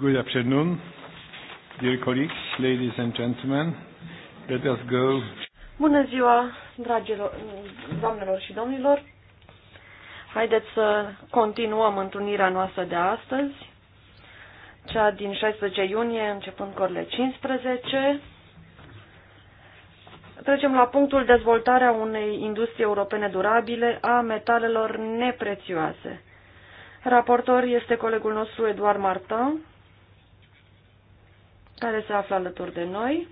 Good afternoon, dear colleagues, ladies and gentlemen. Let us go. Bună ziua, dragilor, doamnelor și domnilor. Haideți să continuăm întâlnirea noastră de astăzi, cea din 16 iunie, începând cu orele 15. Trecem la punctul dezvoltarea unei industrie europene durabile a metalelor neprețioase. Raportor este colegul nostru Eduard Martin care se află alături de noi.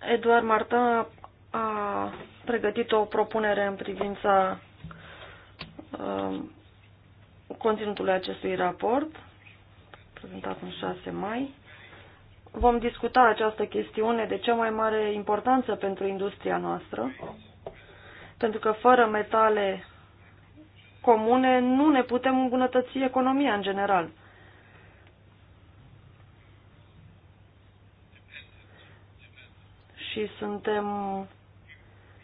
Eduard Martin a pregătit o propunere în privința uh, conținutului acestui raport, prezentat în 6 mai. Vom discuta această chestiune de cea mai mare importanță pentru industria noastră, pentru că fără metale comune nu ne putem îmbunătăți economia în general. Și suntem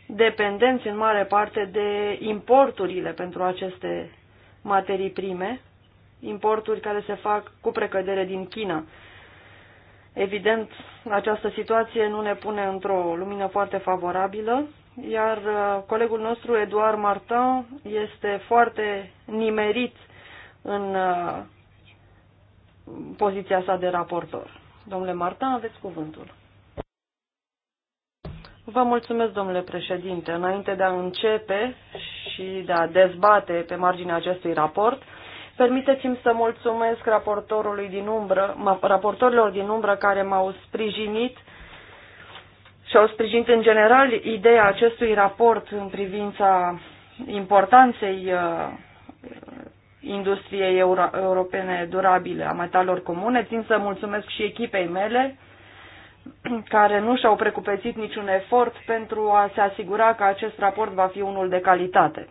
dependenți în mare parte de importurile pentru aceste materii prime, importuri care se fac cu precădere din China. Evident, această situație nu ne pune într-o lumină foarte favorabilă iar uh, colegul nostru, Eduard Martin, este foarte nimerit în uh, poziția sa de raportor. Domnule Martin, aveți cuvântul. Vă mulțumesc, domnule președinte. Înainte de a începe și de a dezbate pe marginea acestui raport, permiteți-mi să mulțumesc raportorului din umbră, raportorilor din umbră care m-au sprijinit și au sprijinit în general ideea acestui raport în privința importanței uh, industriei euro europene durabile a metalor comune. Țin să mulțumesc și echipei mele care nu și-au precupețit niciun efort pentru a se asigura că acest raport va fi unul de calitate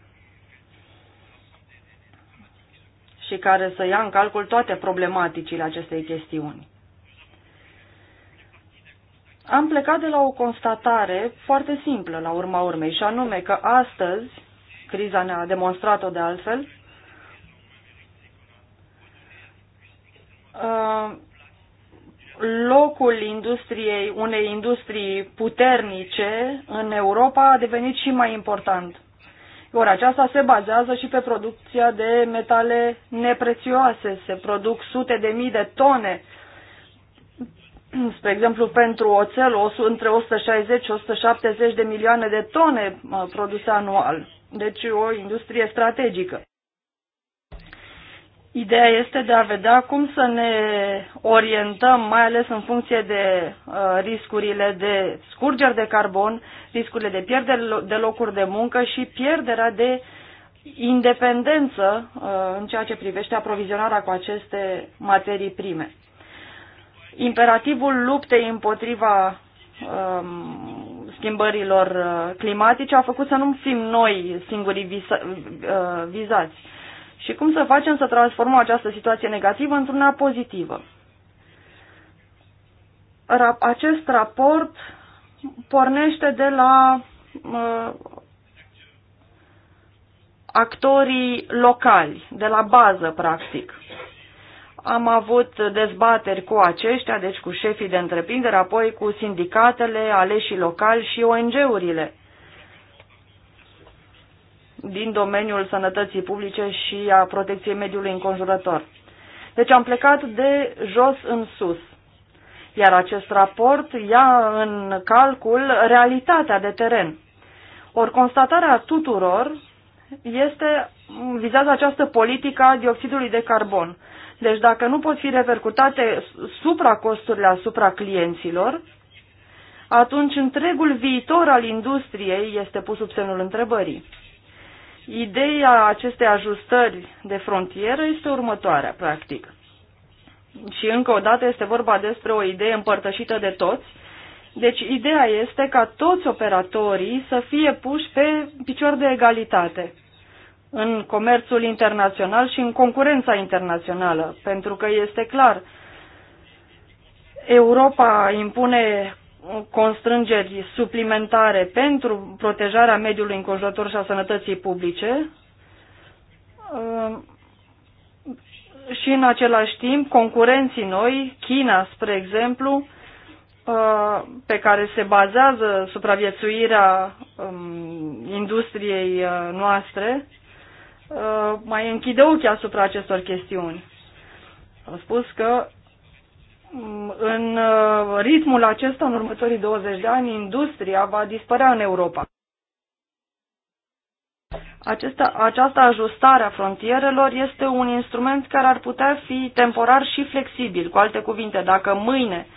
și care să ia în calcul toate problematicile acestei chestiuni am plecat de la o constatare foarte simplă la urma urmei, și anume că astăzi, criza ne-a demonstrat-o de altfel, uh, locul industriei, unei industrii puternice în Europa a devenit și mai important. Ori aceasta se bazează și pe producția de metale neprețioase. Se produc sute de mii de tone spre exemplu, pentru oțel, o, între 160-170 de milioane de tone produse anual. Deci o industrie strategică. Ideea este de a vedea cum să ne orientăm, mai ales în funcție de uh, riscurile de scurgeri de carbon, riscurile de pierdere de locuri de muncă și pierderea de independență uh, în ceea ce privește aprovizionarea cu aceste materii prime imperativul luptei împotriva um, schimbărilor uh, climatice a făcut să nu fim noi singurii visa, uh, vizați. Și cum să facem să transformăm această situație negativă într-una pozitivă? Ra acest raport pornește de la uh, actorii locali, de la bază, practic. Am avut dezbateri cu aceștia, deci cu șefii de întreprindere, apoi cu sindicatele, aleșii locali și ONG-urile din domeniul sănătății publice și a protecției mediului înconjurător. Deci am plecat de jos în sus. Iar acest raport ia în calcul realitatea de teren. Ori constatarea tuturor este, vizează această politică a dioxidului de carbon. Deci dacă nu pot fi repercutate supracosturile asupra clienților, atunci întregul viitor al industriei este pus sub semnul întrebării. Ideea acestei ajustări de frontieră este următoarea, practic. Și încă o dată este vorba despre o idee împărtășită de toți. Deci ideea este ca toți operatorii să fie puși pe picior de egalitate în comerțul internațional și în concurența internațională, pentru că este clar, Europa impune constrângeri suplimentare pentru protejarea mediului înconjurător și a sănătății publice uh, și în același timp concurenții noi, China spre exemplu, uh, pe care se bazează supraviețuirea um, industriei uh, noastre, Uh, mai închide ochii asupra acestor chestiuni. Au spus că mm, în uh, ritmul acesta, în următorii 20 de ani, industria va dispărea în Europa. Acesta, această ajustare a frontierelor este un instrument care ar putea fi temporar și flexibil. Cu alte cuvinte, dacă mâine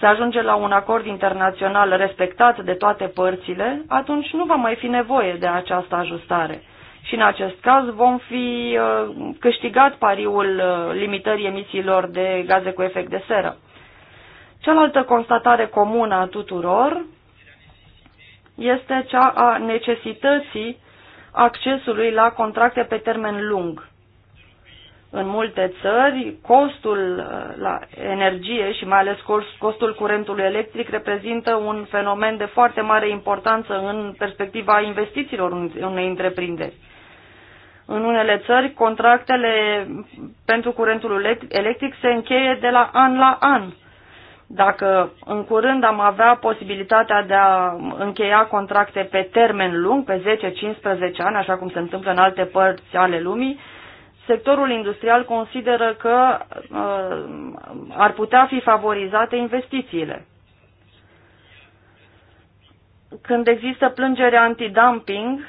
se ajunge la un acord internațional respectat de toate părțile, atunci nu va mai fi nevoie de această ajustare. Și în acest caz vom fi uh, câștigat pariul uh, limitării emisiilor de gaze cu efect de seră. Cealaltă constatare comună a tuturor este cea a necesității accesului la contracte pe termen lung. În multe țări, costul uh, la energie și mai ales costul curentului electric reprezintă un fenomen de foarte mare importanță în perspectiva investițiilor unei întreprinderi. În unele țări, contractele pentru curentul electric se încheie de la an la an. Dacă în curând am avea posibilitatea de a încheia contracte pe termen lung, pe 10-15 ani, așa cum se întâmplă în alte părți ale lumii, sectorul industrial consideră că uh, ar putea fi favorizate investițiile. Când există plângere antidumping,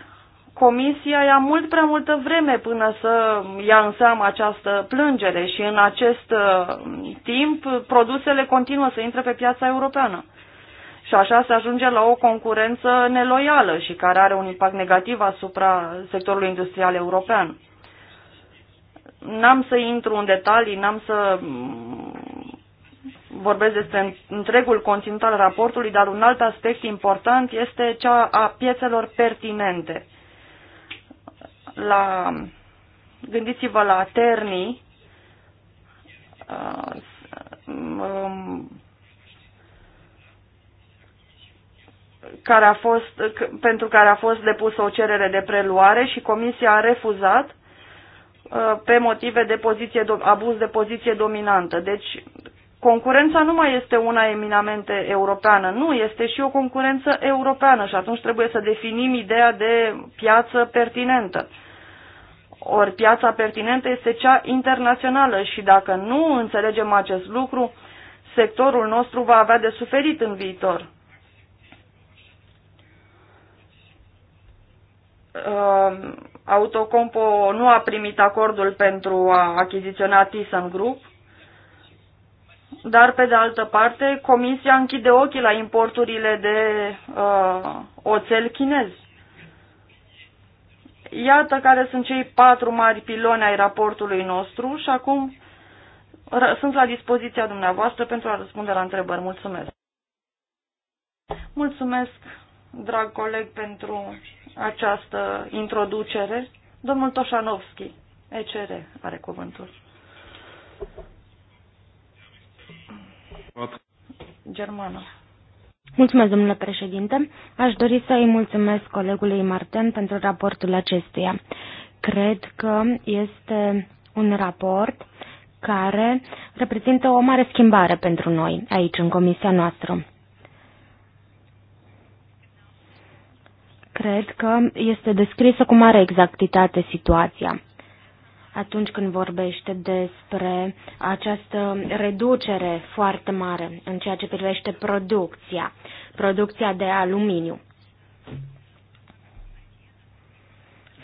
Comisia ia mult prea multă vreme până să ia în seamă această plângere și în acest uh, timp produsele continuă să intre pe piața europeană. Și așa se ajunge la o concurență neloială și care are un impact negativ asupra sectorului industrial european. N-am să intru în detalii, n-am să mm, vorbesc despre întregul conținut al raportului, dar un alt aspect important este cea a piețelor pertinente la, gândiți-vă la Terni, uh, um, care a fost, pentru care a fost depusă o cerere de preluare și comisia a refuzat uh, pe motive de poziție, abuz de poziție dominantă. Deci concurența nu mai este una eminamente europeană, nu, este și o concurență europeană și atunci trebuie să definim ideea de piață pertinentă. Ori piața pertinentă este cea internațională și dacă nu înțelegem acest lucru, sectorul nostru va avea de suferit în viitor. Ehm, Autocompo nu a primit acordul pentru a achiziționa Thyssen Group, dar, pe de altă parte, Comisia închide ochii la importurile de uh, oțel chinez. Iată care sunt cei patru mari piloni ai raportului nostru și acum sunt la dispoziția dumneavoastră pentru a răspunde la întrebări. Mulțumesc! Mulțumesc, drag coleg, pentru această introducere. Domnul Toșanovski, ECR, are cuvântul. Germană. Mulțumesc, domnule președinte. Aș dori să îi mulțumesc colegului Marten pentru raportul acestuia. Cred că este un raport care reprezintă o mare schimbare pentru noi aici, în comisia noastră. Cred că este descrisă cu mare exactitate situația atunci când vorbește despre această reducere foarte mare în ceea ce privește producția, producția de aluminiu.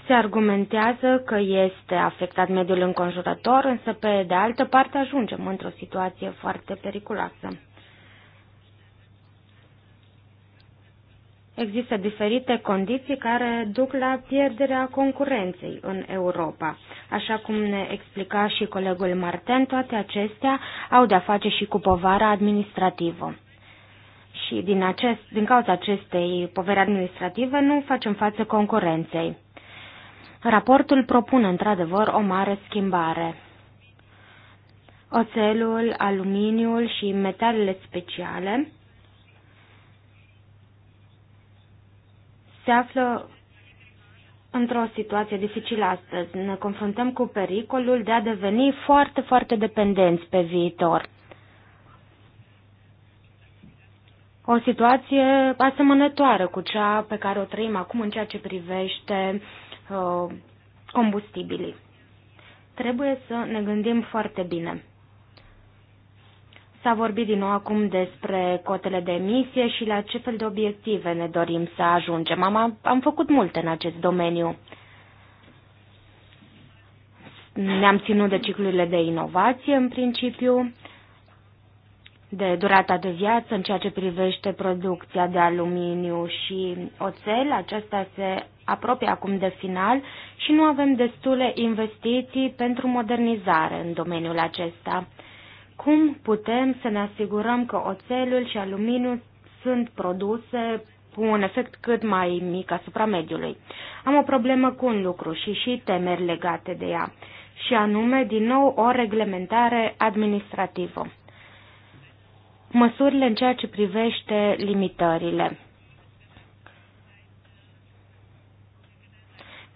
Se argumentează că este afectat mediul înconjurător, însă pe de altă parte ajungem într-o situație foarte periculoasă. Există diferite condiții care duc la pierderea concurenței în Europa. Așa cum ne explica și colegul Marten, toate acestea au de-a face și cu povara administrativă. Și din, acest, din cauza acestei povere administrative nu facem față concurenței. Raportul propune într-adevăr o mare schimbare. Oțelul, aluminiul și metalele speciale se află într-o situație dificilă astăzi. Ne confruntăm cu pericolul de a deveni foarte, foarte dependenți pe viitor. O situație asemănătoare cu cea pe care o trăim acum în ceea ce privește uh, combustibilii. Trebuie să ne gândim foarte bine. S-a vorbit din nou acum despre cotele de emisie și la ce fel de obiective ne dorim să ajungem. Am, am făcut multe în acest domeniu. Ne-am ținut de ciclurile de inovație, în principiu, de durata de viață în ceea ce privește producția de aluminiu și oțel. Aceasta se apropie acum de final și nu avem destule investiții pentru modernizare în domeniul acesta. Cum putem să ne asigurăm că oțelul și aluminiul sunt produse cu un efect cât mai mic asupra mediului? Am o problemă cu un lucru și și temeri legate de ea, și anume, din nou, o reglementare administrativă. Măsurile în ceea ce privește limitările.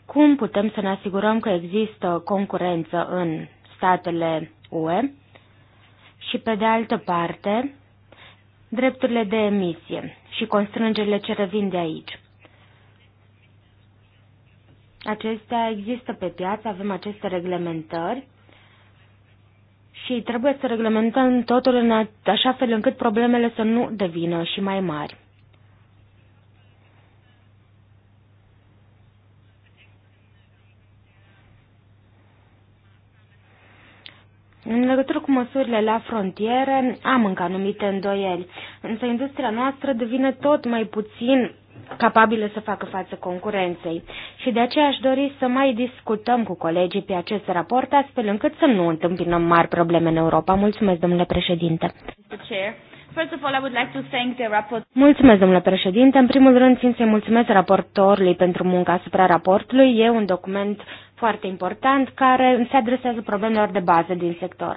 Cum putem să ne asigurăm că există concurență în statele UE? și pe de altă parte drepturile de emisie și constrângerile ce revin de aici. Acestea există pe piață, avem aceste reglementări și trebuie să reglementăm totul în așa fel încât problemele să nu devină și mai mari. În legătură cu măsurile la frontiere, am încă anumite îndoieli, însă industria noastră devine tot mai puțin capabilă să facă față concurenței și de aceea aș dori să mai discutăm cu colegii pe acest raport astfel încât să nu întâmpinăm mari probleme în Europa. Mulțumesc, domnule președinte. Mulțumesc, domnule președinte. În primul rând, țin să-i mulțumesc raportorului pentru munca asupra raportului. E un document foarte important care se adresează problemelor de bază din sector.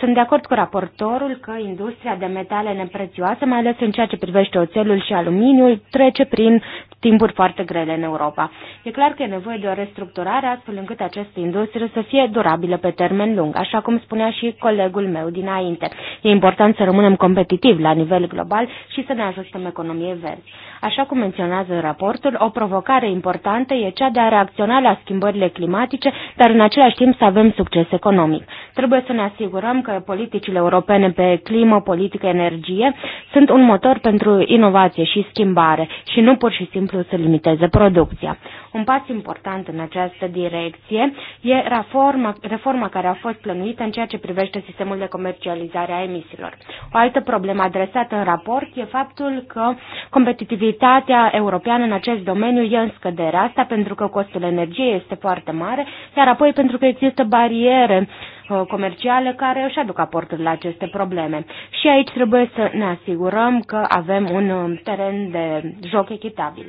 Sunt de acord cu raportorul că industria de metale neprețioase, mai ales în ceea ce privește oțelul și aluminiul, trece prin timpuri foarte grele în Europa. E clar că e nevoie de o restructurare astfel încât această industrie să fie durabilă pe termen lung, așa cum spunea și colegul meu dinainte. E important să rămânem competitivi la nivel global și să ne ajustăm economiei verzi. Așa cum menționează raportul, o provocare importantă e cea de a reacționa la schimbările climatice climatice, dar în același timp să avem succes economic. Trebuie să ne asigurăm că politicile europene pe climă, politică, energie sunt un motor pentru inovație și schimbare și nu pur și simplu să limiteze producția. Un pas important în această direcție e reforma, reforma care a fost plănuită în ceea ce privește sistemul de comercializare a emisiilor. O altă problemă adresată în raport e faptul că competitivitatea europeană în acest domeniu e în scădere. Asta pentru că costul energiei este foarte mare mare, iar apoi pentru că există bariere uh, comerciale care își aduc aportul la aceste probleme. Și aici trebuie să ne asigurăm că avem un um, teren de joc echitabil.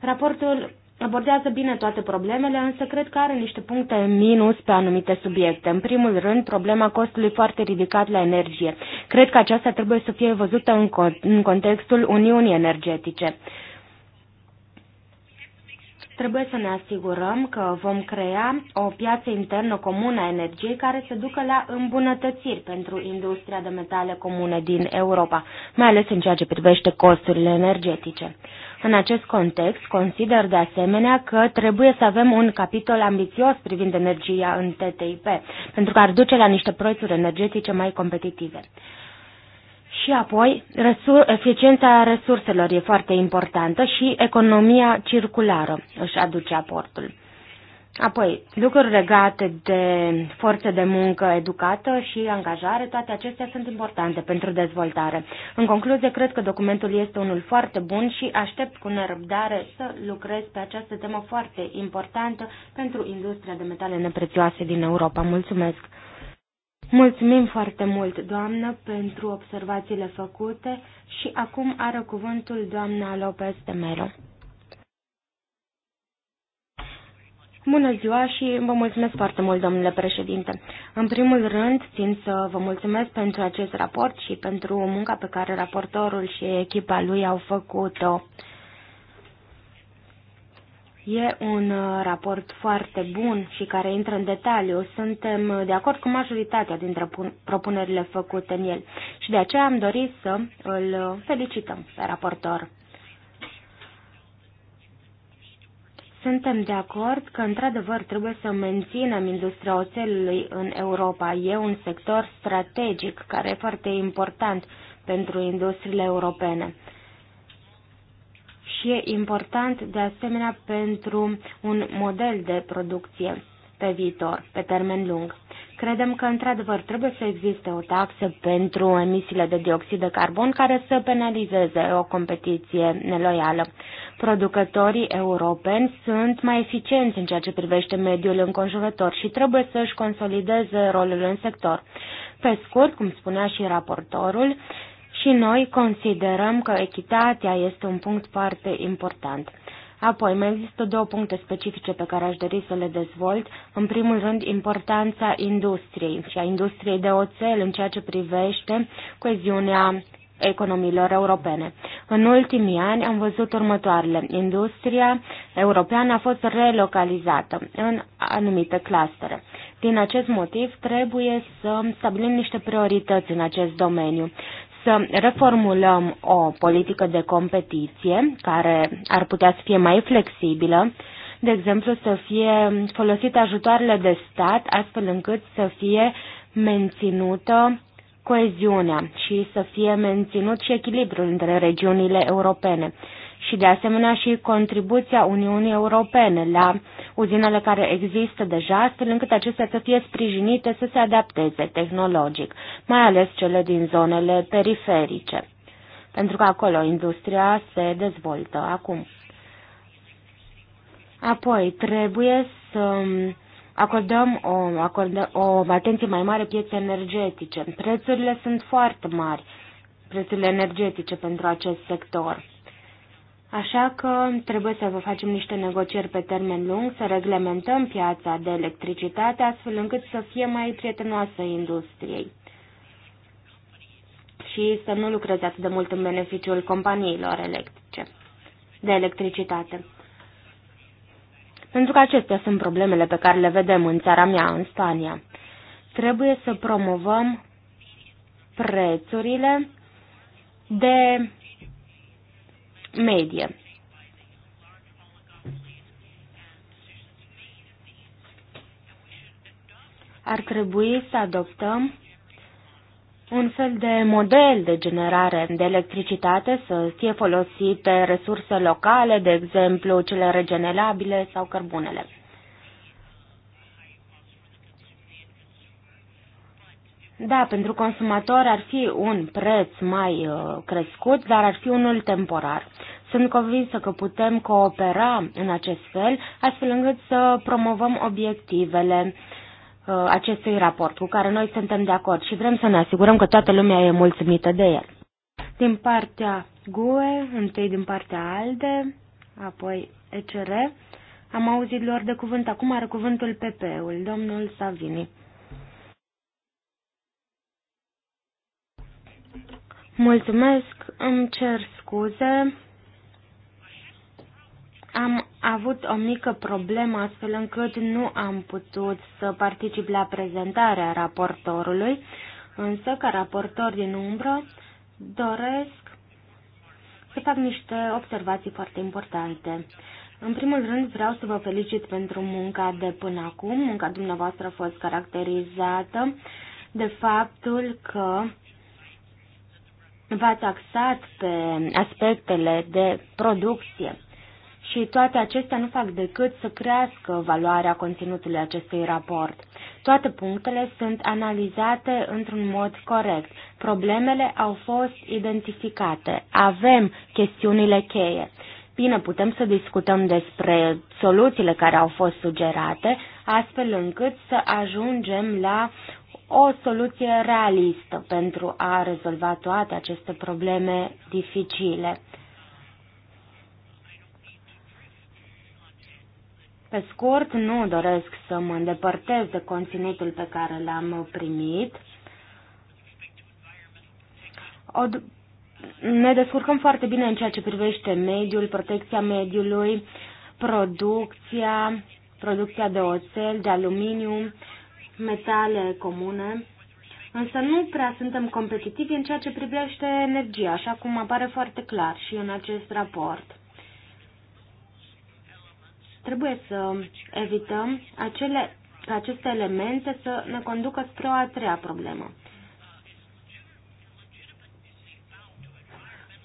Raportul abordează bine toate problemele, însă cred că are niște puncte minus pe anumite subiecte. În primul rând, problema costului foarte ridicat la energie. Cred că aceasta trebuie să fie văzută în, în contextul Uniunii Energetice. Trebuie să ne asigurăm că vom crea o piață internă comună a energiei care să ducă la îmbunătățiri pentru industria de metale comune din Europa, mai ales în ceea ce privește costurile energetice. În acest context, consider de asemenea că trebuie să avem un capitol ambițios privind energia în TTIP, pentru că ar duce la niște prețuri energetice mai competitive. Și apoi, resur eficiența resurselor e foarte importantă și economia circulară își aduce aportul. Apoi, lucruri legate de forță de muncă educată și angajare, toate acestea sunt importante pentru dezvoltare. În concluzie, cred că documentul este unul foarte bun și aștept cu nerăbdare să lucrez pe această temă foarte importantă pentru industria de metale neprețioase din Europa. Mulțumesc! Mulțumim foarte mult, doamnă, pentru observațiile făcute și acum are cuvântul doamna Lopez de Mero. Bună ziua și vă mulțumesc foarte mult, domnule președinte. În primul rând, țin să vă mulțumesc pentru acest raport și pentru munca pe care raportorul și echipa lui au făcut-o. E un uh, raport foarte bun și care intră în detaliu. Suntem de acord cu majoritatea dintre propunerile făcute în el și de aceea am dorit să îl felicităm pe raportor. Suntem de acord că, într-adevăr, trebuie să menținem industria oțelului în Europa. E un sector strategic care e foarte important pentru industriile europene și e important de asemenea pentru un model de producție pe viitor, pe termen lung. Credem că, într-adevăr, trebuie să existe o taxă pentru emisiile de dioxid de carbon care să penalizeze o competiție neloială. Producătorii europeni sunt mai eficienți în ceea ce privește mediul înconjurător și trebuie să își consolideze rolul în sector. Pe scurt, cum spunea și raportorul, și noi considerăm că echitatea este un punct foarte important. Apoi, mai există două puncte specifice pe care aș dori să le dezvolt. În primul rând, importanța industriei și a industriei de oțel în ceea ce privește coeziunea economiilor europene. În ultimii ani am văzut următoarele. Industria europeană a fost relocalizată în anumite clastere. Din acest motiv trebuie să stabilim niște priorități în acest domeniu să reformulăm o politică de competiție care ar putea să fie mai flexibilă, de exemplu să fie folosite ajutoarele de stat astfel încât să fie menținută coeziunea și să fie menținut și echilibrul între regiunile europene și de asemenea și contribuția Uniunii Europene la uzinele care există deja, astfel încât acestea să fie sprijinite să se adapteze tehnologic, mai ales cele din zonele periferice, pentru că acolo industria se dezvoltă acum. Apoi, trebuie să acordăm o, acordă, o atenție mai mare piețe energetice. Prețurile sunt foarte mari, prețurile energetice pentru acest sector. Așa că trebuie să vă facem niște negocieri pe termen lung, să reglementăm piața de electricitate astfel încât să fie mai prietenoasă industriei și să nu lucreze atât de mult în beneficiul companiilor electrice de electricitate. Pentru că acestea sunt problemele pe care le vedem în țara mea, în Spania. Trebuie să promovăm prețurile de medie. Ar trebui să adoptăm un fel de model de generare de electricitate să fie folosite resurse locale, de exemplu cele regenerabile sau cărbunele. Da, pentru consumator ar fi un preț mai uh, crescut, dar ar fi unul temporar. Sunt convinsă că putem coopera în acest fel, astfel încât să promovăm obiectivele uh, acestui raport, cu care noi suntem de acord și vrem să ne asigurăm că toată lumea e mulțumită de el. Din partea GUE, întâi din partea ALDE, apoi ECR, am auzit lor de cuvânt. Acum are cuvântul PP-ul, domnul Savini. Mulțumesc, îmi cer scuze. Am avut o mică problemă astfel încât nu am putut să particip la prezentarea raportorului, însă ca raportor din umbră doresc să fac niște observații foarte importante. În primul rând vreau să vă felicit pentru munca de până acum. Munca dumneavoastră a fost caracterizată de faptul că v-ați axat pe aspectele de producție și toate acestea nu fac decât să crească valoarea conținutului acestui raport. Toate punctele sunt analizate într-un mod corect. Problemele au fost identificate. Avem chestiunile cheie. Bine, putem să discutăm despre soluțiile care au fost sugerate, astfel încât să ajungem la o soluție realistă pentru a rezolva toate aceste probleme dificile. Pe scurt, nu doresc să mă îndepărtez de conținutul pe care l-am primit. O, ne descurcăm foarte bine în ceea ce privește mediul, protecția mediului, producția, producția de oțel, de aluminiu, metale comune, însă nu prea suntem competitivi în ceea ce privește energia, așa cum apare foarte clar și în acest raport. Trebuie să evităm acele, ca aceste elemente să ne conducă spre o a treia problemă.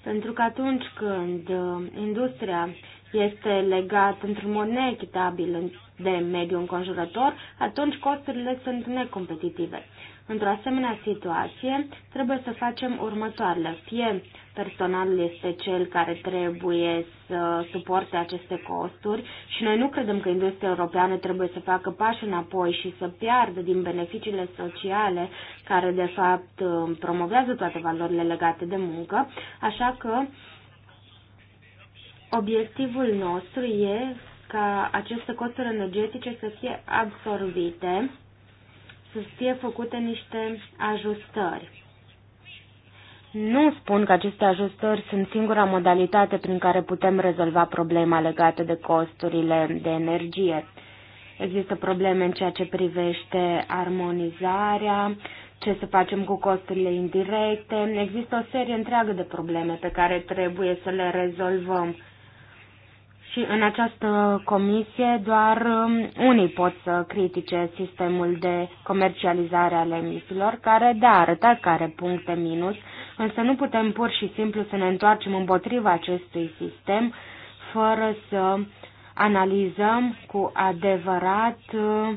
Pentru că atunci când uh, industria este legată într-un mod neechitabil de mediu înconjurător, atunci costurile sunt necompetitive. Într-o asemenea situație, trebuie să facem următoarele. Fie personalul este cel care trebuie să suporte aceste costuri și noi nu credem că industria europeană trebuie să facă pași înapoi și să piardă din beneficiile sociale care de fapt promovează toate valorile legate de muncă, așa că obiectivul nostru e ca aceste costuri energetice să fie absorbite, să fie făcute niște ajustări. Nu spun că aceste ajustări sunt singura modalitate prin care putem rezolva problema legată de costurile de energie. Există probleme în ceea ce privește armonizarea, ce să facem cu costurile indirecte. Există o serie întreagă de probleme pe care trebuie să le rezolvăm. Și în această comisie doar um, unii pot să critique sistemul de comercializare ale emisiilor, care, da, arăta care puncte minus, însă nu putem pur și simplu să ne întoarcem împotriva acestui sistem fără să analizăm cu adevărat uh,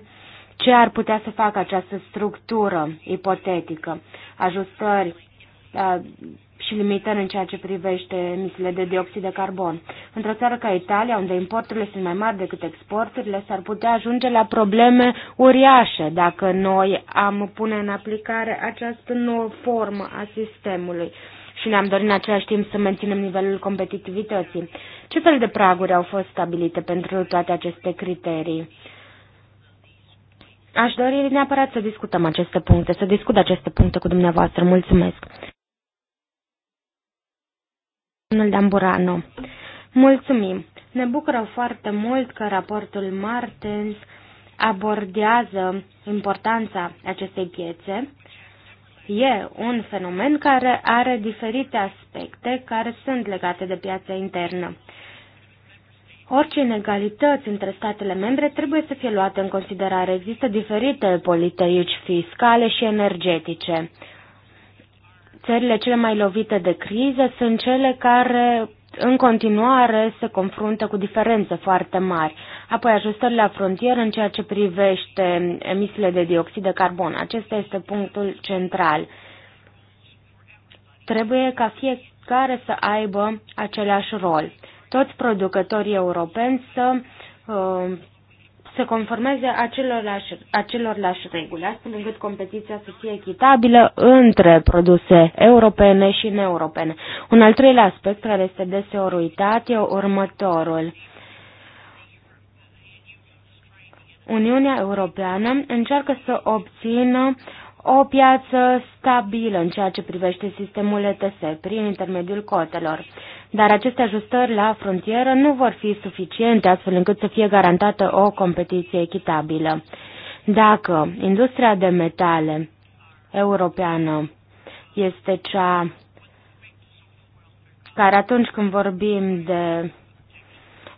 ce ar putea să facă această structură ipotetică. Ajustări uh, și limitări în ceea ce privește emisiile de dioxid de carbon. Într-o țară ca Italia, unde importurile sunt mai mari decât exporturile, s-ar putea ajunge la probleme uriașe dacă noi am pune în aplicare această nouă formă a sistemului și ne-am dorit în același timp să menținem nivelul competitivității. Ce fel de praguri au fost stabilite pentru toate aceste criterii? Aș dori neapărat să discutăm aceste puncte, să discut aceste puncte cu dumneavoastră. Mulțumesc! Domnul Damburano. Mulțumim! Ne bucură foarte mult că raportul Martens abordează importanța acestei piețe. E un fenomen care are diferite aspecte care sunt legate de piața internă. Orice inegalități între statele membre trebuie să fie luate în considerare. Există diferite politici fiscale și energetice. Țările cele mai lovite de criză sunt cele care în continuare se confruntă cu diferențe foarte mari. Apoi ajustările la frontieră în ceea ce privește emisiile de dioxid de carbon. Acesta este punctul central. Trebuie ca fiecare să aibă același rol. Toți producătorii europeni să uh, să conformeze acelorlași, acelorlași reguli, astfel încât competiția să fie echitabilă între produse europene și neeuropene. Un al treilea aspect care este deseori uitat e următorul. Uniunea Europeană încearcă să obțină o piață stabilă în ceea ce privește sistemul ETS prin intermediul cotelor dar aceste ajustări la frontieră nu vor fi suficiente astfel încât să fie garantată o competiție echitabilă. Dacă industria de metale europeană este cea care atunci când vorbim de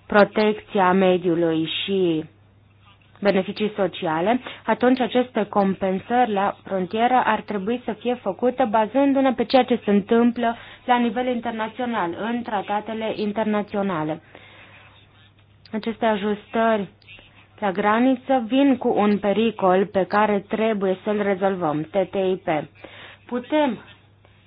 protecția mediului și beneficii sociale, atunci aceste compensări la frontieră ar trebui să fie făcute bazându-ne pe ceea ce se întâmplă la nivel internațional, în tratatele internaționale. Aceste ajustări la graniță vin cu un pericol pe care trebuie să-l rezolvăm, TTIP. Putem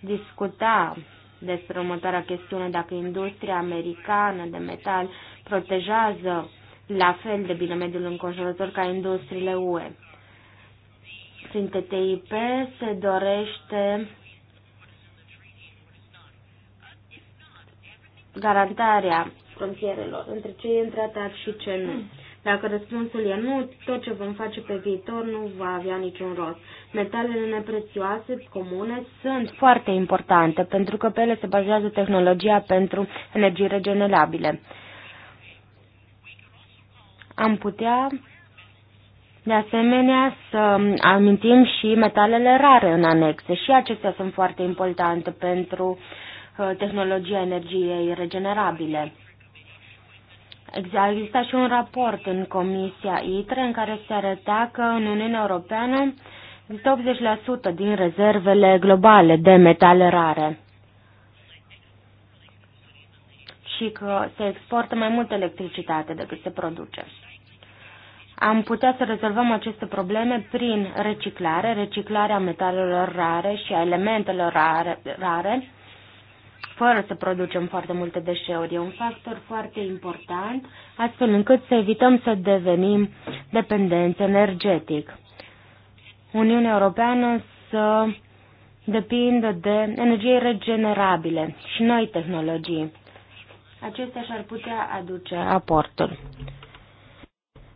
discuta despre următoarea chestiune, dacă industria americană de metal protejează la fel de bine mediul înconjurător ca industriile UE. Prin TTIP se dorește garantarea frontierelor între ce e în tratat și ce nu. Dacă răspunsul e nu, tot ce vom face pe viitor nu va avea niciun rost. Metalele neprețioase comune sunt foarte importante pentru că pe ele se bazează tehnologia pentru energii regenerabile. Am putea de asemenea, să amintim și metalele rare în anexe și acestea sunt foarte importante pentru uh, tehnologia energiei regenerabile. A existat și un raport în Comisia ITRE în care se arăta că în Uniunea Europeană există 80% din rezervele globale de metale rare și că se exportă mai multă electricitate decât se produce. Am putea să rezolvăm aceste probleme prin reciclare, reciclarea metalelor rare și a elementelor rare, rare fără să producem foarte multe deșeuri. E un factor foarte important, astfel încât să evităm să devenim dependenți energetic. Uniunea Europeană să depindă de energie regenerabile și noi tehnologii. Acestea și-ar putea aduce aportul.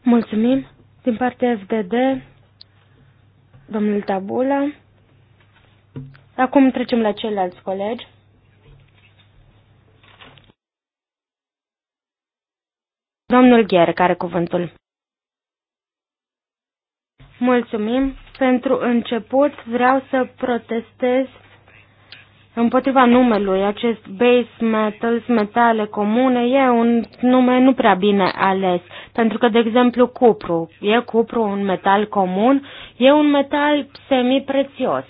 Mulțumim. Din partea FDD, domnul Tabula. Acum trecem la ceilalți colegi. Domnul Gher, care cuvântul. Mulțumim. Pentru început vreau să protestez împotriva numelui, acest base metals, metale comune, e un nume nu prea bine ales, pentru că, de exemplu, cupru, e cupru un metal comun, e un metal semiprețios.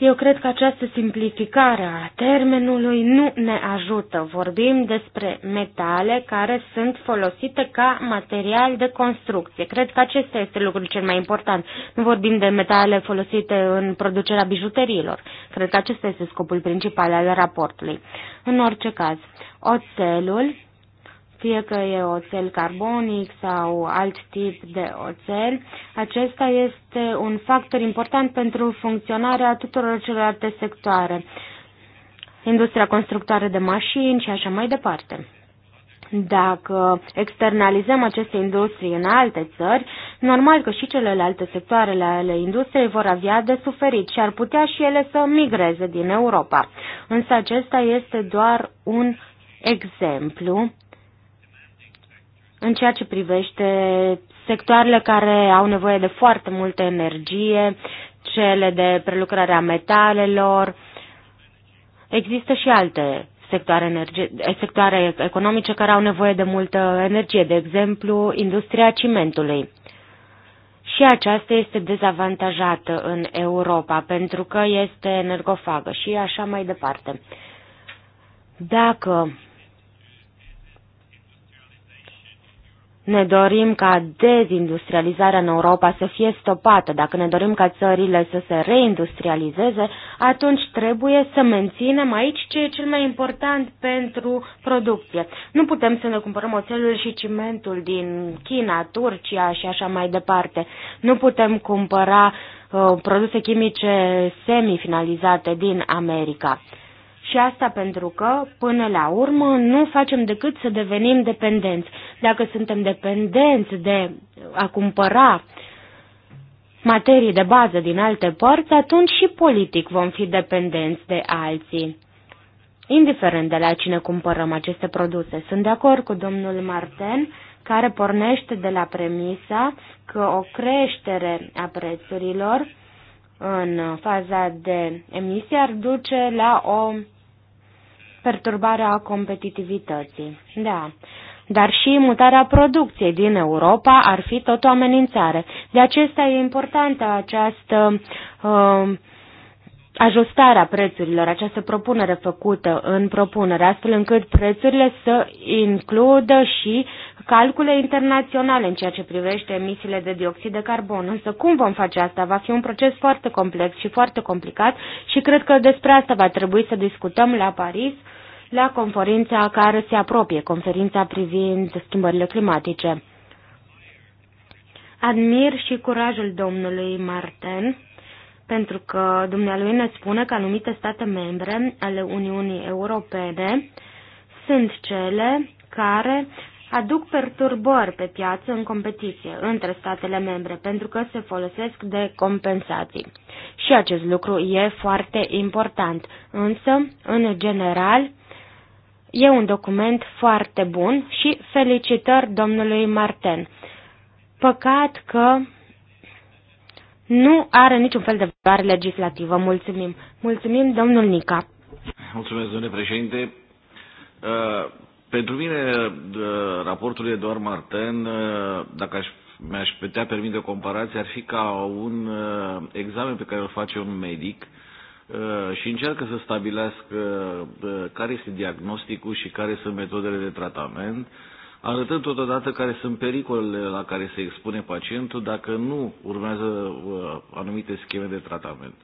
Eu cred că această simplificare a termenului nu ne ajută. Vorbim despre metale care sunt folosite ca material de construcție. Cred că acesta este lucrul cel mai important. Nu vorbim de metale folosite în producerea bijuteriilor. Cred că acesta este scopul principal al raportului. În orice caz, oțelul fie că e oțel carbonic sau alt tip de oțel, acesta este un factor important pentru funcționarea tuturor celorlalte sectoare, industria constructoare de mașini și așa mai departe. Dacă externalizăm aceste industrie în alte țări, normal că și celelalte sectoarele ale industriei vor avea de suferit și ar putea și ele să migreze din Europa. Însă acesta este doar un exemplu în ceea ce privește sectoarele care au nevoie de foarte multă energie, cele de prelucrare a metalelor. Există și alte sectoare, energie, sectoare economice care au nevoie de multă energie, de exemplu, industria cimentului. Și aceasta este dezavantajată în Europa pentru că este energofagă și așa mai departe. Dacă ne dorim ca dezindustrializarea în Europa să fie stopată, dacă ne dorim ca țările să se reindustrializeze, atunci trebuie să menținem aici ce e cel mai important pentru producție. Nu putem să ne cumpărăm oțelul și cimentul din China, Turcia și așa mai departe. Nu putem cumpăra uh, produse chimice semifinalizate din America. Și asta pentru că, până la urmă, nu facem decât să devenim dependenți. Dacă suntem dependenți de a cumpăra materii de bază din alte părți, atunci și politic vom fi dependenți de alții. Indiferent de la cine cumpărăm aceste produse, sunt de acord cu domnul Marten, care pornește de la premisa că o creștere a prețurilor în faza de emisie ar duce la o perturbarea competitivității. Da. Dar și mutarea producției din Europa ar fi tot o amenințare. De acesta e importantă această uh, ajustarea prețurilor, această propunere făcută în propunere, astfel încât prețurile să includă și calcule internaționale în ceea ce privește emisiile de dioxid de carbon. Însă cum vom face asta? Va fi un proces foarte complex și foarte complicat și cred că despre asta va trebui să discutăm la Paris, la conferința care se apropie, conferința privind schimbările climatice. Admir și curajul domnului Martin pentru că dumnealui ne spune că anumite state membre ale Uniunii Europene sunt cele care aduc perturbări pe piață în competiție între statele membre pentru că se folosesc de compensații. Și acest lucru e foarte important, însă, în general, e un document foarte bun și felicitări domnului Marten. Păcat că nu are niciun fel de valoare legislativă. Mulțumim. Mulțumim, domnul Nica. Mulțumesc, domnule președinte. Uh, pentru mine, uh, raportul Eduard Marten, uh, dacă aș, mi-aș putea permite o comparație, ar fi ca un uh, examen pe care îl face un medic uh, și încearcă să stabilească uh, care este diagnosticul și care sunt metodele de tratament. Uh, arătând totodată care sunt pericolele la care se expune pacientul dacă nu urmează uh, anumite scheme de tratament.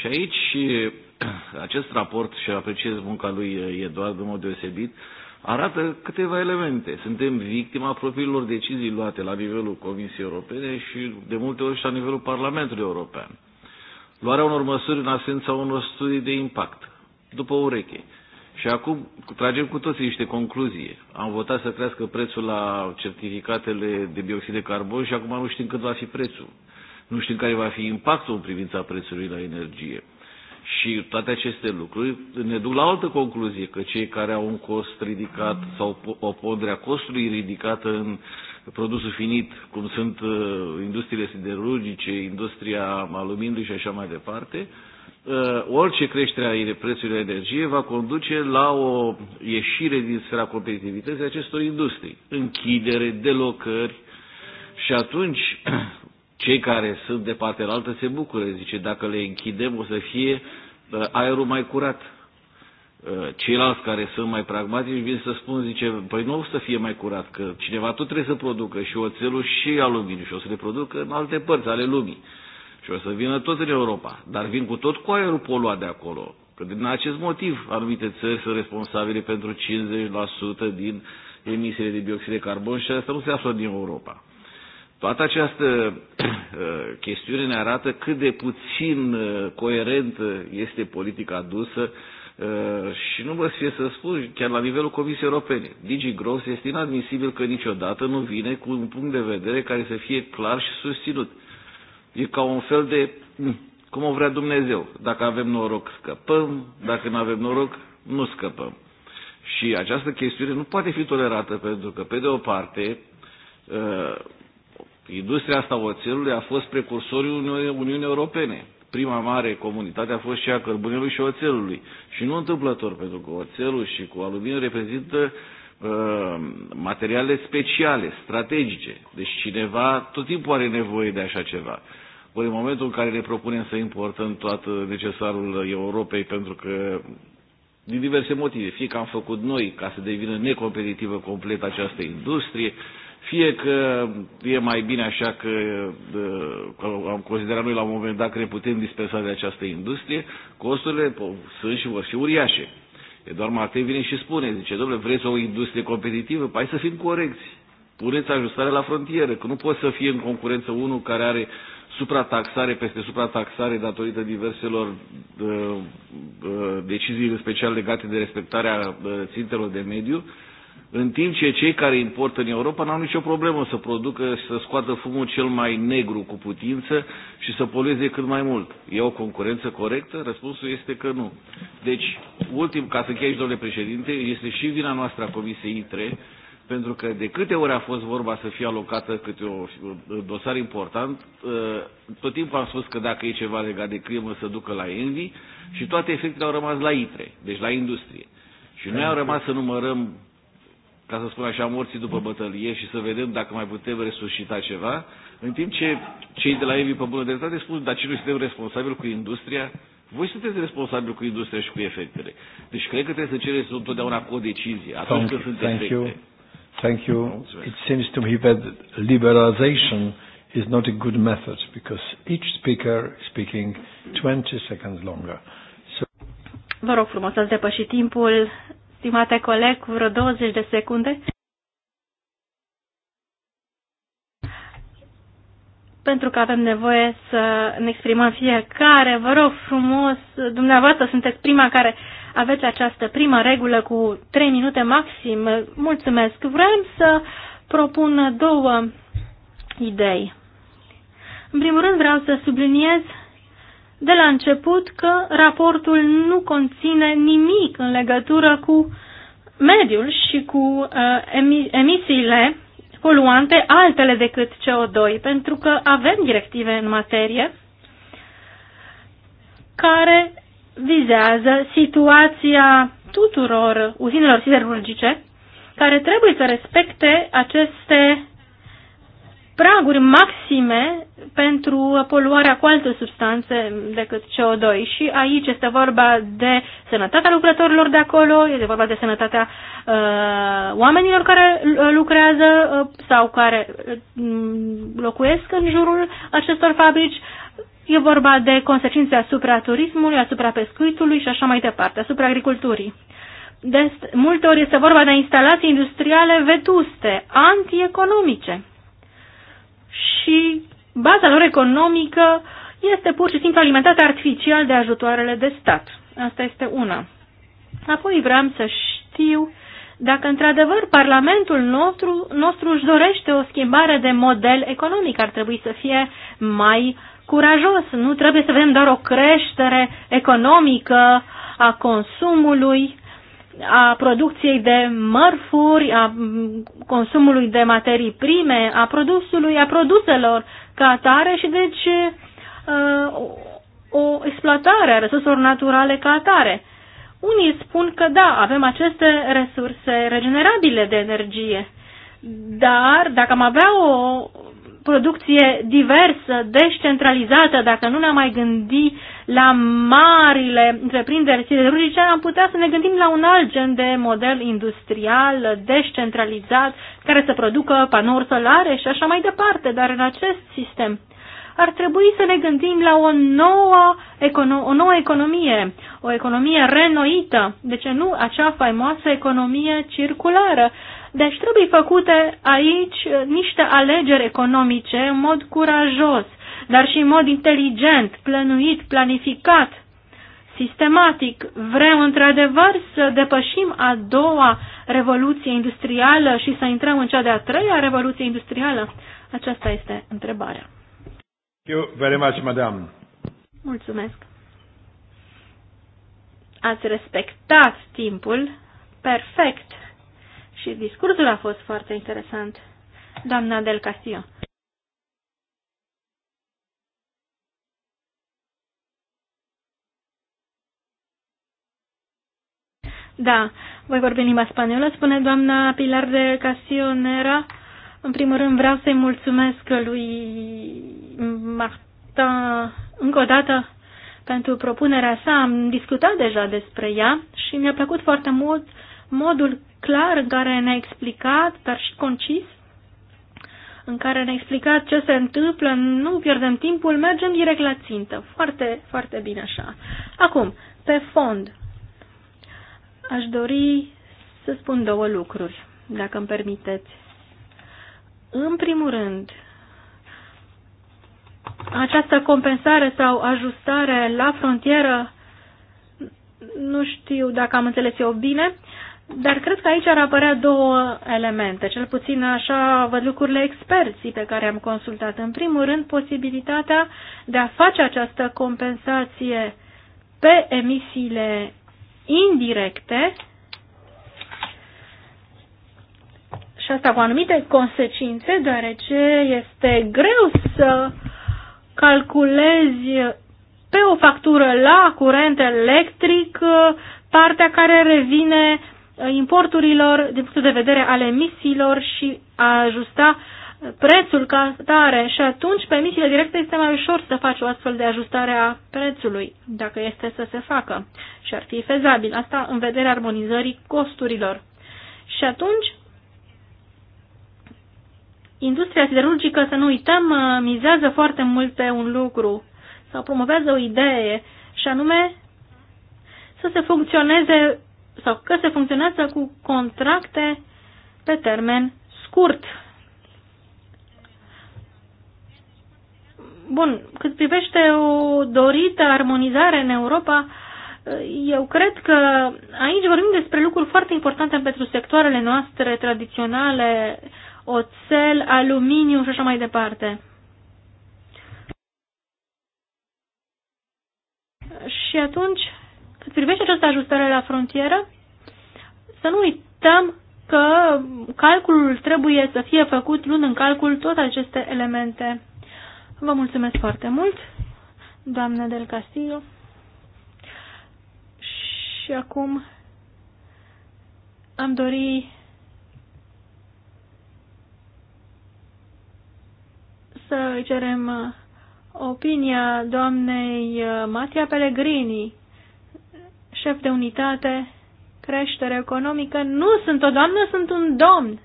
Și aici uh, acest raport, și apreciez munca lui uh, Eduard în mod deosebit, arată câteva elemente. Suntem victima propriilor decizii luate la nivelul Comisiei Europene și de multe ori și la nivelul Parlamentului European. Luarea unor măsuri în absența unor studii de impact, după ureche. Și acum tragem cu toții niște concluzie. Am votat să crească prețul la certificatele de bioxid de carbon și acum nu știm cât va fi prețul. Nu știm care va fi impactul în privința prețului la energie. Și toate aceste lucruri ne duc la o altă concluzie, că cei care au un cost ridicat sau o pondere a costului ridicată în produsul finit, cum sunt uh, industriile siderurgice, industria aluminiului și așa mai departe, uh, Uh, orice creștere a prețurilor energiei va conduce la o ieșire din sfera competitivității acestor industrii. Închidere, delocări și atunci cei care sunt de partea altă se bucură. Zice, dacă le închidem o să fie uh, aerul mai curat. Uh, ceilalți care sunt mai pragmatici vin să spun, zice, păi nu o să fie mai curat, că cineva tot trebuie să producă și oțelul și aluminiu și o să le producă în alte părți ale lumii. Și o să vină tot în Europa, dar vin cu tot cu aerul poluat de acolo. Că din acest motiv anumite țări sunt responsabile pentru 50% din emisiile de dioxid de carbon și asta nu se află din Europa. Toată această uh, chestiune ne arată cât de puțin uh, coerentă uh, este politica adusă și nu vă fie să spun, chiar la nivelul Comisiei Europene, Digi Gross este inadmisibil că niciodată nu vine cu un punct de vedere care să fie clar și susținut. E ca un fel de cum o vrea Dumnezeu. Dacă avem noroc, scăpăm. Dacă nu avem noroc, nu scăpăm. Și această chestiune nu poate fi tolerată pentru că, pe de o parte, uh, industria asta oțelului a fost precursorii Uniunii Europene. Prima mare comunitate a fost și a cărbunelui și oțelului. Și nu întâmplător, pentru că oțelul și cu aluminiu reprezintă uh, Uh, materiale speciale, strategice. Deci cineva tot timpul are nevoie de așa ceva. Ori păi în momentul în care ne propunem să importăm tot necesarul Europei, pentru că din diverse motive, fie că am făcut noi ca să devină necompetitivă complet această industrie, fie că e mai bine așa că, uh, că am considerat noi la un moment dat că ne putem dispensa de această industrie, costurile sunt și vor fi uriașe. Eduard Matei vine și spune, zice, domnule, vreți o industrie competitivă? Păi să fim corecți. Puneți ajustare la frontieră, că nu poți să fie în concurență unul care are suprataxare peste suprataxare datorită diverselor uh, uh, decizii special legate de respectarea uh, țintelor de mediu, uh, în timp ce cei care importă în Europa n-au nicio problemă să producă și să scoată fumul cel mai negru cu putință și să polueze cât mai mult. E o concurență corectă? Răspunsul este că nu. Deci, ultim, ca să închei, domnule președinte, este și vina noastră a Comisiei ITRE, pentru că de câte ori a fost vorba să fie alocată câte o, un dosar important, ă, tot timpul am spus că dacă e ceva legat de crimă să ducă la Envi și toate efectele au rămas la ITRE, deci la industrie. Și noi am rămas să numărăm ca să spun așa, morții după bătălie și să vedem dacă mai putem resuscita ceva, în timp ce cei de la Evi pe bună dreptate spun, dar ce noi suntem responsabili cu industria? Voi sunteți responsabili cu industria și cu efectele. Deci cred că trebuie să cereți întotdeauna o decizie atunci când sunt thank efecte. You. Thank you. Mulțumesc. It seems to me that liberalization is not a good method because each speaker speaking 20 seconds longer. So... Vă rog frumos să-ți depăși timpul stimate coleg, cu vreo 20 de secunde. Pentru că avem nevoie să ne exprimăm fiecare. Vă rog frumos, dumneavoastră sunteți prima care aveți această primă regulă cu 3 minute maxim. Mulțumesc. Vrem să propun două idei. În primul rând vreau să subliniez de la început că raportul nu conține nimic în legătură cu mediul și cu uh, emisiile poluante altele decât CO2, pentru că avem directive în materie care vizează situația tuturor uzinelor siderurgice care trebuie să respecte aceste praguri maxime pentru poluarea cu alte substanțe decât CO2 și aici este vorba de sănătatea lucrătorilor de acolo, este vorba de sănătatea uh, oamenilor care uh, lucrează uh, sau care uh, locuiesc în jurul acestor fabrici, e vorba de consecințe asupra turismului, asupra pescuitului și așa mai departe, asupra agriculturii. De multe ori este vorba de instalații industriale vetuste, antieconomice și baza lor economică este pur și simplu alimentată artificial de ajutoarele de stat. Asta este una. Apoi vreau să știu dacă într-adevăr Parlamentul nostru, nostru își dorește o schimbare de model economic. Ar trebui să fie mai curajos. Nu trebuie să vedem doar o creștere economică a consumului, a producției de mărfuri, a consumului de materii prime, a produsului, a produselor ca atare și deci uh, o exploatare a resurselor naturale ca atare. Unii spun că da, avem aceste resurse regenerabile de energie, dar dacă am avea o producție diversă, descentralizată, dacă nu ne-am mai gândi la marile întreprinderi siderurgice, am putea să ne gândim la un alt gen de model industrial descentralizat care să producă panouri solare și așa mai departe, dar în acest sistem ar trebui să ne gândim la o nouă, econo- o nouă economie, o economie renoită, de ce nu acea faimoasă economie circulară. Deci trebuie făcute aici uh, niște alegeri economice în mod curajos, dar și în mod inteligent, plănuit, planificat, sistematic. Vrem într-adevăr să depășim a doua revoluție industrială și să intrăm în cea de-a treia revoluție industrială? Aceasta este întrebarea. Thank you very much, madam. Mulțumesc. Ați respectat timpul perfect și discursul a fost foarte interesant. Doamna Del Castillo. Da, voi vorbi în limba spaniolă, spune doamna Pilar de Casionera. În primul rând vreau să-i mulțumesc lui Marta încă o dată pentru propunerea sa. Am discutat deja despre ea și mi-a plăcut foarte mult modul clar în care ne-a explicat, dar și concis, în care ne-a explicat ce se întâmplă, nu pierdem timpul, mergem direct la țintă. Foarte, foarte bine așa. Acum, pe fond, aș dori să spun două lucruri, dacă îmi permiteți. În primul rând, această compensare sau ajustare la frontieră, nu știu dacă am înțeles eu bine, uh, dar cred că aici ar apărea două elemente, cel puțin așa văd lucrurile experții pe care am consultat. În primul rând, posibilitatea de a face această compensație pe emisiile indirecte și asta cu anumite consecințe, deoarece este greu să calculezi pe o factură la curent electric uh, partea care revine importurilor, din punctul de vedere al emisiilor și a ajusta prețul ca tare și atunci pe emisiile directe este mai ușor să faci o astfel de ajustare a prețului, dacă este să se facă și ar fi fezabil. Asta în vederea armonizării costurilor. Și atunci, industria siderurgică, să nu uităm, uh, mizează foarte mult pe un lucru sau promovează o idee și anume să se funcționeze sau că se funcționează cu contracte pe termen scurt. Bun, cât privește o dorită armonizare în Europa, eu cred că aici vorbim despre lucruri foarte importante pentru sectoarele noastre tradiționale, oțel, aluminiu și așa mai departe. Și atunci cât privește această ajustare la frontieră, să nu uităm că calculul trebuie să fie făcut luând în calcul toate aceste elemente. Vă mulțumesc foarte mult, doamnă Del Castillo. Și acum am dori să cerem opinia doamnei Matia Pellegrini șef de unitate, creștere economică, nu sunt o doamnă, sunt un domn.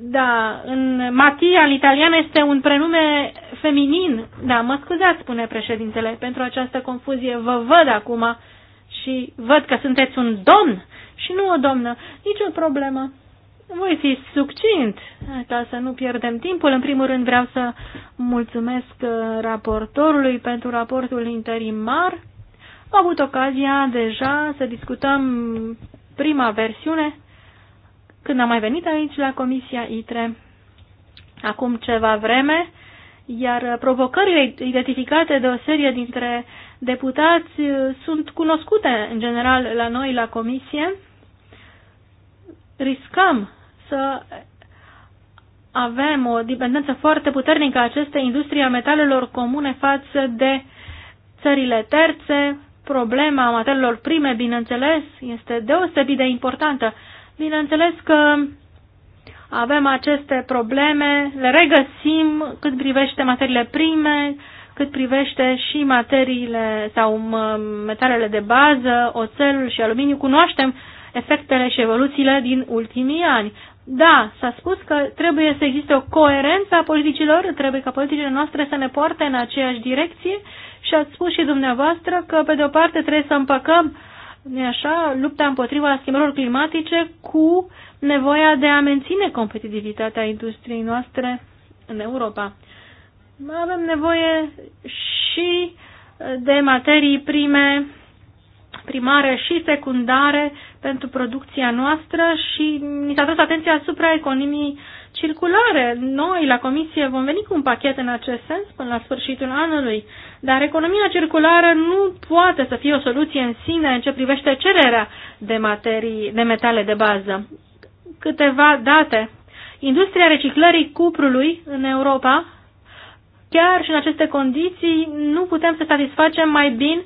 Da, în Matia, în italiană, este un prenume feminin. Da, mă scuzați, spune președintele, pentru această confuzie. Vă văd acum și văd că sunteți un domn și nu o domnă. Nici o problemă. Voi fi succint, ca să nu pierdem timpul. În primul rând vreau să mulțumesc uh, raportorului pentru raportul interimar am avut ocazia deja să discutăm prima versiune când am mai venit aici la Comisia ITRE acum ceva vreme, iar provocările identificate de o serie dintre deputați sunt cunoscute în general la noi la Comisie. Riscăm să avem o dependență foarte puternică a acestei industrie a metalelor comune față de țările terțe, problema materiilor prime, bineînțeles, este deosebit de importantă. Bineînțeles că avem aceste probleme, le regăsim cât privește materiile prime, cât privește și materiile sau metalele de bază, oțelul și aluminiu, cunoaștem efectele și evoluțiile din ultimii ani. Da, s-a spus că trebuie să existe o coerență a politicilor, trebuie ca politicile noastre să ne poarte în aceeași direcție și ați spus și dumneavoastră că, pe de o parte, trebuie să împăcăm așa, lupta împotriva schimbărilor climatice cu nevoia de a menține competitivitatea industriei noastre în Europa. Avem nevoie și de materii prime primare și secundare pentru producția noastră și ni s-a dat atenția asupra economiei circulare. Noi, la Comisie, vom veni cu un pachet în acest sens până la sfârșitul anului, dar economia circulară nu poate să fie o soluție în sine în ce privește cererea de, materii, de metale de bază. Câteva date. Industria reciclării cuprului în Europa, chiar și în aceste condiții, nu putem să satisfacem mai bine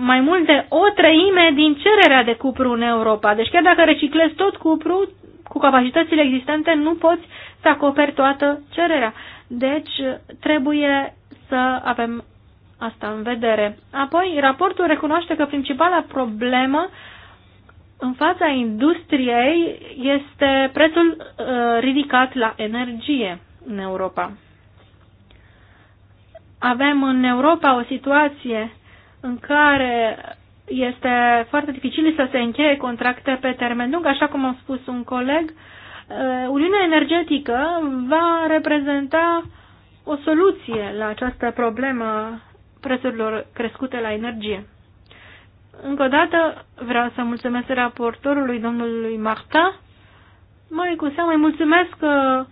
mai mult de o treime din cererea de cupru în Europa. Deci chiar dacă reciclezi tot cupru, cu capacitățile existente nu poți să acoperi toată cererea. Deci trebuie să avem asta în vedere. Apoi, raportul recunoaște că principala problemă în fața industriei este prețul uh, ridicat la energie în Europa. Avem în Europa o situație în care este foarte dificil să se încheie contracte pe termen lung, așa cum a spus un coleg, uh, Uniunea Energetică va reprezenta o soluție la această problemă prețurilor crescute la energie. Încă o dată vreau să mulțumesc raportorului domnului Marta. Mai cu seamă îi mulțumesc că, uh,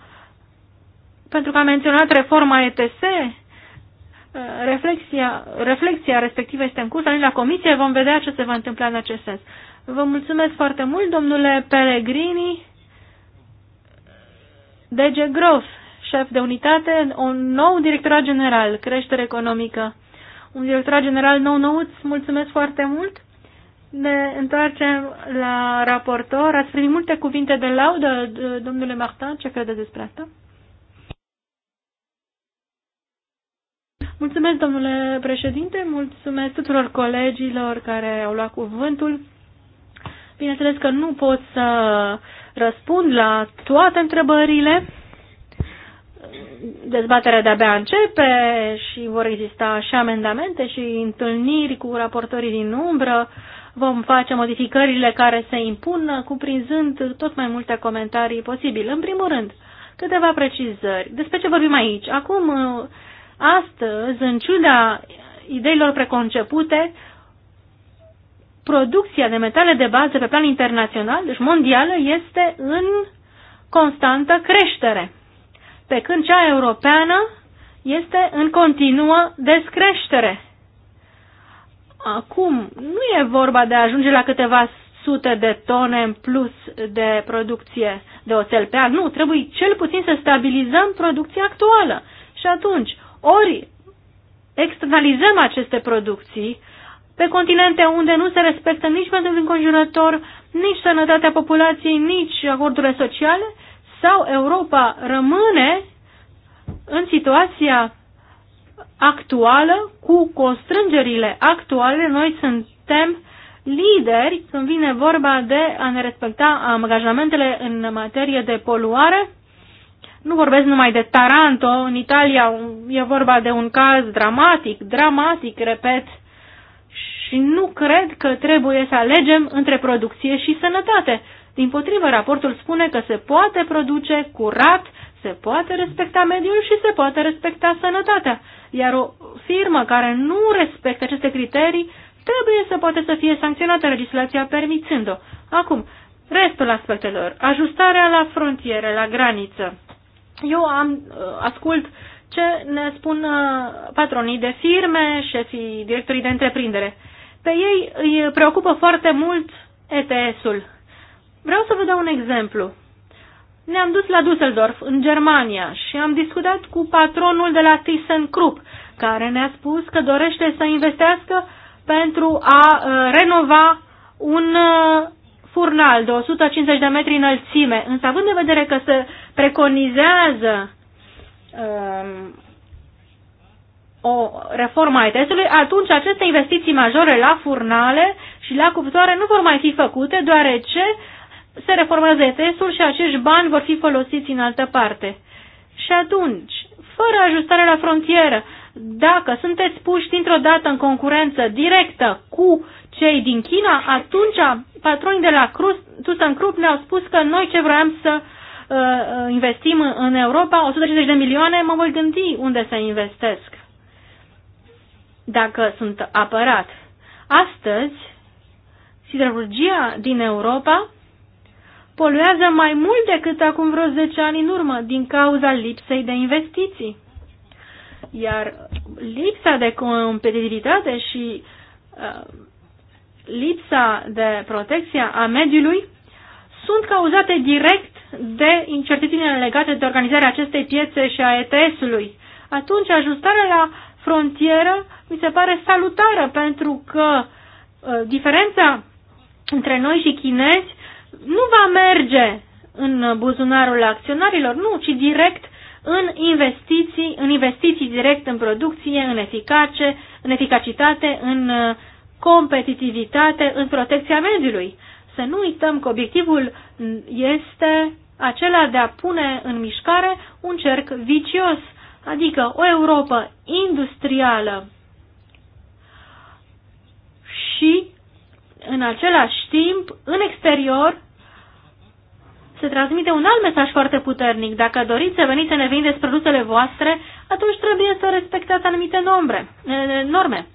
pentru că a menționat reforma ETS reflexia, reflexia respectivă este în curs, la, comisie, vom vedea ce se va întâmpla în acest sens. Vă mulțumesc foarte mult, domnule Pellegrini, DG Grof, șef de unitate, un nou directorat general, creștere economică, un directorat general nou-nouț, mulțumesc foarte mult. Ne întoarcem la raportor. Ați primit multe cuvinte de laudă, domnule Martin, ce credeți despre asta? Mulțumesc, domnule președinte, mulțumesc tuturor colegilor care au luat cuvântul. Bineînțeles că nu pot să răspund la toate întrebările. Dezbaterea de-abia începe și vor exista și amendamente și întâlniri cu raportorii din umbră. Vom face modificările care se impun, cuprinzând tot mai multe comentarii posibile. În primul rând, câteva precizări. Despre ce vorbim aici? Acum, Astăzi, în ciuda ideilor preconcepute, producția de metale de bază pe plan internațional, deci mondială, este în constantă creștere, pe când cea europeană este în continuă descreștere. Acum, nu e vorba de a ajunge la câteva sute de tone în plus de producție de oțel pe an. Nu, trebuie cel puțin să stabilizăm producția actuală. Și atunci, ori externalizăm aceste producții pe continente unde nu se respectă nici mediul înconjurător, nici sănătatea populației, nici acordurile sociale, sau Europa rămâne în situația actuală, cu constrângerile actuale, noi suntem lideri când vine vorba de a ne respecta angajamentele în materie de poluare nu vorbesc numai de Taranto, în Italia e vorba de un caz dramatic, dramatic, repet, și nu cred că trebuie să alegem între producție și sănătate. Din potrivă, raportul spune că se poate produce curat, se poate respecta mediul și se poate respecta sănătatea. Iar o firmă care nu respectă aceste criterii trebuie să poate să fie sancționată legislația permițând-o. Acum, restul aspectelor, ajustarea la frontiere, la graniță. Eu am, uh, ascult ce ne spun uh, patronii de firme, șefii, directorii de întreprindere. Pe ei îi preocupă foarte mult ETS-ul. Vreau să vă dau un exemplu. Ne-am dus la Düsseldorf, în Germania, și am discutat cu patronul de la ThyssenKrupp, care ne-a spus că dorește să investească pentru a uh, renova un furnal de 150 de metri înălțime, însă având în vedere că se preconizează um, o reformă a its ului atunci aceste investiții majore la furnale și la cuptoare nu vor mai fi făcute, deoarece se reformează ETS-ul și acești bani vor fi folosiți în altă parte. Și atunci, fără ajustare la frontieră, dacă sunteți puși dintr-o dată în concurență directă cu cei din China, atunci patronii de la ThyssenKrupp ne-au spus că noi ce vroiam să uh, uh investim în Europa, 150 de milioane, mă voi gândi unde să investesc dacă sunt apărat. Astăzi, siderurgia din Europa poluează mai mult decât acum vreo 10 ani în urmă din cauza lipsei de investiții. Iar lipsa de competitivitate și uh, lipsa de protecție a mediului sunt cauzate direct de incertitudinile legate de organizarea acestei piețe și a ETS-ului. Atunci, ajustarea la frontieră mi se pare salutară pentru că uh, diferența între noi și chinezi nu va merge în buzunarul acționarilor, nu, ci direct în investiții, în investiții direct în producție, în eficace, în eficacitate, în ă, competitivitate în protecția mediului. Să nu uităm că obiectivul este acela de a pune în mișcare un cerc vicios, adică o Europa industrială și în același timp, în exterior, se transmite un alt mesaj foarte puternic. Dacă doriți să veniți să ne vindeți produsele voastre, atunci trebuie să respectați anumite eh, norme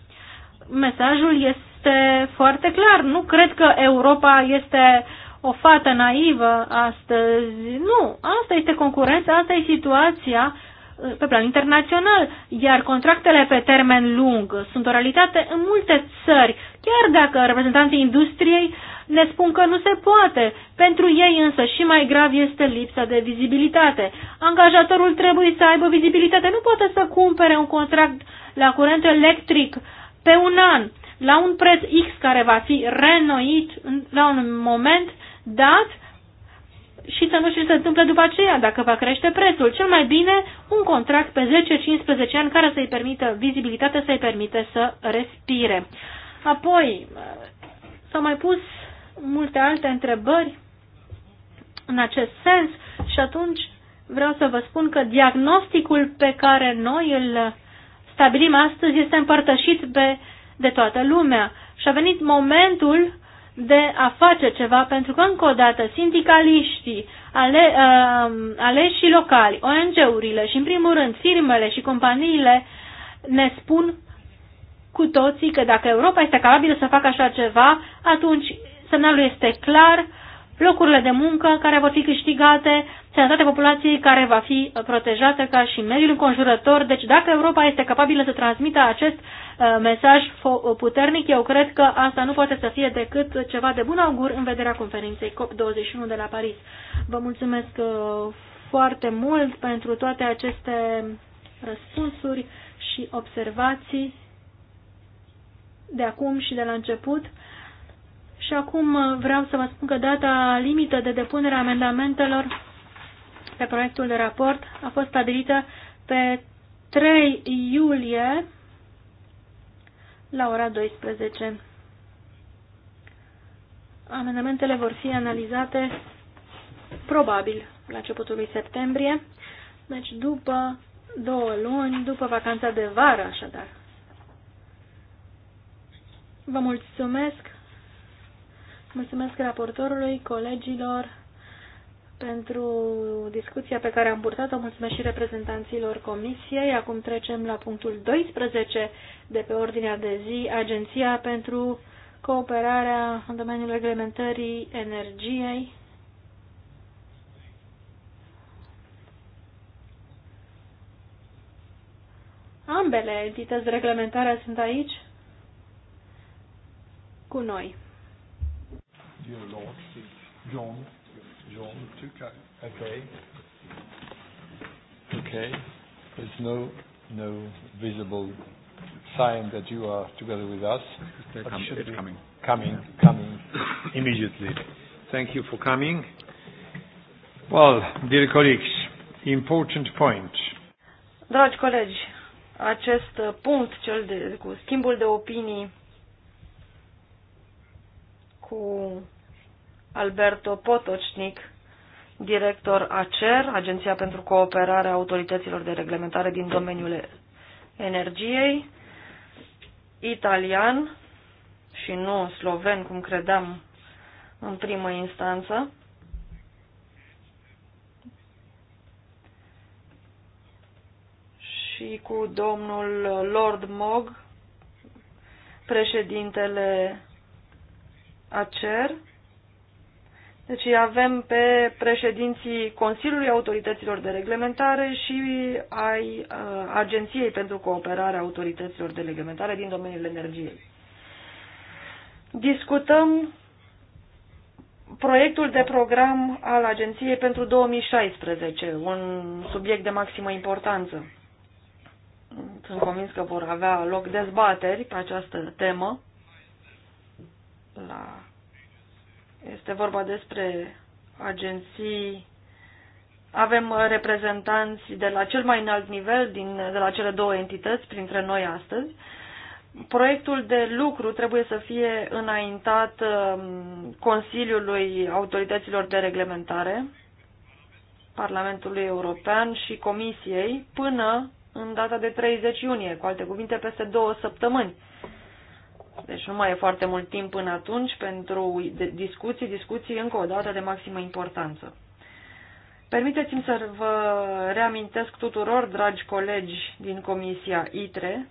mesajul este foarte clar. Nu cred că Europa este o fată naivă astăzi. Nu, asta este concurența, asta e situația uh, pe plan internațional, iar contractele pe termen lung sunt o realitate în multe țări, chiar dacă reprezentanții industriei ne spun că nu se poate. Pentru ei însă și mai grav este lipsa de vizibilitate. Angajatorul trebuie să aibă vizibilitate, nu poate să cumpere un contract la curent electric pe un an, la un preț X care va fi renoit la un moment dat și să nu știu ce se întâmplă după aceea, dacă va crește prețul. Cel mai bine un contract pe 10-15 ani care să-i permită vizibilitate, să-i permite să respire. Apoi, s-au mai pus multe alte întrebări în acest sens și atunci vreau să vă spun că diagnosticul pe care noi îl stabilim astăzi este împărtășit pe, de toată lumea și a venit momentul de a face ceva, pentru că, încă o dată, sindicaliștii, ale, uh, aleșii locali, ONG-urile și, în primul rând, firmele și companiile ne spun cu toții că dacă Europa este capabilă să facă așa ceva, atunci semnalul este clar, locurile de muncă care vor fi câștigate, sănătatea populației care va fi protejată ca și mediul înconjurător. Deci dacă Europa este capabilă să transmită acest uh, mesaj puternic, eu cred că asta nu poate să fie decât ceva de bun augur în vederea conferinței COP21 de la Paris. Vă mulțumesc uh, foarte mult pentru toate aceste răspunsuri și observații de acum și de la început. Și acum uh, vreau să vă spun că data limită de depunere a amendamentelor pe proiectul de raport a fost stabilită pe 3 iulie la ora 12. Amendamentele vor fi analizate probabil la începutul lui septembrie, deci după două luni, după vacanța de vară, așadar. Vă mulțumesc Mulțumesc raportorului, colegilor pentru discuția pe care am purtat-o. Mulțumesc și reprezentanților comisiei. Acum trecem la punctul 12 de pe ordinea de zi, Agenția pentru cooperarea în domeniul reglementării energiei. Ambele entități de reglementare sunt aici cu noi your Lord, John, John, okay, okay. There's no no visible sign that you are together with us. They're com- it's coming. Coming, yeah. coming immediately. Thank you for coming. Well, dear colleagues, important point. Dragi colegi, acest punct, cel de, cu schimbul de opinii cu Alberto Potocnic, director ACER, Agenția pentru cooperare a Autorităților de Reglementare din domeniul energiei, italian și nu sloven, cum credeam în primă instanță. Și cu domnul Lord Mog, președintele ACER, deci avem pe președinții Consiliului Autorităților de Reglementare și ai uh, Agenției pentru a Autorităților de Reglementare din domeniul energiei. Discutăm proiectul de program al Agenției pentru 2016, un subiect de maximă importanță. Sunt convins că vor avea loc dezbateri pe această temă la este vorba despre agenții. Avem uh, reprezentanți de la cel mai înalt nivel, din, de la cele două entități, printre noi astăzi. Proiectul de lucru trebuie să fie înaintat um, Consiliului Autorităților de Reglementare, Parlamentului European și Comisiei până în data de 30 iunie, cu alte cuvinte peste două săptămâni. Deci nu mai e foarte mult timp până atunci pentru discuții, discuții încă o dată de maximă importanță. Permiteți-mi să vă reamintesc tuturor, dragi colegi din Comisia ITRE,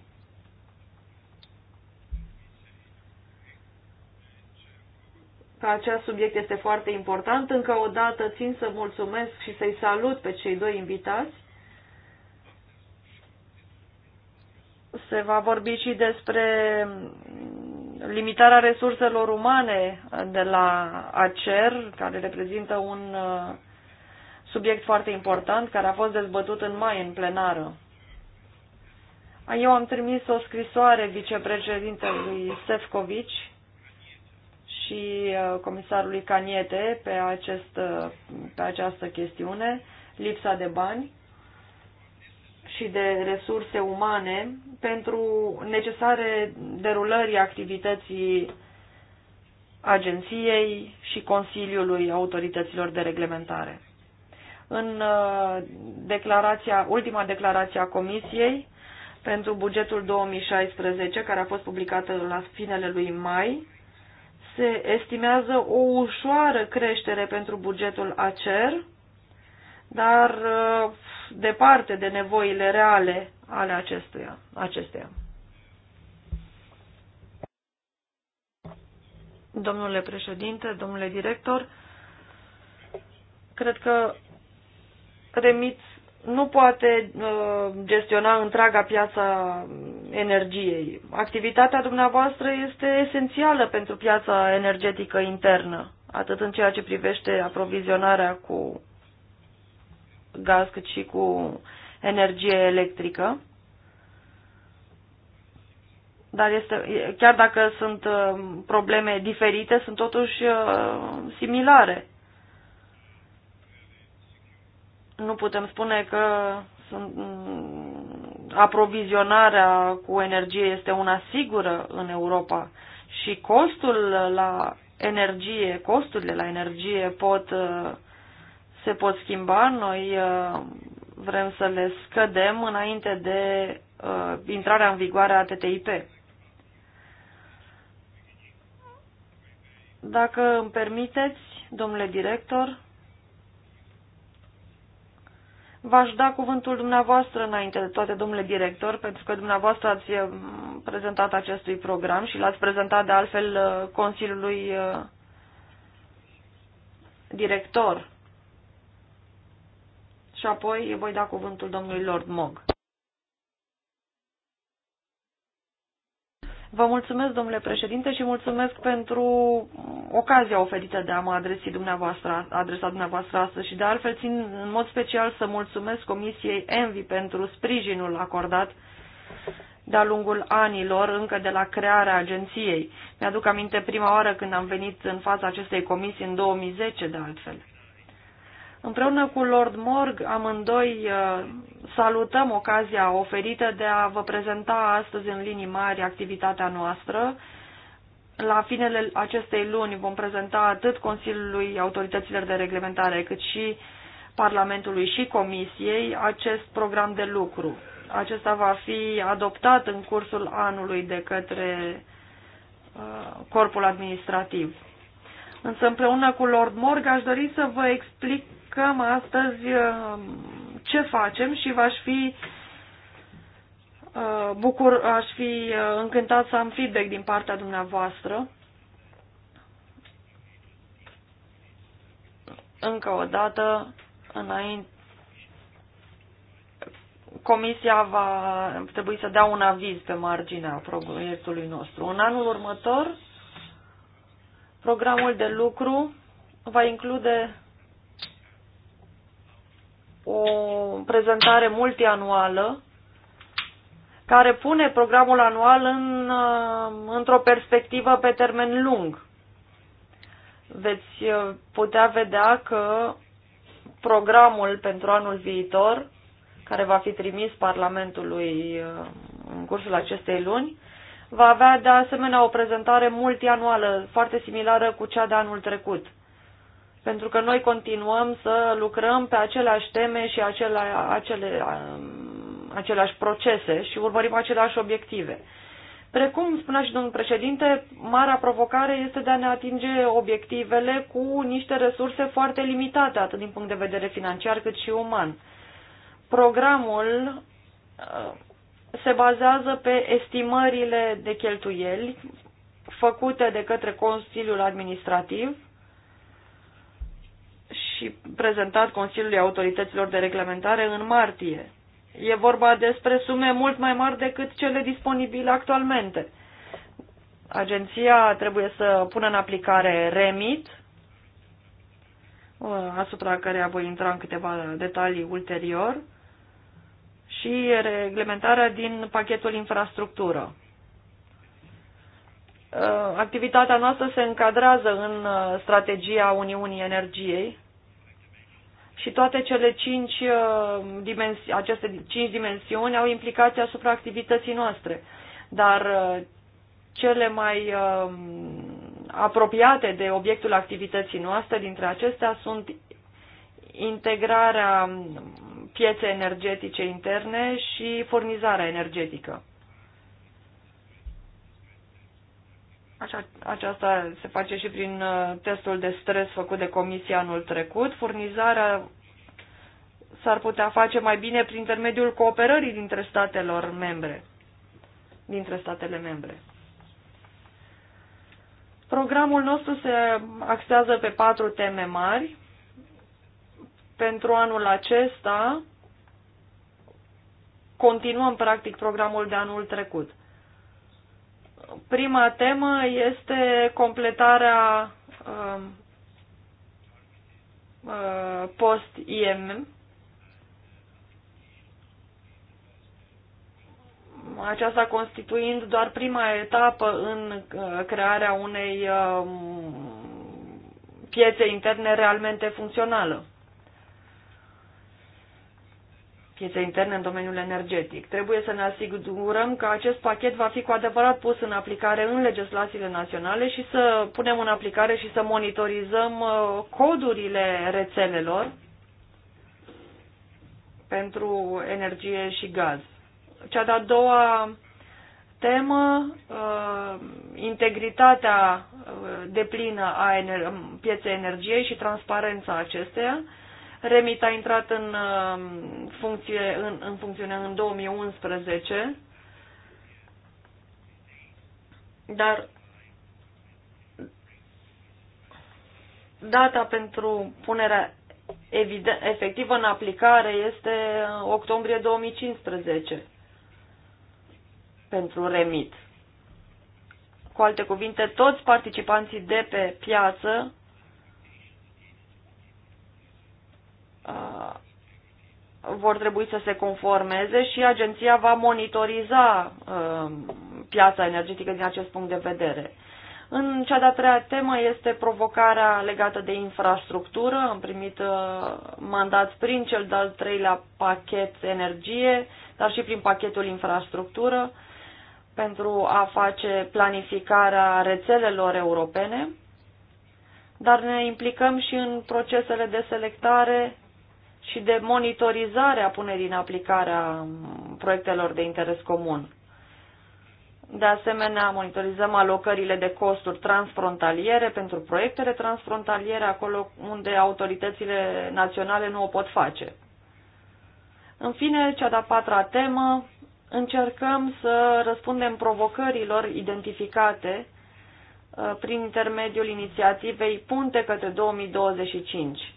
că acest subiect este foarte important. Încă o dată țin să mulțumesc și să-i salut pe cei doi invitați se va vorbi și despre limitarea resurselor umane de la ACER, care reprezintă un uh, subiect foarte important, care a fost dezbătut în mai în plenară. Eu am trimis o scrisoare vicepreședintelui Sefcovici și uh, comisarului Caniete pe, acest, uh, pe această chestiune, lipsa de bani și de resurse umane pentru necesare derulării activității agenției și Consiliului Autorităților de Reglementare. În uh, declarația, ultima declarație a Comisiei pentru bugetul 2016, care a fost publicată la finele lui mai, se estimează o ușoară creștere pentru bugetul ACER, dar uh, departe de nevoile reale ale acestuia, acesteia. Domnule președinte, domnule director, cred că Remit nu poate uh, gestiona întreaga piața energiei. Activitatea dumneavoastră este esențială pentru piața energetică internă, atât în ceea ce privește aprovizionarea cu gaz cât și cu energie electrică. Dar este, chiar dacă sunt uh, probleme diferite, sunt totuși uh, similare. Nu putem spune că sunt, mm, aprovizionarea cu energie este una sigură în Europa și costul la energie, costurile la energie pot uh, se pot schimba. Noi uh, vrem să le scădem înainte de uh, intrarea în vigoare a TTIP. Dacă îmi permiteți, domnule director, v-aș da cuvântul dumneavoastră înainte de toate, domnule director, pentru că dumneavoastră ați uh, prezentat acestui program și l-ați prezentat de altfel Consiliului Director și apoi voi da cuvântul domnului Lord Mog. Vă mulțumesc, domnule președinte, și mulțumesc pentru ocazia oferită de a mă adresi dumneavoastră, adresa dumneavoastră astăzi și de altfel țin în mod special să mulțumesc Comisiei Envi pentru sprijinul acordat de-a lungul anilor, încă de la crearea agenției. Mi-aduc aminte prima oară când am venit în fața acestei comisii în 2010, de altfel. Împreună cu Lord Morg, amândoi uh, salutăm ocazia oferită de a vă prezenta astăzi în linii mari activitatea noastră. La finele acestei luni vom prezenta atât Consiliului Autorităților de Reglementare, cât și Parlamentului și Comisiei acest program de lucru. Acesta va fi adoptat în cursul anului de către uh, corpul administrativ. Însă împreună cu Lord Morg aș dori să vă explic discutăm astăzi uh, ce facem și v-aș fi uh, bucur, aș fi uh, încântat să am feedback din partea dumneavoastră. Încă o dată, înainte, Comisia va trebui să dea un aviz pe marginea proiectului nostru. În anul următor, programul de lucru va include o prezentare multianuală care pune programul anual în, uh, într-o perspectivă pe termen lung. Veți uh, putea vedea că programul pentru anul viitor, care va fi trimis Parlamentului uh, în cursul acestei luni, va avea de asemenea o prezentare multianuală, foarte similară cu cea de anul trecut pentru că noi continuăm să lucrăm pe aceleași teme și acele, acele, um, aceleași procese și urmărim aceleași obiective. Precum spunea și domnul președinte, marea provocare este de a ne atinge obiectivele cu niște resurse foarte limitate, atât din punct de vedere financiar cât și uman. Programul uh, se bazează pe estimările de cheltuieli făcute de către Consiliul Administrativ și prezentat Consiliului Autorităților de Reglementare în martie. E vorba despre sume mult mai mari decât cele disponibile actualmente. Agenția trebuie să pună în aplicare REMIT, uh, asupra care voi intra în câteva detalii ulterior, și reglementarea din pachetul infrastructură. Uh, activitatea noastră se încadrează în uh, strategia Uniunii Energiei, și toate cele cinci, uh, dimensi- aceste cinci dimensiuni au implicații asupra activității noastre. Dar uh, cele mai um, apropiate de obiectul activității noastre dintre acestea sunt integrarea pieței energetice interne și furnizarea energetică. Așa, aceasta se face și prin uh, testul de stres făcut de comisia anul trecut. Furnizarea s-ar putea face mai bine prin intermediul cooperării dintre statelor membre, dintre statele membre. Programul nostru se axează pe patru teme mari. Pentru anul acesta continuăm practic programul de anul trecut. Prima temă este completarea um, uh, post-IM. Aceasta constituind doar prima etapă în uh, crearea unei um, piețe interne realmente funcțională piețe interne în domeniul energetic. Trebuie să ne asigurăm că acest pachet va fi cu adevărat pus în aplicare în legislațiile naționale și să punem în aplicare și să monitorizăm uh, codurile rețelelor pentru energie și gaz. Cea de-a doua temă, uh, integritatea uh, deplină a pieței energiei și transparența acesteia Remit a intrat în, um, funcție, în, în funcțiune în 2011, dar data pentru punerea evident, efectivă în aplicare este uh, octombrie 2015 pentru remit. Cu alte cuvinte, toți participanții de pe piață Uh, vor trebui să se conformeze și agenția va monitoriza uh, piața energetică din acest punct de vedere. În cea de-a treia temă este provocarea legată de infrastructură. Am primit uh, mandat prin cel de-al treilea pachet energie, dar și prin pachetul infrastructură pentru a face planificarea rețelelor europene, dar ne implicăm și în procesele de selectare și de monitorizare a punerii în aplicare a proiectelor de interes comun. De asemenea, monitorizăm alocările de costuri transfrontaliere pentru proiectele transfrontaliere acolo unde autoritățile naționale nu o pot face. În fine, cea de-a patra temă, încercăm să răspundem provocărilor identificate uh, prin intermediul inițiativei Punte către 2025.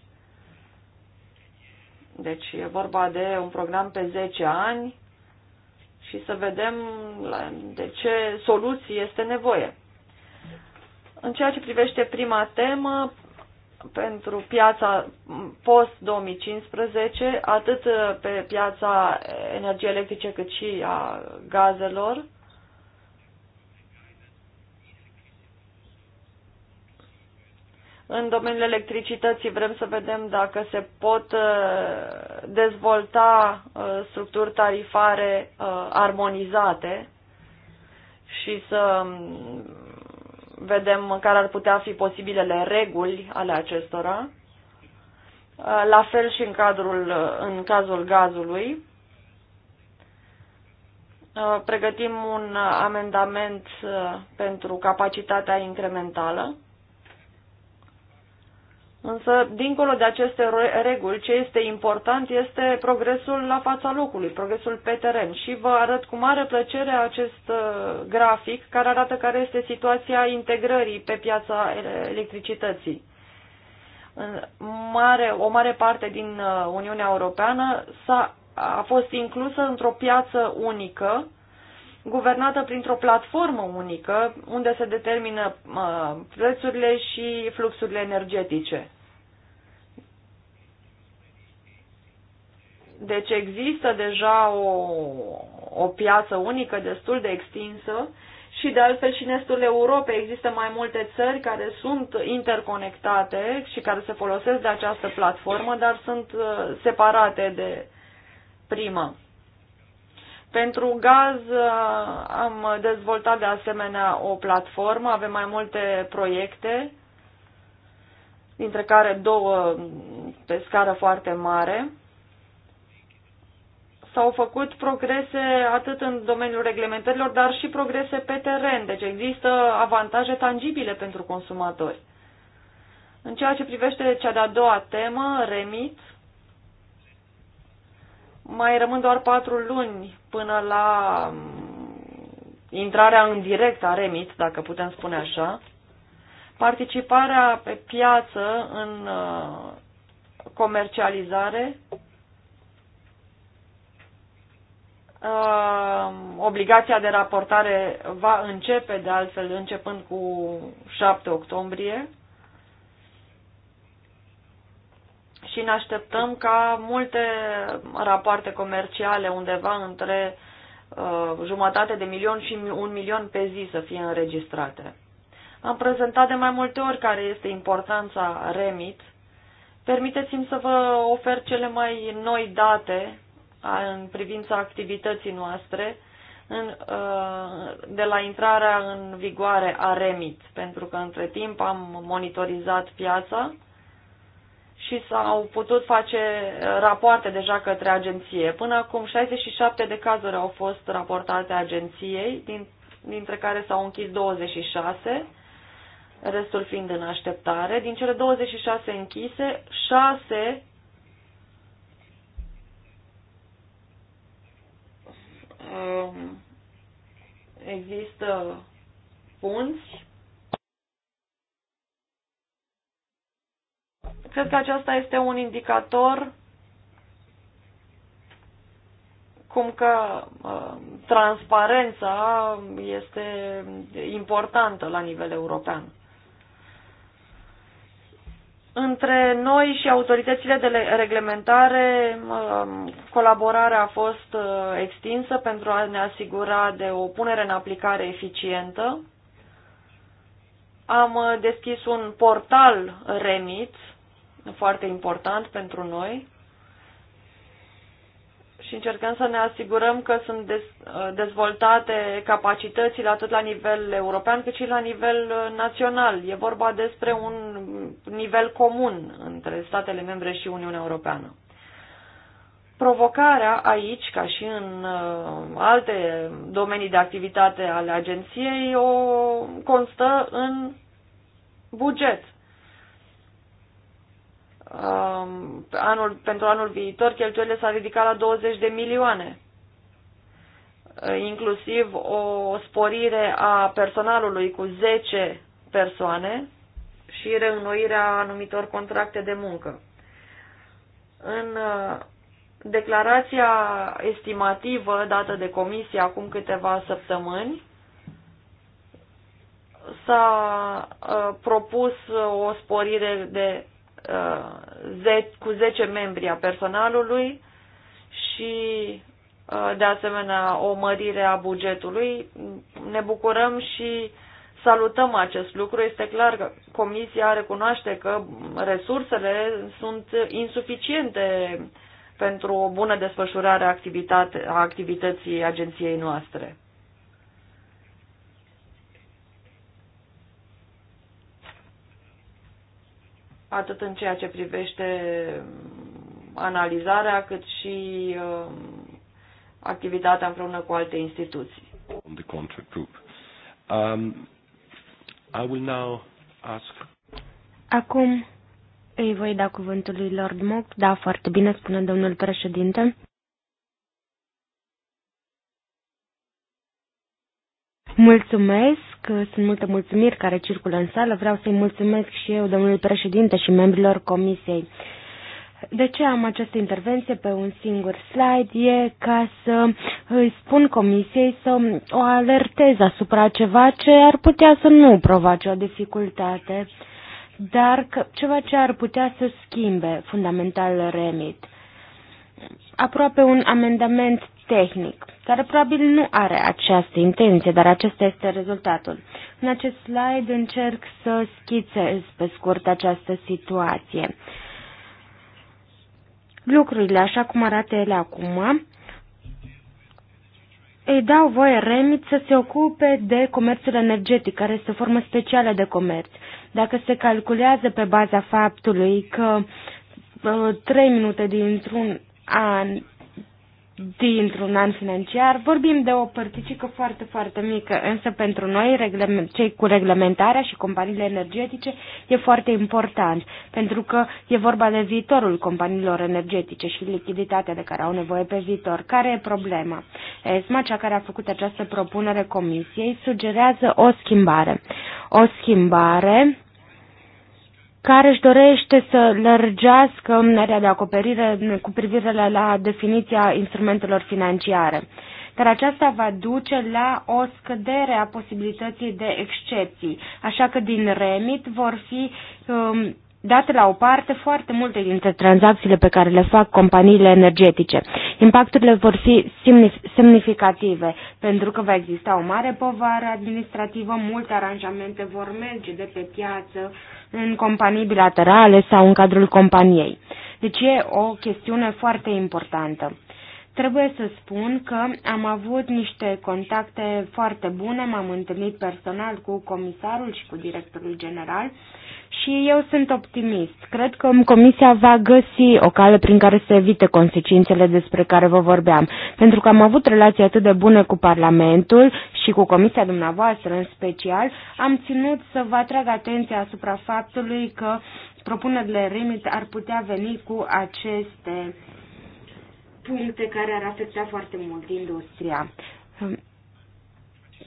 Deci e vorba de un program pe 10 ani și să vedem de ce soluții este nevoie. În ceea ce privește prima temă, pentru piața post-2015, atât pe piața energiei electrice cât și a gazelor, În domeniul electricității vrem să vedem dacă se pot uh, dezvolta uh, structuri tarifare uh, armonizate și să um, vedem care ar putea fi posibilele reguli ale acestora. La fel și în, cadrul, în cazul gazului. Pregătim un amendament pentru capacitatea incrementală. Însă, dincolo de aceste reguli, ce este important este progresul la fața locului, progresul pe teren. Și vă arăt cu mare plăcere acest uh, grafic care arată care este situația integrării pe piața electricității. În mare, o mare parte din uh, Uniunea Europeană a a fost inclusă într-o piață unică, guvernată printr-o platformă unică, unde se determină uh, prețurile și fluxurile energetice. Deci există deja o, o piață unică destul de extinsă și de altfel și în estul Europei există mai multe țări care sunt interconectate și care se folosesc de această platformă, dar sunt uh, separate de primă. Pentru gaz uh, am dezvoltat de asemenea o platformă, avem mai multe proiecte, dintre care două pe scară foarte mare s-au făcut progrese atât în domeniul reglementărilor, dar și progrese pe teren. Deci există avantaje tangibile pentru consumatori. În ceea ce privește cea de-a doua temă, remit, mai rămân doar patru luni până la mm, intrarea în direct a remit, dacă putem spune așa. Participarea pe piață în uh, comercializare Uh, obligația de raportare va începe, de altfel, începând cu 7 octombrie și ne așteptăm ca multe rapoarte comerciale undeva între uh, jumătate de milion și un milion pe zi să fie înregistrate. Am prezentat de mai multe ori care este importanța REMIT. Permiteți-mi să vă ofer cele mai noi date în privința activității noastre în, de la intrarea în vigoare a REMIT, pentru că între timp am monitorizat piața și s-au putut face rapoarte deja către agenție. Până acum 67 de cazuri au fost raportate agenției, din, dintre care s-au închis 26, restul fiind în așteptare. Din cele 26 închise, 6 Um, există punți. Cred că aceasta este un indicator cum că uh, transparența este importantă la nivel european. Între noi și autoritățile de reglementare, colaborarea a fost uh, extinsă pentru a ne asigura de o punere în aplicare eficientă. Am uh, deschis un portal Remit, foarte important pentru noi, și încercăm să ne asigurăm că sunt uh, dezvoltate capacitățile atât la nivel european cât și la nivel uh, național. E vorba despre un nivel comun între statele membre și Uniunea Europeană. Provocarea aici, ca și în uh, alte domenii de activitate ale agenției, o constă în buget. Um, anul, pentru anul viitor cheltuielile s-ar ridica la 20 de milioane inclusiv o sporire a personalului cu 10 persoane și reînnoirea anumitor contracte de muncă. În uh, declarația estimativă dată de comisie acum câteva săptămâni, s-a uh, propus o sporire de Uh, cu 10 membri a personalului și uh, de asemenea o mărire a bugetului. Ne bucurăm și salutăm acest lucru. Este clar că Comisia recunoaște că resursele sunt insuficiente pentru o bună desfășurare a, a activității agenției noastre. atât în ceea ce privește analizarea, cât și uh, activitatea împreună cu alte instituții. the contract group. Um, I will now ask... Acum îi voi da cuvântul lui Lord Mock. Da, foarte bine, spune domnul președinte. Mulțumesc sunt multe mulțumiri care circulă în sală. Vreau să-i mulțumesc și eu, domnului președinte și membrilor comisiei. De ce am această intervenție pe un singur slide? E ca să îi spun comisiei să o alertez asupra ceva ce ar putea să nu provoace o dificultate, dar că, ceva ce ar putea să schimbe fundamental remit aproape un amendament tehnic, care probabil nu are această intenție, dar acesta este rezultatul. În acest slide încerc să schițez pe scurt această situație. Lucrurile așa cum arată ele acum, îi dau voie REMIT să se ocupe de comerțul energetic, care este o formă specială de comerț. Dacă se calculează pe baza faptului că uh, trei minute dintr-un an dintr-un an financiar. Vorbim de o părticică foarte, foarte mică, însă pentru noi, cei cu reglementarea și companiile energetice, e foarte important, pentru că e vorba de viitorul companiilor energetice și lichiditatea de care au nevoie pe viitor. Care e problema? ESMA, cea care a făcut această propunere comisiei, sugerează o schimbare. O schimbare care își dorește să lărgească area de acoperire cu privire la, la definiția instrumentelor financiare. Dar aceasta va duce la o scădere a posibilității de excepții, așa că din remit vor fi um, date la o parte foarte multe dintre tranzacțiile pe care le fac companiile energetice. Impacturile vor fi semnificative, pentru că va exista o mare povară administrativă, multe aranjamente vor merge de pe piață în companii bilaterale sau în cadrul companiei. Deci e o chestiune foarte importantă. Trebuie să spun că am avut niște contacte foarte bune, m-am întâlnit personal cu comisarul și cu directorul general și eu sunt optimist. Cred că Comisia va găsi o cale prin care să evite consecințele despre care vă vorbeam. Pentru că am avut relații atât de bune cu Parlamentul și cu Comisia dumneavoastră în special, am ținut să vă atrag atenția asupra faptului că propunerile RIMIT ar putea veni cu aceste puncte care ar afecta foarte mult industria.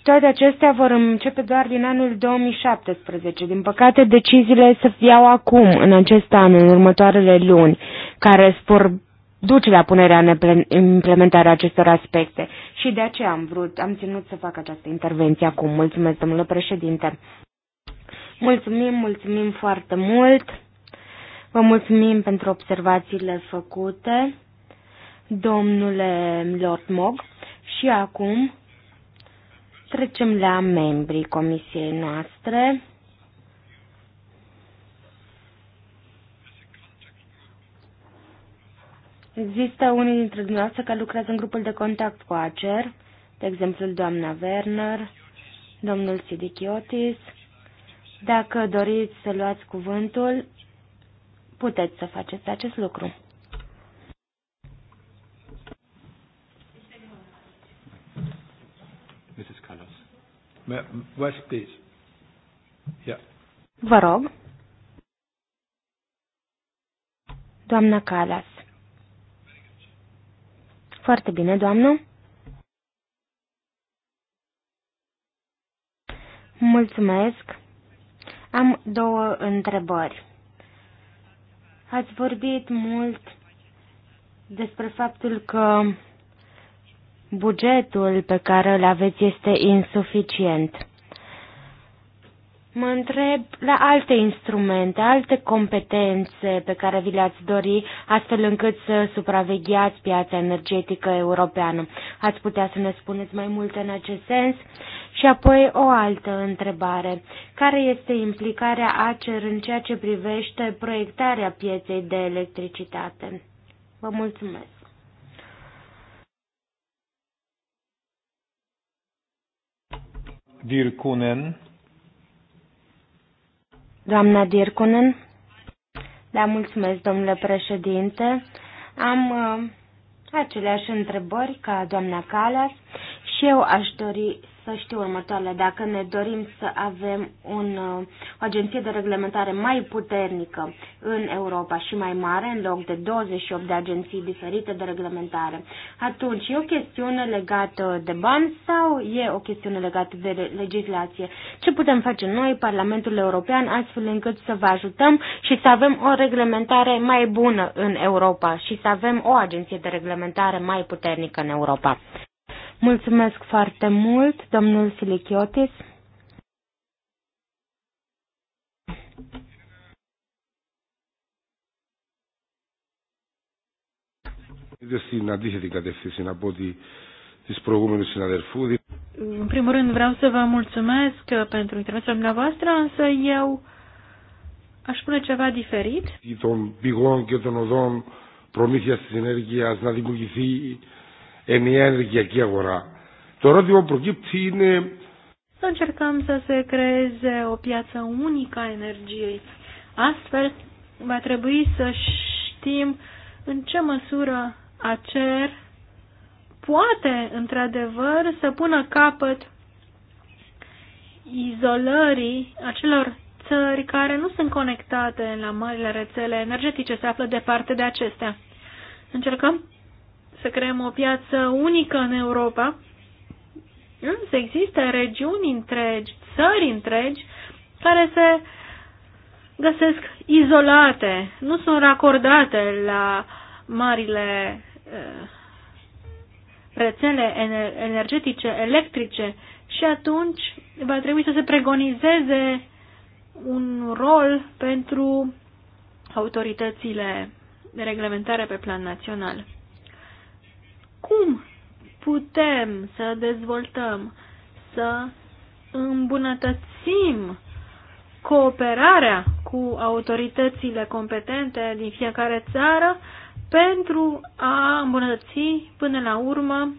Toate acestea vor începe doar din anul 2017. Din păcate, deciziile se iau acum, în acest an, în următoarele luni, care spor duce la punerea în implementarea acestor aspecte. Și de aceea am vrut, am ținut să fac această intervenție acum. Mulțumesc, domnule președinte. Mulțumim, mulțumim foarte mult. Vă mulțumim pentru observațiile făcute, domnule Lord Mog. Și acum Trecem la membrii comisiei noastre. Există unii dintre dumneavoastră care lucrează în grupul de contact cu ACER, de exemplu doamna Werner, domnul Sidichiotis. Dacă doriți să luați cuvântul, puteți să faceți acest lucru. West, please. Yeah. Vă rog. Doamna Calas. Foarte bine, doamnă. Mulțumesc. Am două întrebări. Ați vorbit mult despre faptul că Bugetul pe care îl aveți este insuficient. Mă întreb la alte instrumente, alte competențe pe care vi le-ați dori, astfel încât să supravegheați piața energetică europeană. Ați putea să ne spuneți mai multe în acest sens? Și apoi o altă întrebare. Care este implicarea ACER în ceea ce privește proiectarea pieței de electricitate? Vă mulțumesc. Virkunen. Doamna Dirkunen. Da, mulțumesc, domnule președinte. Am uh, aceleași întrebări ca doamna Calas și eu aș dori să știu următoarele. Dacă ne dorim să avem un, uh, o agenție de reglementare mai puternică în Europa și mai mare, în loc de 28 de agenții diferite de reglementare, atunci e o chestiune legată de bani sau e o chestiune legată de legislație? Ce putem face noi, Parlamentul European, astfel încât să vă ajutăm și să avem o reglementare mai bună în Europa și să avem o agenție de reglementare mai puternică în Europa? Mulțumesc foarte mult, domnul Silichiotis. στην αντίθετη κατεύθυνση να πω ότι της προηγούμενου συναδελφού. În primul rând vreau să vă mulțumesc pentru intervenția dumneavoastră, însă eu aș spune ceva diferit. Των πηγών και των οδών προμήθειας της ενέργειας να δημιουργηθεί ενιαία ενεργειακή αγορά. Το ερώτημα που προκύπτει είναι... Θα încercăm să se creeze o piață unică a energiei. Astfel, va trebui să știm în ce măsură acer poate, într-adevăr, să pună capăt izolării acelor țări care nu sunt conectate la marile rețele energetice, se află departe de acestea. Încercăm să creăm o piață unică în Europa, însă există regiuni întregi, țări întregi, care se găsesc izolate, nu sunt racordate la marile uh, rețele energetice, electrice și atunci va trebui să se pregonizeze un rol pentru autoritățile de reglementare pe plan național cum putem să dezvoltăm, să îmbunătățim cooperarea cu autoritățile competente din fiecare țară pentru a îmbunătăți până la urmă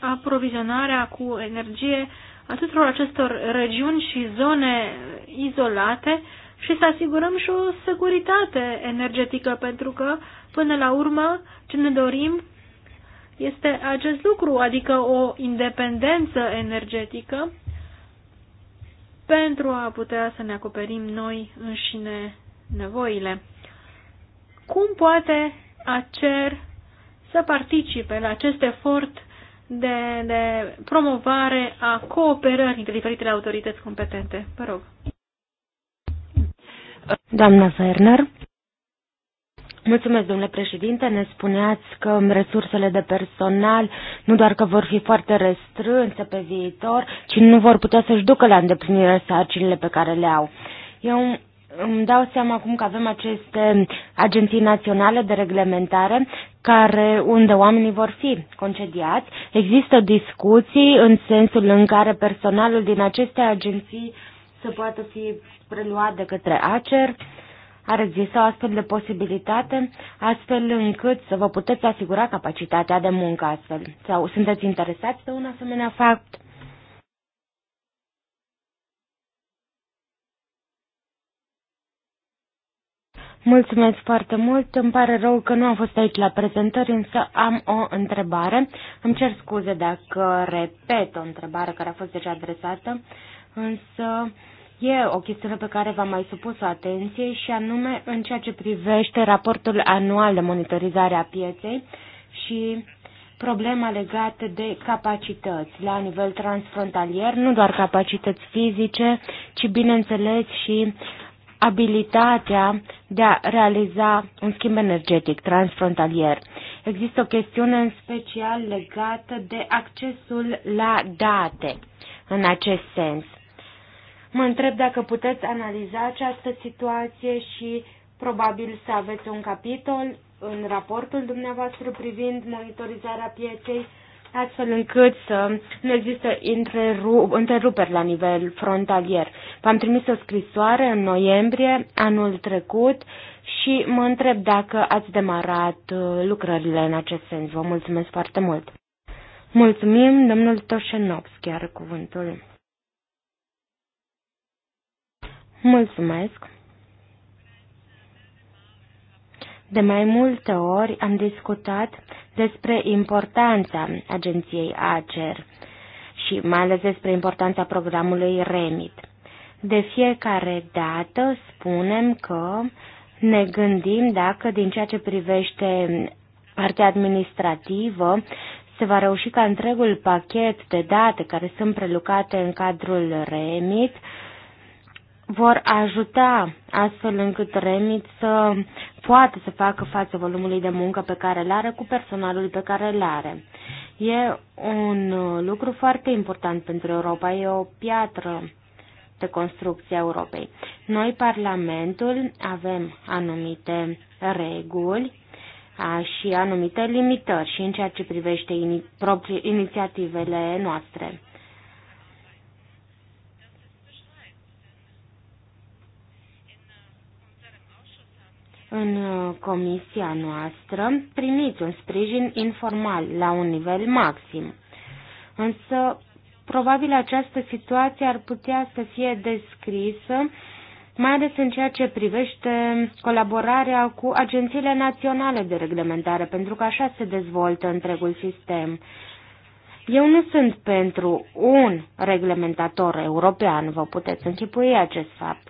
aprovizionarea cu energie a tuturor acestor regiuni și zone izolate și să asigurăm și o securitate energetică, pentru că, până la urmă, ce ne dorim este acest lucru, adică o independență energetică pentru a putea să ne acoperim noi înșine nevoile. Cum poate ACER să participe la acest efort de, de promovare a cooperării între diferitele autorități competente? Vă rog. Doamna Ferner. Mulțumesc, domnule președinte. Ne spuneați că resursele de personal nu doar că vor fi foarte restrânse pe viitor, ci nu vor putea să-și ducă la îndeplinire sarcinile pe care le au. Eu îmi dau seama acum că avem aceste agenții naționale de reglementare care, unde oamenii vor fi concediați. Există discuții în sensul în care personalul din aceste agenții să poată fi preluat de către ACER. Uh, ar exista o astfel de posibilitate, astfel încât să vă puteți asigura capacitatea de muncă astfel? Sau sunteți interesați de un asemenea fapt? Mulțumesc foarte mult. Îmi pare rău că nu am fost aici la prezentări, însă am o întrebare. Îmi cer scuze dacă repet o întrebare care a fost deja adresată, însă E o chestiune pe care v-am mai supus o atenție și anume în ceea ce privește raportul anual de monitorizare a pieței și problema legată de capacități la nivel transfrontalier, nu doar capacități fizice, ci bineînțeles și abilitatea de a realiza un schimb energetic transfrontalier. Există o chestiune în special legată de accesul la date în acest sens. Mă întreb dacă puteți analiza această situație și probabil să aveți un capitol în raportul dumneavoastră privind monitorizarea pieței, astfel încât să nu există întreruperi la nivel frontalier. V-am trimis o scrisoare în noiembrie anul trecut și mă întreb dacă ați demarat uh, lucrările în acest sens. Vă mulțumesc foarte mult! Mulțumim, domnul Toșenovski are cuvântul. Mulțumesc! De mai multe ori am discutat despre importanța agenției ACER și mai ales despre importanța programului REMIT. De fiecare dată spunem că ne gândim dacă din ceea ce privește partea administrativă se va reuși ca întregul pachet de date care sunt prelucrate în cadrul REMIT vor ajuta astfel încât Remit să poată să facă față volumului de muncă pe care îl are cu personalul pe care îl are. E un lucru foarte important pentru Europa, e o piatră de construcție a Europei. Noi, Parlamentul, avem anumite reguli și anumite limitări și în ceea ce privește inițiativele noastre. în uh, comisia noastră primiți un sprijin informal la un nivel maxim. Însă, probabil această situație ar putea să fie descrisă mai ales în ceea ce privește colaborarea cu agențiile naționale de reglementare, pentru că așa se dezvoltă întregul sistem. Eu nu sunt pentru un reglementator european, vă puteți închipui acest fapt.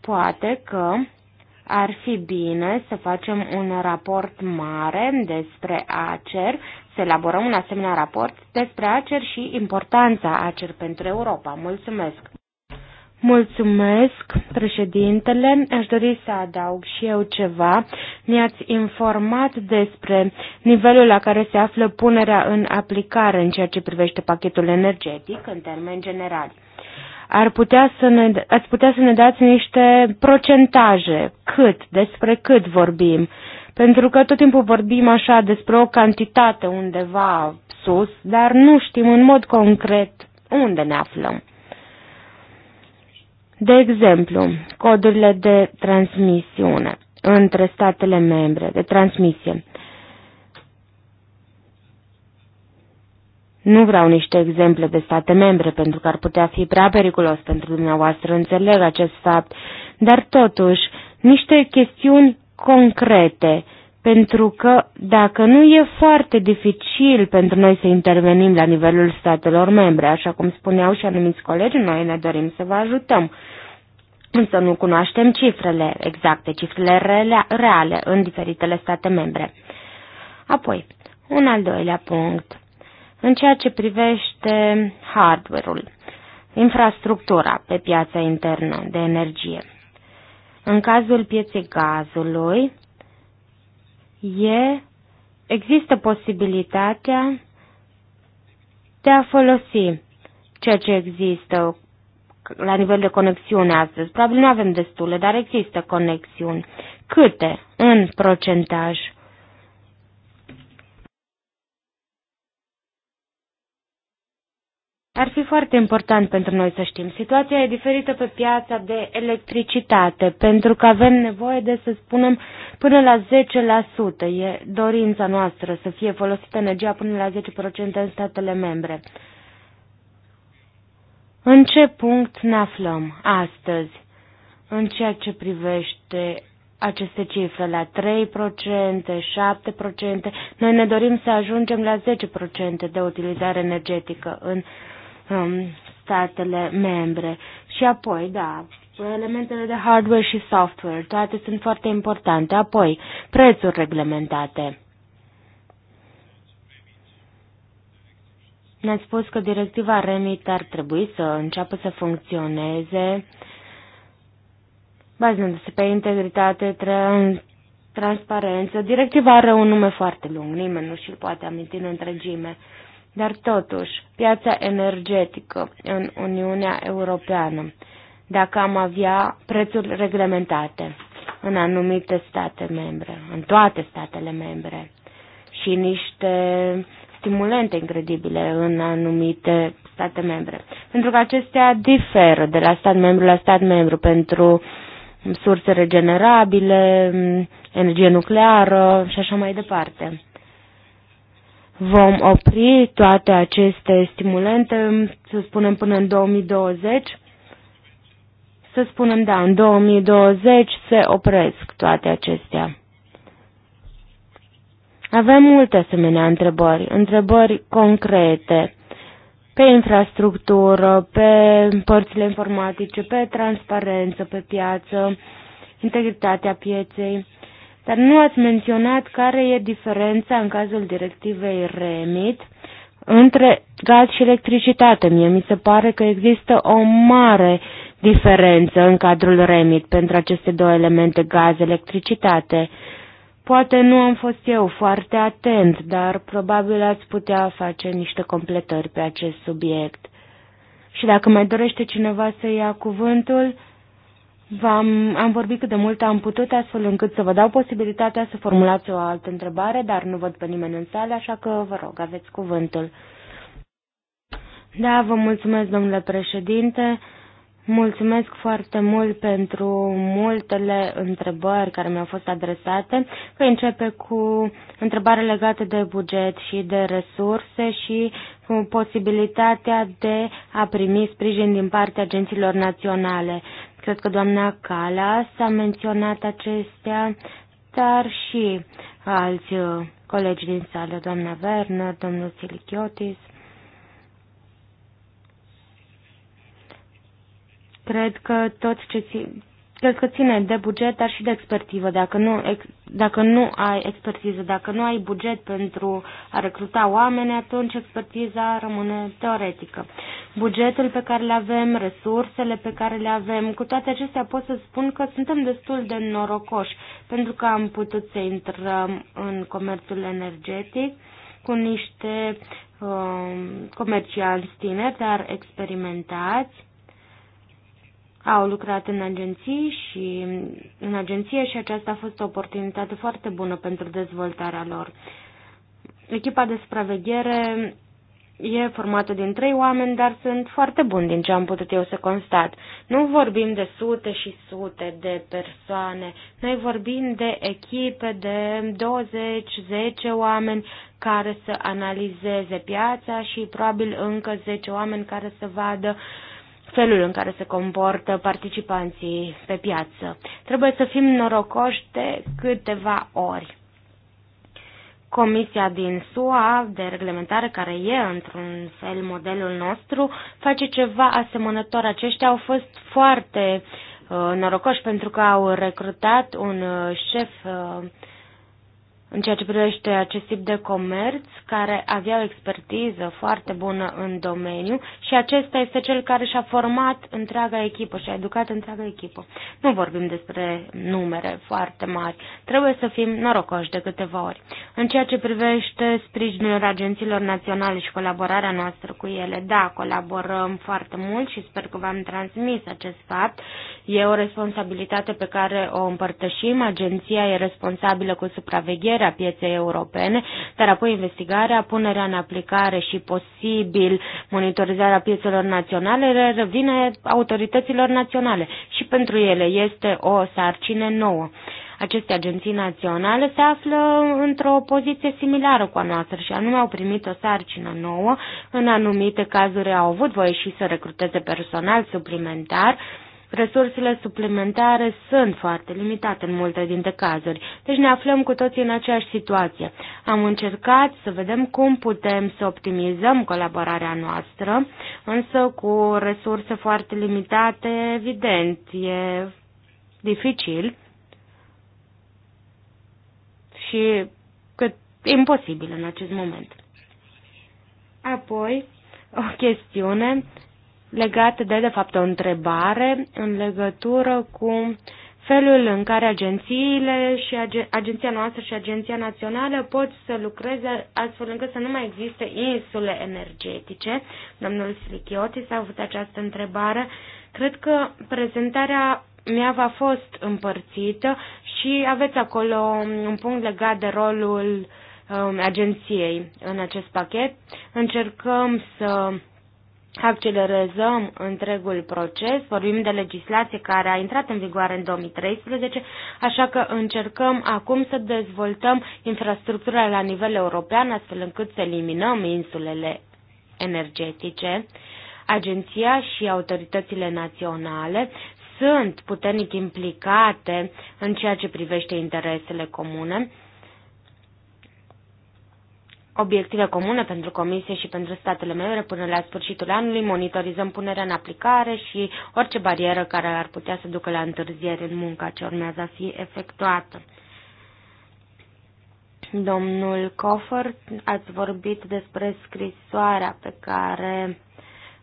Poate că ar fi bine să facem un raport mare despre ACER, să elaborăm un asemenea raport despre ACER și importanța ACER pentru Europa. Mulțumesc! Mulțumesc, președintele. Aș dori să adaug și eu ceva. Ne-ați informat despre nivelul la care se află punerea în aplicare în ceea ce privește pachetul energetic în termeni generali ar putea să ne, ați putea să ne dați niște procentaje, cât, despre cât vorbim, pentru că tot timpul vorbim așa despre o cantitate undeva sus, dar nu știm în mod concret unde ne aflăm. De exemplu, codurile de transmisiune între statele membre, de transmisie. Nu vreau niște exemple de state membre, pentru că ar putea fi prea periculos pentru dumneavoastră, înțeleg acest fapt, dar totuși, niște chestiuni concrete, pentru că dacă nu e foarte dificil pentru noi să intervenim la nivelul statelor membre, așa cum spuneau și anumiți colegi, noi ne dorim să vă ajutăm. Însă nu cunoaștem cifrele exacte, cifrele reale în diferitele state membre. Apoi, un al doilea punct. În ceea ce privește hardware-ul, infrastructura pe piața internă de energie. În cazul pieței gazului, e, există posibilitatea de a folosi ceea ce există la nivel de conexiune astăzi. Probabil nu avem destule, dar există conexiuni. Câte în procentaj? Ar fi foarte important pentru noi să știm. Situația e diferită pe piața de electricitate, pentru că avem nevoie de, să spunem, până la 10%. E dorința noastră să fie folosită energia până la 10% în statele membre. În ce punct ne aflăm astăzi în ceea ce privește aceste cifre la 3%, 7%. Noi ne dorim să ajungem la 10% de utilizare energetică în um, statele membre. Și apoi, da, elementele de hardware și software, toate sunt foarte importante. Apoi, prețuri reglementate. Ne-ați spus că directiva REMIT ar trebui să înceapă să funcționeze bazându-se pe integritate, transparență. Directiva are un nume foarte lung, nimeni nu și-l poate aminti în întregime. Dar totuși, piața energetică în Uniunea Europeană, dacă am avea prețuri reglementate în anumite state membre, în toate statele membre, și niște stimulente incredibile în anumite state membre. Pentru că acestea diferă de la stat membru la stat membru pentru surse regenerabile, energie nucleară și așa mai departe vom opri toate aceste stimulente, să spunem până în 2020? Să spunem, da, în 2020 se opresc toate acestea. Avem multe asemenea întrebări, întrebări concrete pe infrastructură, pe părțile informatice, pe transparență, pe piață, integritatea pieței. Dar nu ați menționat care e diferența în cazul directivei REMIT între gaz și electricitate. Mie mi se pare că există o mare diferență în cadrul REMIT pentru aceste două elemente, gaz-electricitate. Poate nu am fost eu foarte atent, dar probabil ați putea face niște completări pe acest subiect. Și dacă mai dorește cineva să ia cuvântul, V-am, am vorbit cât de mult am putut, astfel încât să vă dau posibilitatea să formulați o altă întrebare, dar nu văd pe nimeni în sală, așa că vă rog, aveți cuvântul. Da, vă mulțumesc, domnule președinte. Mulțumesc foarte mult pentru multele întrebări care mi-au fost adresate. Că începe cu întrebare legată de buget și de resurse și cu posibilitatea de a primi sprijin din partea agențiilor naționale. Cred că doamna s a menționat acestea, dar și alți uh, colegi din sală, doamna Werner, domnul Silichiotis. Cred că tot ce Cred că ține de buget, dar și de expertivă. Dacă nu, ex, dacă nu ai expertiză, dacă nu ai buget pentru a recruta oameni, atunci expertiza rămâne teoretică. Bugetul pe care le avem, resursele pe care le avem, cu toate acestea pot să spun că suntem destul de norocoși, pentru că am putut să intrăm în comerțul energetic cu niște uh, um, comercianți tineri, dar experimentați, au lucrat în agenții și în agenție și aceasta a fost o oportunitate foarte bună pentru dezvoltarea lor. Echipa de supraveghere e formată din trei oameni, dar sunt foarte buni din ce am putut eu să constat. Nu vorbim de sute și sute de persoane, noi vorbim de echipe de 20-10 oameni care să analizeze piața și probabil încă 10 oameni care să vadă uh, felul în care se comportă participanții pe piață. Trebuie să fim norocoși de câteva ori. Comisia din SUA de reglementare, care e într-un fel modelul nostru, face ceva asemănător. Aceștia au fost foarte uh, norocoși pentru că au recrutat un uh, șef uh, în ceea ce privește acest tip de comerț, care avea o expertiză foarte bună în domeniu și acesta este cel care și-a format întreaga echipă și a educat întreaga echipă. Nu vorbim despre numere foarte mari, trebuie să fim norocoși de câteva ori. În ceea ce privește sprijinul agențiilor naționale și colaborarea noastră cu ele, da, colaborăm foarte mult și sper că v-am transmis acest fapt. E o responsabilitate pe care o împărtășim, agenția e responsabilă cu supraveghere, supravegherea pieței europene, dar apoi investigarea, punerea în aplicare și posibil monitorizarea piețelor naționale revine autorităților naționale și pentru ele este o sarcină nouă. Aceste agenții naționale se află într-o poziție similară cu a noastră și anume au primit o sarcină nouă, în anumite cazuri au avut voie și să recruteze personal suplimentar, Resursele suplimentare sunt foarte limitate în multe dintre cazuri, deci ne aflăm cu toții în aceeași situație. Am încercat să vedem cum putem să optimizăm colaborarea noastră, însă cu resurse foarte limitate, evident, e dificil și cât imposibil în acest moment. Apoi, o chestiune legate de, de fapt, o întrebare în legătură cu felul în care agențiile și agen agenția noastră și agenția națională pot să lucreze astfel încât să nu mai existe insule energetice. Domnul s a avut această întrebare. Cred că prezentarea mea va fost împărțită și aveți acolo un punct legat de rolul um, agenției în acest pachet. Încercăm să accelerăm întregul proces. Vorbim de legislație care a intrat în vigoare în 2013, așa că încercăm acum să dezvoltăm infrastructura la nivel european, astfel încât să eliminăm insulele energetice. Agenția și autoritățile naționale sunt puternic implicate în ceea ce privește interesele comune obiective comune pentru Comisie și pentru statele membre până la sfârșitul anului, monitorizăm punerea în aplicare și orice barieră care ar putea să ducă la întârziere în munca ce urmează a fi efectuată. Domnul Cofer, ați vorbit despre scrisoarea pe care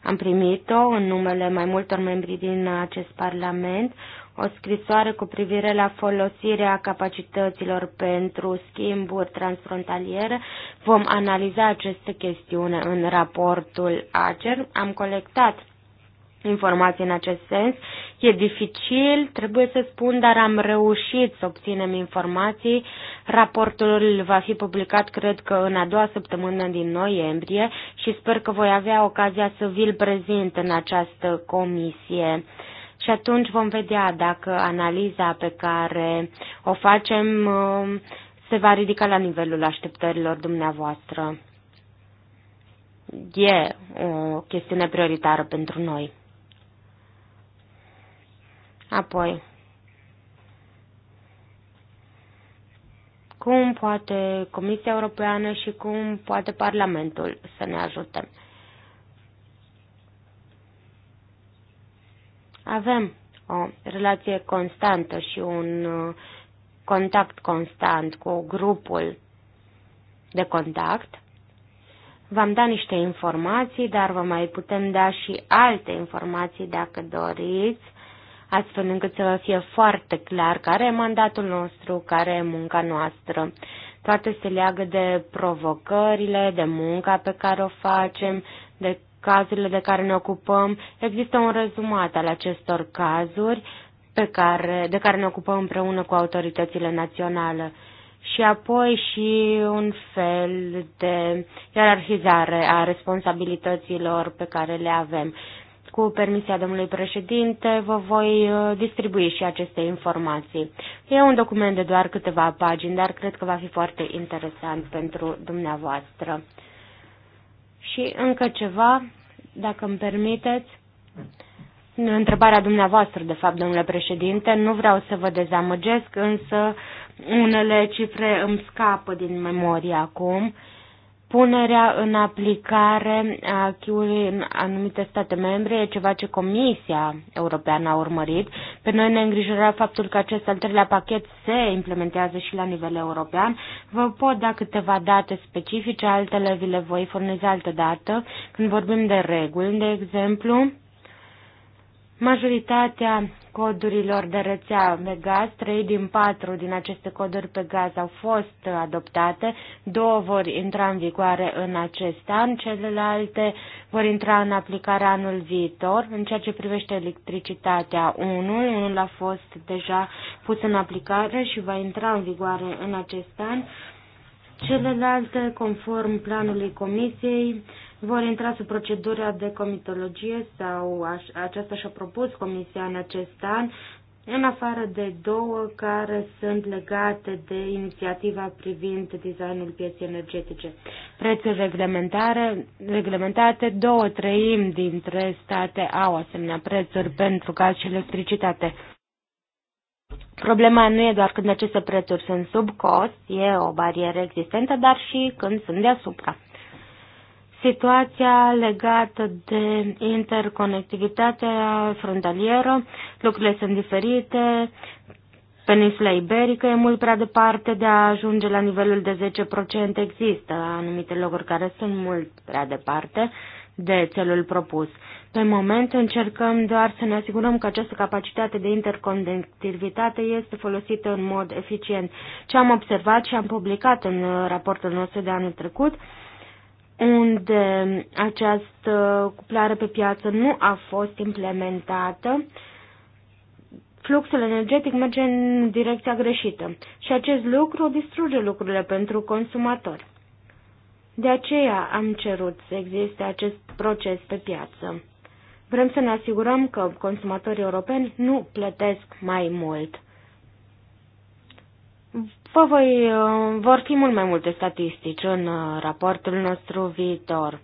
am primit-o în numele mai multor membri din acest Parlament, o scrisoare cu privire la folosirea capacităților pentru schimburi transfrontaliere. Vom analiza aceste chestiune în raportul ACER. Am colectat informații în acest sens. E dificil, trebuie să spun, dar am reușit să obținem informații. Raportul va fi publicat, cred că, în a doua săptămână din noiembrie și sper că voi avea ocazia să vi-l prezint în această comisie și atunci vom vedea dacă analiza pe care o facem um, se va ridica la nivelul așteptărilor dumneavoastră. E o chestiune prioritară pentru noi. Apoi, cum poate Comisia Europeană și cum poate Parlamentul să ne ajute? Avem o relație constantă și un uh, contact constant cu grupul de contact. V-am dat niște informații, dar vă mai putem da și alte informații dacă doriți, astfel încât să vă fie foarte clar care e mandatul nostru, care e munca noastră. Toate se leagă de provocările, de munca pe care o facem, de cazurile de care ne ocupăm. Există un rezumat al acestor cazuri pe care, de care ne ocupăm împreună cu autoritățile naționale și apoi și un fel de ierarhizare a responsabilităților pe care le avem. Cu permisia domnului președinte, vă voi uh, distribui și aceste informații. E un document de doar câteva pagini, dar cred că va fi foarte interesant pentru dumneavoastră. Și încă ceva, dacă îmi permiteți, întrebarea dumneavoastră, de fapt, domnule președinte, nu vreau să vă dezamăgesc, însă unele cifre îmi scapă din memorie acum. Uh, Punerea în aplicare a chiului în anumite state membre e ceva ce Comisia Europeană a urmărit. Pe noi ne îngrijora faptul că acest al treilea pachet se implementează și la nivel european. Vă pot da câteva date specifice, altele vi le voi furniza altă dată. Când vorbim de reguli, de exemplu, Majoritatea codurilor de rețea pe gaz, 3 din 4 din aceste coduri pe gaz au fost adoptate, două vor intra în vigoare în acest an, celelalte vor intra în aplicare anul viitor. În ceea ce privește electricitatea, unul, unul a fost deja pus în aplicare și va intra în vigoare în acest an. Celelalte, conform planului Comisiei, vor intra sub procedura de comitologie sau aceasta și-a propus Comisia în acest an, în afară de două care sunt legate de inițiativa privind designul pieței energetice. Prețuri reglementare, reglementate, două treimi dintre state au asemenea prețuri pentru gaz și electricitate. Problema nu e doar când aceste prețuri sunt sub cost, e o barieră existentă, dar și când sunt deasupra situația legată de interconectivitatea frontalieră, lucrurile sunt diferite, Peninsula Iberică e mult prea departe de a ajunge la nivelul de 10%. Există anumite locuri care sunt mult prea departe de celul propus. Pe moment încercăm doar să ne asigurăm că această capacitate de interconectivitate este folosită în mod eficient. Ce am observat și am publicat în raportul nostru de anul trecut unde această cuplare pe piață nu a fost implementată, fluxul energetic merge în direcția greșită și acest lucru distruge lucrurile pentru consumatori. De aceea am cerut să existe acest proces pe piață. Vrem să ne asigurăm că consumatorii europeni nu plătesc mai mult. Vă voi, uh, vor fi mult mai multe statistici în uh, raportul nostru viitor.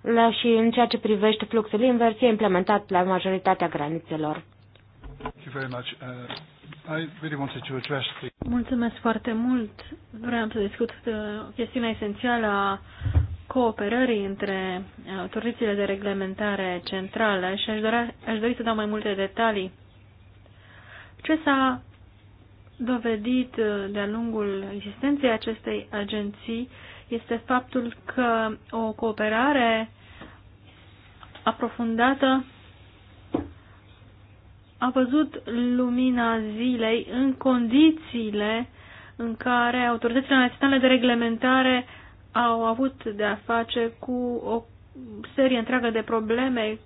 La și în ceea ce privește fluxul invers, e implementat la majoritatea granițelor. Uh, Mulțumesc foarte mult. Vreau să discut chestiunea esențială a cooperării între autoritățile de reglementare centrale și aș, dorea, aș dori să dau mai multe detalii. Ce s-a dovedit uh, de-a lungul existenței acestei agenții este faptul că o cooperare aprofundată a văzut lumina zilei în condițiile în care autoritățile naționale de reglementare au avut de-a face cu o serie întreagă de probleme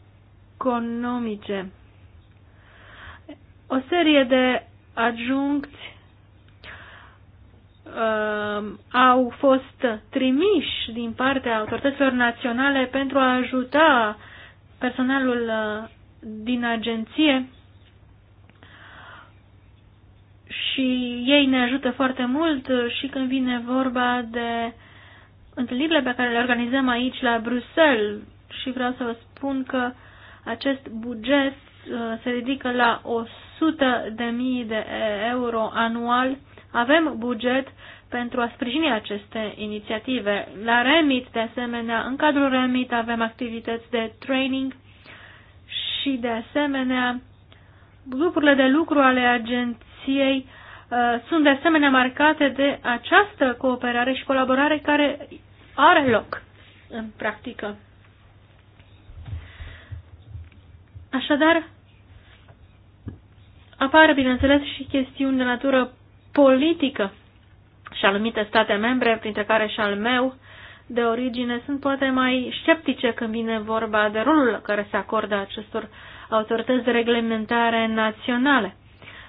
economice. O serie de adjuncți uh, au fost trimiși din partea autorităților naționale pentru a ajuta personalul uh, din agenție și ei ne ajută foarte mult uh, și când vine vorba de întâlnirile pe care le organizăm aici la Bruxelles și vreau să vă spun că acest buget uh, se ridică la 100 de mii de euro anual avem buget pentru a sprijini aceste inițiative. La REMIT, de asemenea, în cadrul REMIT avem activități de training și, de asemenea, grupurile de lucru ale agenției uh, sunt, de asemenea, marcate de această cooperare și colaborare care are loc în practică. Așadar, apare, bineînțeles, și chestiuni de natură politică și anumite state membre, printre care și al meu, de origine, sunt poate mai sceptice când vine vorba de rolul care se acordă acestor autorități de reglementare naționale.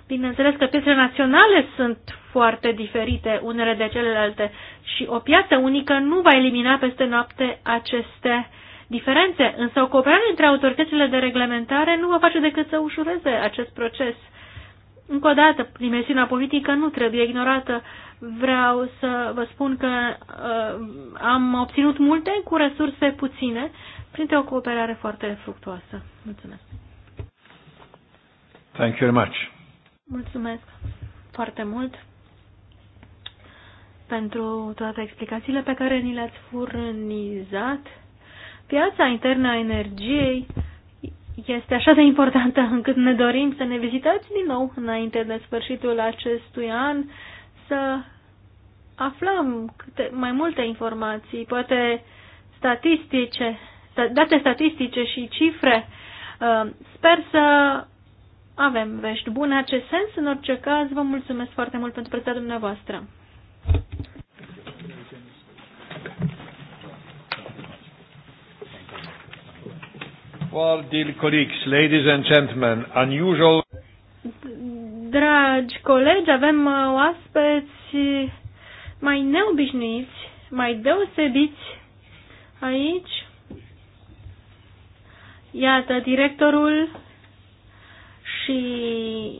Bineînțeles că piețele naționale sunt foarte diferite unele de celelalte și o piață unică nu va elimina peste noapte aceste diferențe, însă o cooperare între autoritățile de reglementare nu va face decât să ușureze acest proces. Încă o dată, dimensiunea politică nu trebuie ignorată. Vreau să vă spun că uh, am obținut multe cu resurse puține, printr-o cooperare foarte fructuoasă. Mulțumesc. Thank you very much. Mulțumesc foarte mult pentru toate explicațiile pe care ni le-ați furnizat. Piața internă a energiei este așa de importantă încât ne dorim să ne vizitați din nou înainte de sfârșitul acestui an, să aflăm câte, mai multe informații, poate statistice, date statistice și cifre. Uh, sper să avem vești bune în acest sens. În orice caz, vă mulțumesc foarte mult pentru prezența dumneavoastră. Well, dear colleagues, ladies and gentlemen, unusual... Dragi colegi, avem uh, oaspeți mai neobișnuiți, mai deosebiți aici. Iată, directorul și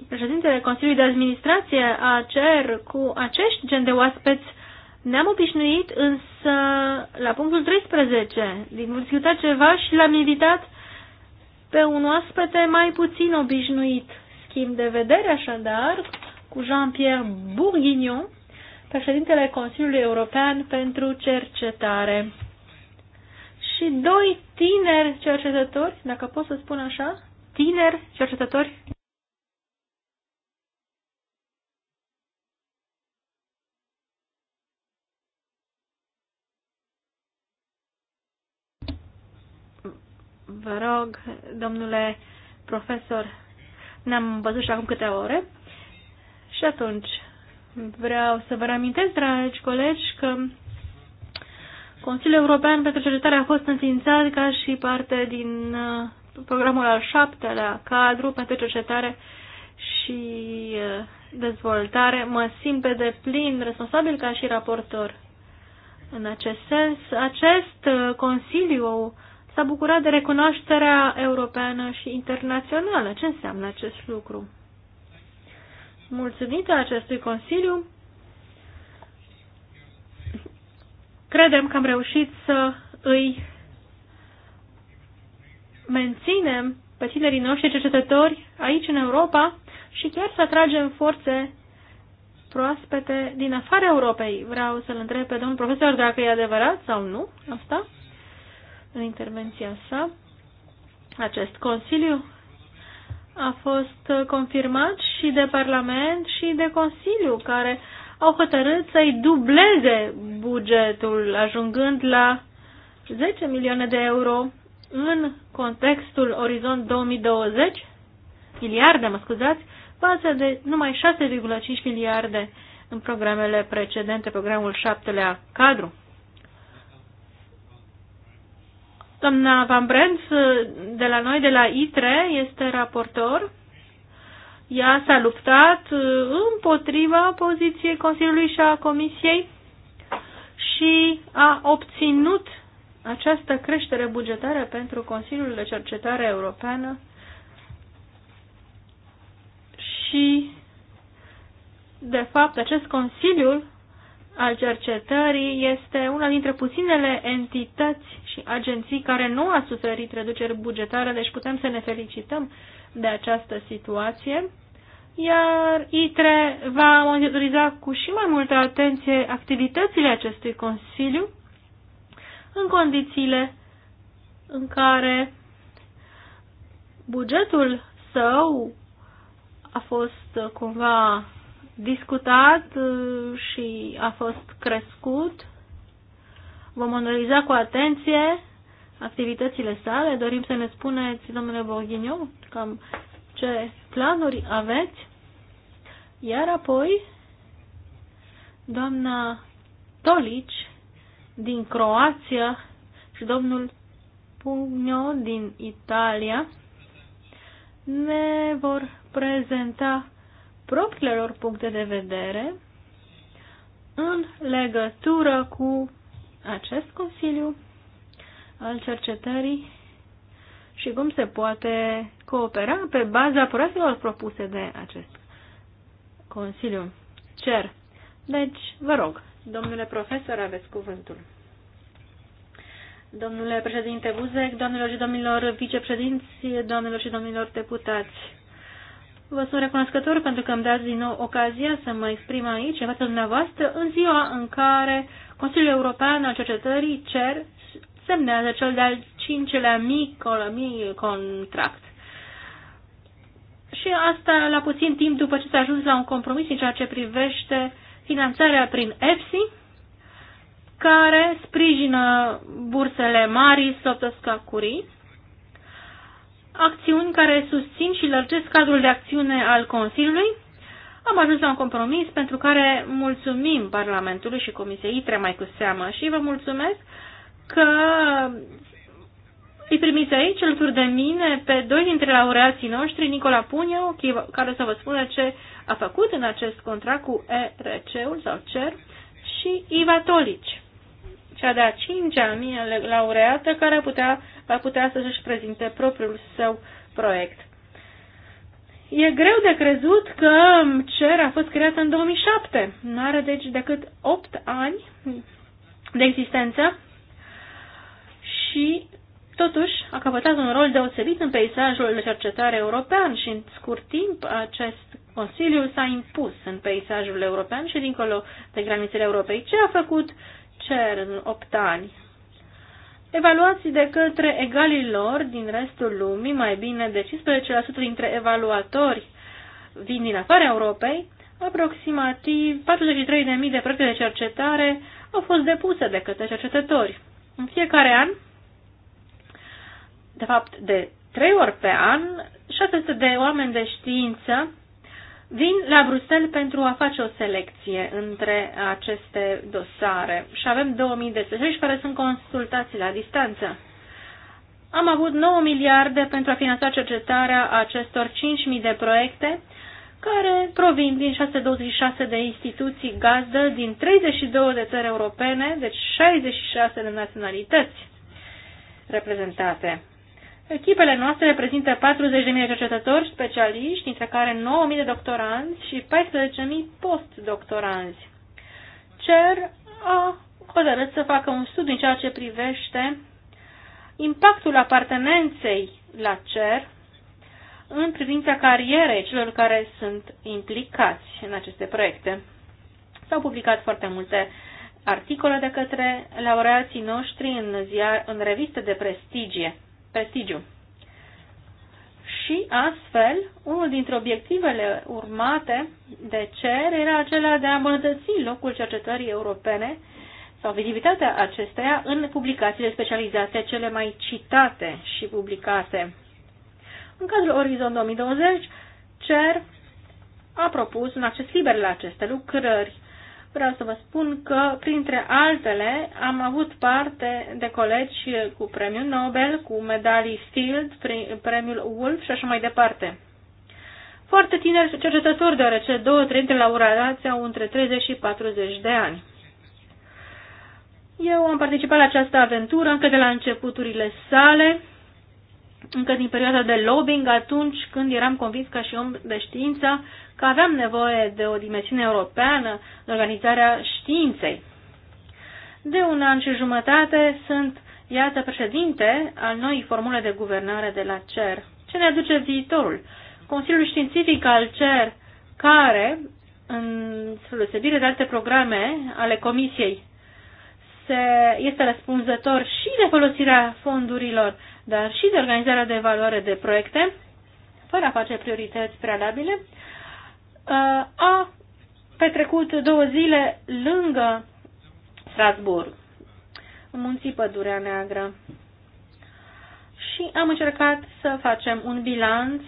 președintele Consiliului de Administrație a CER cu acești gen de oaspeți ne-am obișnuit, însă la punctul 13 din discutat ceva și l-am invitat pe un oaspete mai puțin obișnuit. Schimb de vedere, așadar, cu Jean-Pierre Bourguignon, președintele Consiliului European pentru Cercetare. Și doi tineri cercetători, dacă pot să spun așa, tineri cercetători Vă rog, domnule profesor, ne-am văzut și acum câte ore și atunci vreau să vă reamintesc, dragi colegi, că Consiliul European pentru Cercetare a fost înființat ca și parte din uh, programul al șaptelea cadru pentru cercetare și uh, dezvoltare. Mă simt pe deplin responsabil ca și raportor. În acest sens, acest uh, Consiliu s-a bucurat de recunoașterea europeană și internațională. Ce înseamnă acest lucru? Mulțumită acestui Consiliu, credem că am reușit să îi menținem pe tinerii noștri cercetători aici în Europa și chiar să atragem forțe proaspete din afara Europei. Vreau să-l întreb pe domnul profesor dacă e adevărat sau nu asta în intervenția sa. Acest Consiliu a fost confirmat și de Parlament și de Consiliu, care au hotărât să-i dubleze bugetul, ajungând la 10 milioane de euro în contextul Orizont 2020, miliarde, mă scuzați, față de numai 6,5 miliarde în programele precedente, programul șaptelea cadru. Doamna Van Brent de la noi, de la ITRE, este raportor. Ea s-a luptat uh, împotriva poziției Consiliului și a Comisiei și a obținut această creștere bugetară pentru Consiliul de Cercetare Europeană și, de fapt, acest Consiliul al cercetării este una dintre puținele entități și agenții care nu a suferit reduceri bugetare, deci putem să ne felicităm de această situație. Iar ITRE va monitoriza cu și mai multă atenție activitățile acestui Consiliu în condițiile în care bugetul său a fost cumva discutat uh, și a fost crescut. Vom analiza cu atenție activitățile sale. Dorim să ne spuneți, domnule Boghiniu, cam ce planuri aveți. Iar apoi, doamna Tolici din Croația și domnul Pugno din Italia ne vor prezenta propriile lor puncte de vedere în legătură cu acest Consiliu al cercetării și cum se poate coopera pe baza proiectelor propuse de acest Consiliu. Cer. Deci, vă rog, domnule profesor, aveți cuvântul. Domnule președinte Buzec, domnilor și domnilor vicepreședinți, domnilor și domnilor deputați, Vă sunt recunoscător pentru că îmi dați din nou ocazia să mă exprim aici, în fața dumneavoastră, în ziua în care Consiliul European al Cercetării CER semnează cel de-al cincelea mic, mic contract. Și asta la puțin timp după ce s-a ajuns la un compromis în ceea ce privește finanțarea prin EFSI, care sprijină bursele mari Soptosca Curie, acțiuni care susțin și lărgesc cadrul de acțiune al Consiliului. Am ajuns la un compromis pentru care mulțumim Parlamentului și Comisiei ITRE mai cu seamă și vă mulțumesc că îi primiți aici, alături de mine, pe doi dintre laureații noștri, Nicola Puniu, care să vă spună ce a făcut în acest contract cu ERC-ul sau CER, și Iva Tolici, cea de-a cincea mie laureată care putea va putea să-și prezinte propriul său proiect. E greu de crezut că CER a fost creat în 2007. Nu are deci decât 8 ani de existență și totuși a căpătat un rol deosebit în peisajul de cercetare european și în scurt timp acest Consiliu s-a impus în peisajul european și dincolo de granițele Europei. Ce a făcut CER în 8 ani? evaluați de către egalii lor din restul lumii, mai bine de 15% dintre evaluatori vin din afara Europei, aproximativ 43.000 de proiecte de cercetare au fost depuse de către cercetători. În fiecare an, de fapt de trei ori pe an, 600 de oameni de știință vin la Bruxelles pentru a face o selecție între aceste dosare și avem 2000 de specialiști care sunt consultați la distanță. Am avut 9 miliarde pentru a finanța cercetarea acestor 5.000 de proiecte care provin din 626 de instituții gazdă din 32 de țări europene, deci 66 de naționalități reprezentate. Echipele noastre reprezintă 40.000 de cercetători specialiști, dintre care 9.000 de doctoranți și 14.000 postdoctoranți. CER a hotărât să facă un studiu în ceea ce privește impactul apartenenței la CER în privința carierei celor care sunt implicați în aceste proiecte. S-au publicat foarte multe articole de către laureații noștri în, ziar, în reviste de prestigie prestigiu. Și astfel, unul dintre obiectivele urmate de CER era acela de a îmbunătăți locul cercetării europene sau vizibilitatea acesteia în publicațiile specializate cele mai citate și publicate. În cadrul Orizon 2020, CER a propus un acces liber la aceste lucrări Vreau să vă spun că, printre altele, am avut parte de colegi cu premiul Nobel, cu medalii Field, premiul Wolf și așa mai departe. Foarte tineri cercetători, deoarece două trei dintre laureați au între 30 și 40 de ani. Eu am participat la această aventură încă de la începuturile sale, încă din perioada de lobbying, atunci când eram convins ca și om de știință că aveam nevoie de o dimensiune europeană în organizarea științei. De un an și jumătate sunt, iată, președinte al noii formule de guvernare de la CER. Ce ne aduce viitorul? Consiliul Științific al CER, care, în deosebire de alte programe ale Comisiei, se, este răspunzător și de folosirea fondurilor dar și de organizarea de evaluare de proiecte, fără a face priorități prealabile, uh, a petrecut două zile lângă Strasburg, în munții Pădurea Neagră. Și am încercat să facem un bilanț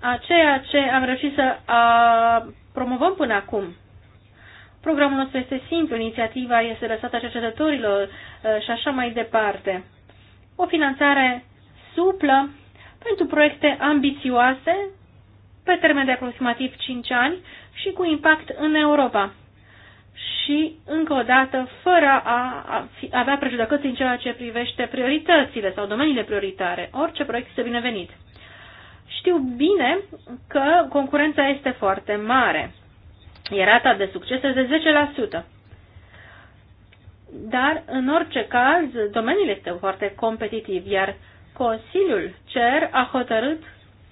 a ceea ce am reușit să a, promovăm până acum. Programul nostru este simplu, inițiativa este lăsată cercetătorilor uh, și așa mai departe o finanțare suplă pentru proiecte ambițioase pe termen de aproximativ 5 ani și cu impact în Europa. Și, încă o dată, fără a avea prejudecăți în ceea ce privește prioritățile sau domeniile prioritare, orice proiect este binevenit. Știu bine că concurența este foarte mare, E rata de succes este de dar, în orice caz, domeniul este foarte competitiv, iar Consiliul CER a hotărât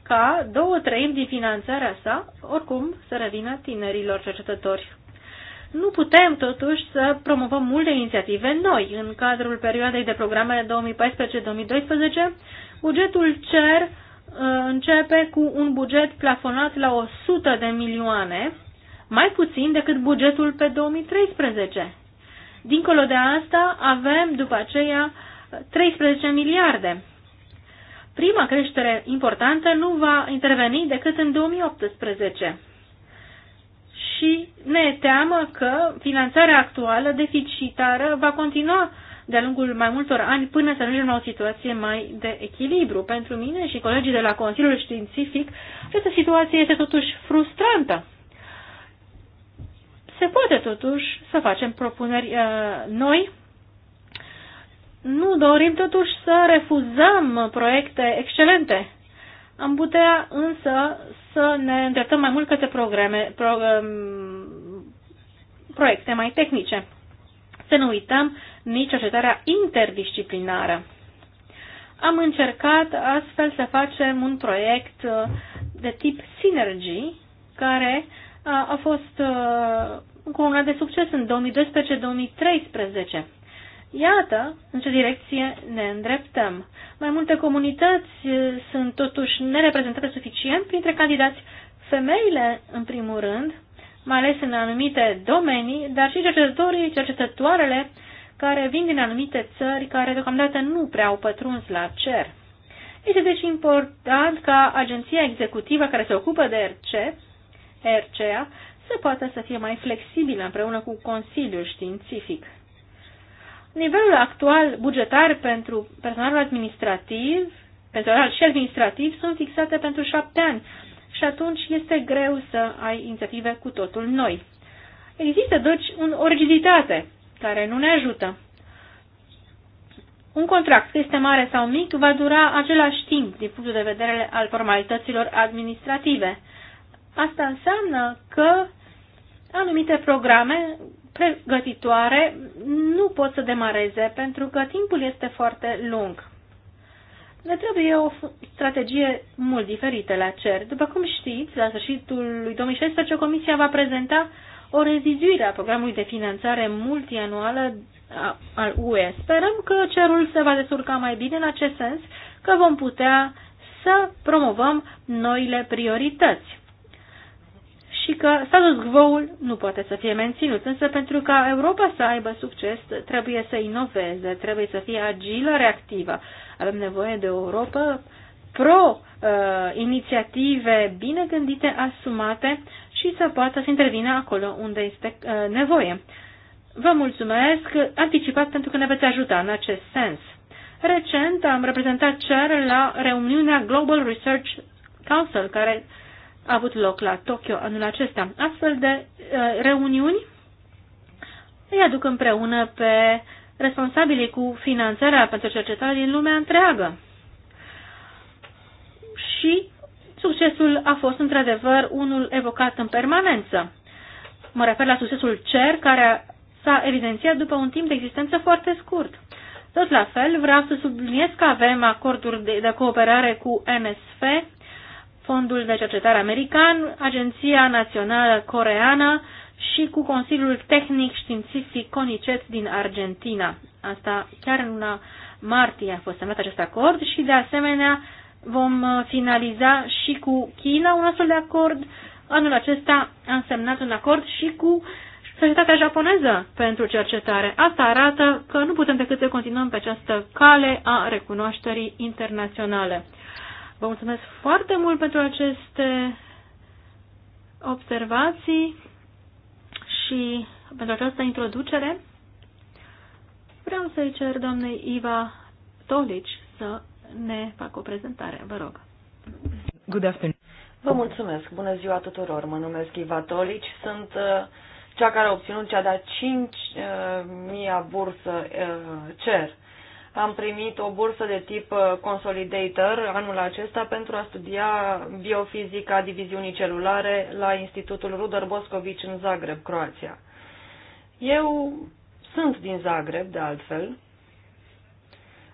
ca două treimi din finanțarea sa, oricum, să revină tinerilor cercetători. Nu putem, totuși, să promovăm multe inițiative noi. În cadrul perioadei de programare 2014-2012, bugetul CER uh, începe cu un buget plafonat la 100 de milioane, mai puțin decât bugetul pe 2013. Dincolo de asta, avem după aceea 13 miliarde. Prima creștere importantă nu va interveni decât în 2018 și ne teamă că finanțarea actuală deficitară va continua de-a lungul mai multor ani până să ajungem la o situație mai de echilibru. Pentru mine și colegii de la Consiliul Științific, această situație este totuși frustrantă. Se poate totuși să facem propuneri uh, noi. Nu dorim totuși să refuzăm proiecte excelente. Am putea însă să ne îndreptăm mai mult către programe, pro, um, proiecte mai tehnice. Să nu uităm nici cercetarea interdisciplinară. Am încercat astfel să facem un proiect uh, de tip Synergy, care a fost cu una de succes în 2012-2013. Iată în ce direcție ne îndreptăm. Mai multe comunități sunt totuși nereprezentate suficient printre candidați femeile, în primul rând, mai ales în anumite domenii, dar și cercetătorii, cercetătoarele care vin din anumite țări care deocamdată nu prea au pătruns la cer. Este deci important ca agenția executivă care se ocupă de RCEP RCA să poată să fie mai flexibilă împreună cu Consiliul Științific. Nivelul actual bugetar pentru personalul administrativ, personal și administrativ sunt fixate pentru șapte ani și atunci este greu să ai inițiative cu totul noi. Există, deci, un, o rigiditate care nu ne ajută. Un contract, că este mare sau mic, va dura același timp din punctul de vedere al formalităților administrative. Asta înseamnă că anumite programe pregătitoare nu pot să demareze pentru că timpul este foarte lung. Ne trebuie o strategie mult diferită la CER. După cum știți, la sfârșitul lui 2016 Comisia va prezenta o reziduire a programului de finanțare multianuală al UE. Sperăm că cerul se va desurca mai bine în acest sens, că vom putea să promovăm noile priorități și că status quo-ul nu poate să fie menținut. Însă pentru ca Europa să aibă succes, trebuie să inoveze, trebuie să fie agilă, reactivă. Avem nevoie de o Europa pro-inițiative uh, bine gândite, asumate și să poată să intervină acolo unde este uh, nevoie. Vă mulțumesc anticipat pentru că ne veți ajuta în acest sens. Recent am reprezentat CER la reuniunea Global Research Council, care a avut loc la Tokyo anul acesta. Astfel de uh, reuniuni îi aduc împreună pe responsabilii cu finanțarea pentru cercetare din lumea întreagă. Și succesul a fost într-adevăr unul evocat în permanență. Mă refer la succesul CER, care s-a evidențiat după un timp de existență foarte scurt. Tot la fel, vreau să subliniez că avem acorduri de, de cooperare cu NSF, Fondul de Cercetare American, Agenția Națională Coreană și cu Consiliul Tehnic Științific CONICET din Argentina. Asta chiar în luna martie a fost semnat acest acord și de asemenea vom uh, finaliza și cu China un astfel de acord. Anul acesta am semnat un acord și cu societatea japoneză pentru cercetare. Asta arată că nu putem decât să continuăm pe această cale a recunoașterii internaționale. Vă mulțumesc foarte mult pentru aceste observații și pentru această introducere. Vreau să-i cer doamnei Iva Tolici să ne facă o prezentare. Vă rog. Good afternoon. Vă mulțumesc. Bună ziua tuturor. Mă numesc Iva Tolici. Sunt uh, cea care a obținut cea de-a 5.000 uh, bursă uh, CER am primit o bursă de tip uh, Consolidator anul acesta pentru a studia biofizica diviziunii celulare la Institutul Rudar Boscovici în Zagreb, Croația. Eu sunt din Zagreb, de altfel,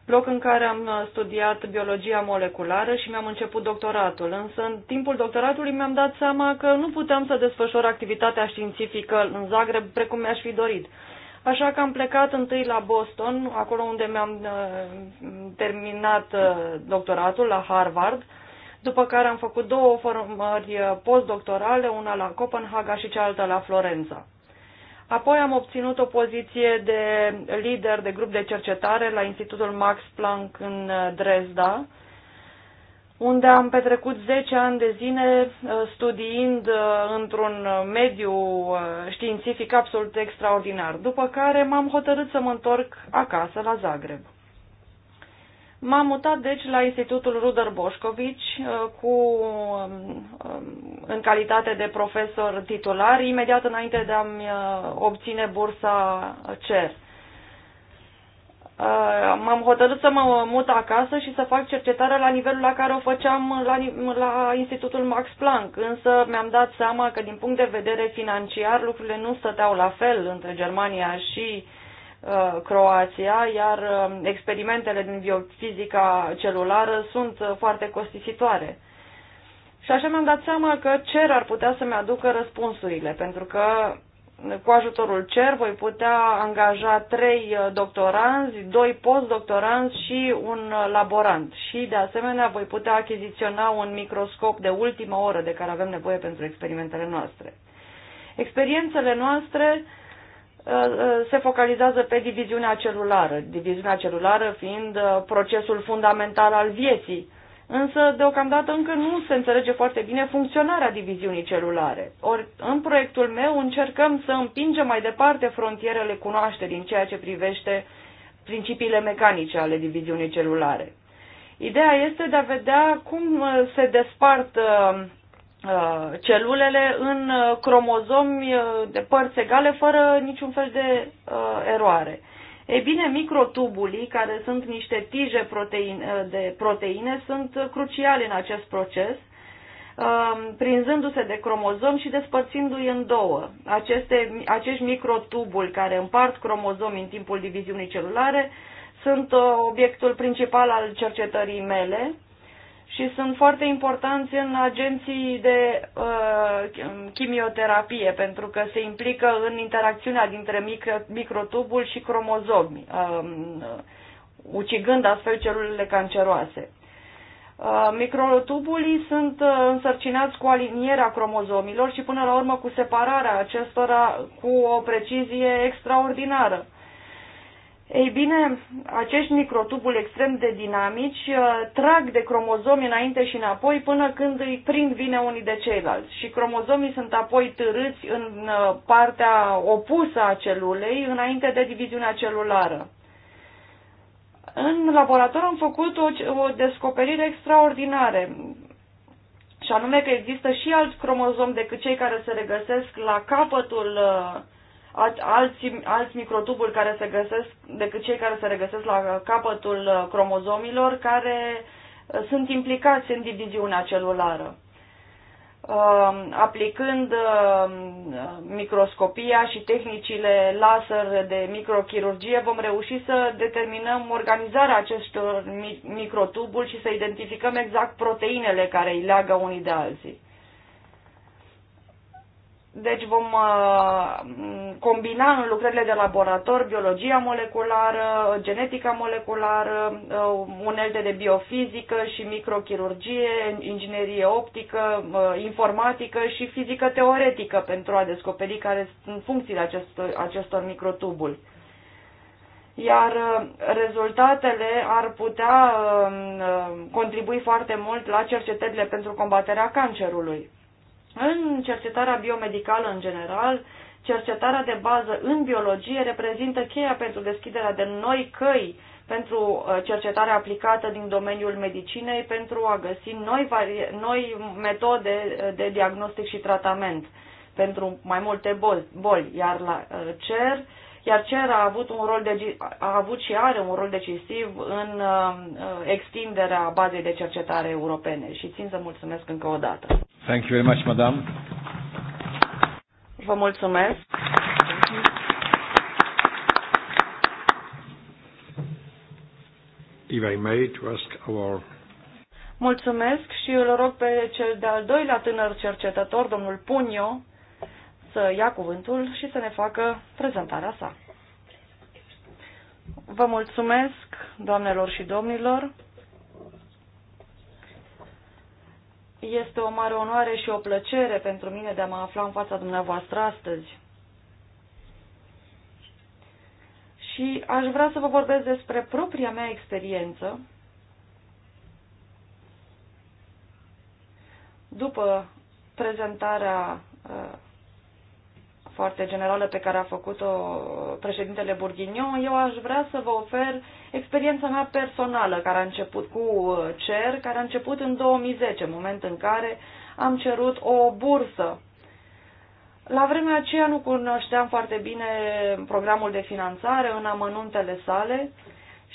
loc în care am uh, studiat biologia moleculară și mi-am început doctoratul. Însă, în timpul doctoratului mi-am dat seama că nu puteam să desfășor activitatea științifică în Zagreb precum mi-aș fi dorit. Așa că am plecat întâi la Boston, acolo unde mi-am uh, terminat uh, doctoratul, la Harvard, după care am făcut două formări uh, postdoctorale, una la Copenhaga și cealaltă la Florența. Apoi am obținut o poziție de lider de grup de cercetare la Institutul Max Planck în Dresda, unde am petrecut 10 ani de zile uh, studiind uh, într-un mediu uh, științific absolut extraordinar, după care m-am hotărât să mă întorc acasă la Zagreb. M-am mutat deci la Institutul Ruder Boșcovici cu, um, um, în calitate de profesor titular, imediat înainte de a-mi obține bursa CER. Uh, m-am hotărât să mă mut acasă și să fac cercetarea la nivelul la care o făceam la, la Institutul Max Planck, însă mi-am dat seama că din punct de vedere financiar lucrurile nu stăteau la fel între Germania și uh, Croația, iar uh, experimentele din biofizica celulară sunt uh, foarte costisitoare. Și așa mi-am dat seama că cer ar putea să-mi aducă răspunsurile, pentru că cu ajutorul CER voi putea angaja trei uh, doctoranzi, doi postdoctoranzi și un uh, laborant. Și, de asemenea, voi putea achiziționa un microscop de ultimă oră de care avem nevoie pentru experimentele noastre. Experiențele noastre uh, se focalizează pe diviziunea celulară, diviziunea celulară fiind procesul fundamental al vieții însă deocamdată încă nu se înțelege foarte bine funcționarea diviziunii celulare. Ori, în proiectul meu încercăm să împingem mai departe frontierele cunoașterii în ceea ce privește principiile mecanice ale diviziunii celulare. Ideea este de a vedea cum uh, se despart uh, uh, celulele în cromozomi de părți egale fără niciun fel de eroare. E bine, microtubulii, care sunt niște tije proteine, eh, de proteine, sunt cruciale în acest proces, ehm, prinzându-se de cromozom și despărțindu-i în două. Aceste, acești microtubuli care împart cromozomi în timpul diviziunii celulare sunt eh, obiectul principal al cercetării mele și sunt foarte importanți în agenții de uh, chimioterapie, pentru că se implică în interacțiunea dintre micro, microtubul și cromozomi, uh, um, ucigând astfel celulele canceroase. Uh, microtubulii sunt uh, însărcinați cu alinierea cromozomilor și până la urmă cu separarea acestora cu o precizie extraordinară. Uh, ei bine, acești microtubuli extrem de dinamici uh, trag de cromozomi înainte și înapoi până când îi prind vine unii de ceilalți și cromozomii sunt apoi târâți în uh, partea opusă a celulei înainte de diviziunea celulară. În laborator am făcut o, o descoperire extraordinară și anume că există și alți cromozom decât cei care se regăsesc la capătul uh, alți, alți microtubuli care se găsesc, decât cei care se regăsesc la capătul uh, cromozomilor, care uh, sunt implicați în diviziunea celulară. Um, aplicând um, microscopia și tehnicile laser de microchirurgie, vom reuși să determinăm organizarea acestor microtubuli și să identificăm exact proteinele care îi leagă unii de alții. Deci vom uh, combina în lucrările de laborator biologia moleculară, genetica moleculară, uh, unelte de biofizică și microchirurgie, inginerie optică, uh, informatică și fizică teoretică pentru a descoperi care sunt funcțiile acestor, acestor microtubuli. Iar uh, rezultatele ar putea um, uh, contribui foarte mult la cercetările pentru combaterea cancerului. În cercetarea biomedicală în general, cercetarea de bază în biologie reprezintă cheia pentru deschiderea de noi căi pentru uh, cercetarea aplicată din domeniul medicinei pentru a găsi noi, noi metode uh, de diagnostic și tratament pentru mai multe boli, iar la uh, CER iar CER a avut, un rol de, a avut și are un rol decisiv în uh, extinderea bazei de cercetare europene și țin să mulțumesc încă o dată. Thank you very much, madam. Vă mulțumesc. If I may, to ask our... Mulțumesc și îl rog pe cel de-al doilea tânăr cercetător, domnul Punio, să ia cuvântul și să ne facă prezentarea sa. Vă mulțumesc, doamnelor și domnilor. Este o mare onoare și o plăcere pentru mine de a mă afla în fața dumneavoastră astăzi. Și aș vrea să vă vorbesc despre propria mea experiență după prezentarea uh, foarte generală pe care a făcut-o președintele Bourguignon, eu aș vrea să vă ofer experiența mea personală care a început cu uh, CER, care a început în 2010, moment în care am cerut o bursă. La vremea aceea nu cunoșteam foarte bine programul de finanțare în amănuntele sale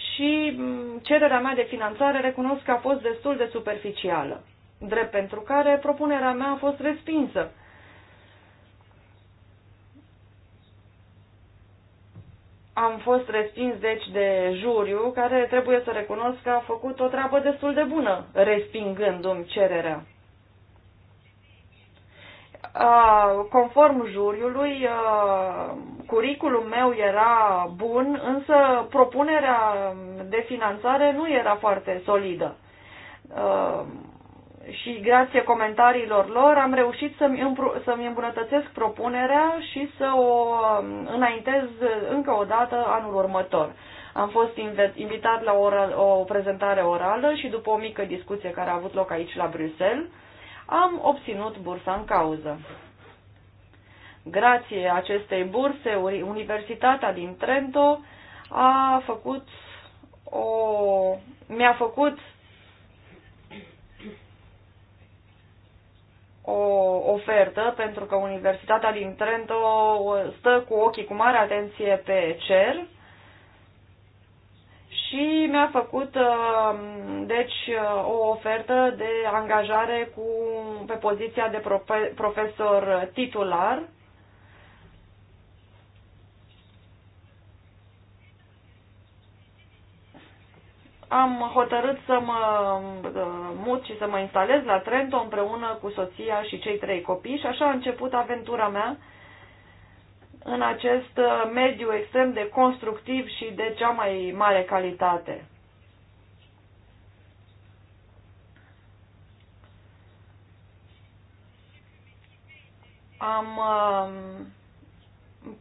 și mm, cererea mea de finanțare recunosc că a fost destul de superficială, drept pentru care propunerea mea a fost respinsă am fost respins deci de juriu, care trebuie să recunosc că a făcut o treabă destul de bună, respingându-mi cererea. conform juriului, uh, meu era bun, însă propunerea de finanțare nu era foarte solidă și grație comentariilor lor am reușit să-mi, să-mi îmbunătățesc propunerea și să o um, înaintez încă o dată anul următor. Am fost invitat la o prezentare orală și după o mică discuție care a avut loc aici la Bruxelles, am obținut bursa în cauză. Grație acestei burse, Universitatea din Trento a făcut o, mi-a făcut o ofertă, pentru că Universitatea din Trento stă cu ochii cu mare atenție pe cer și mi-a făcut uh, deci uh, o ofertă de angajare cu, pe poziția de profesor titular am hotărât să mă uh, mut și să mă instalez la Trento împreună cu soția și cei trei copii și așa a început aventura mea în acest uh, mediu extrem de constructiv și de cea mai mare calitate. Am uh,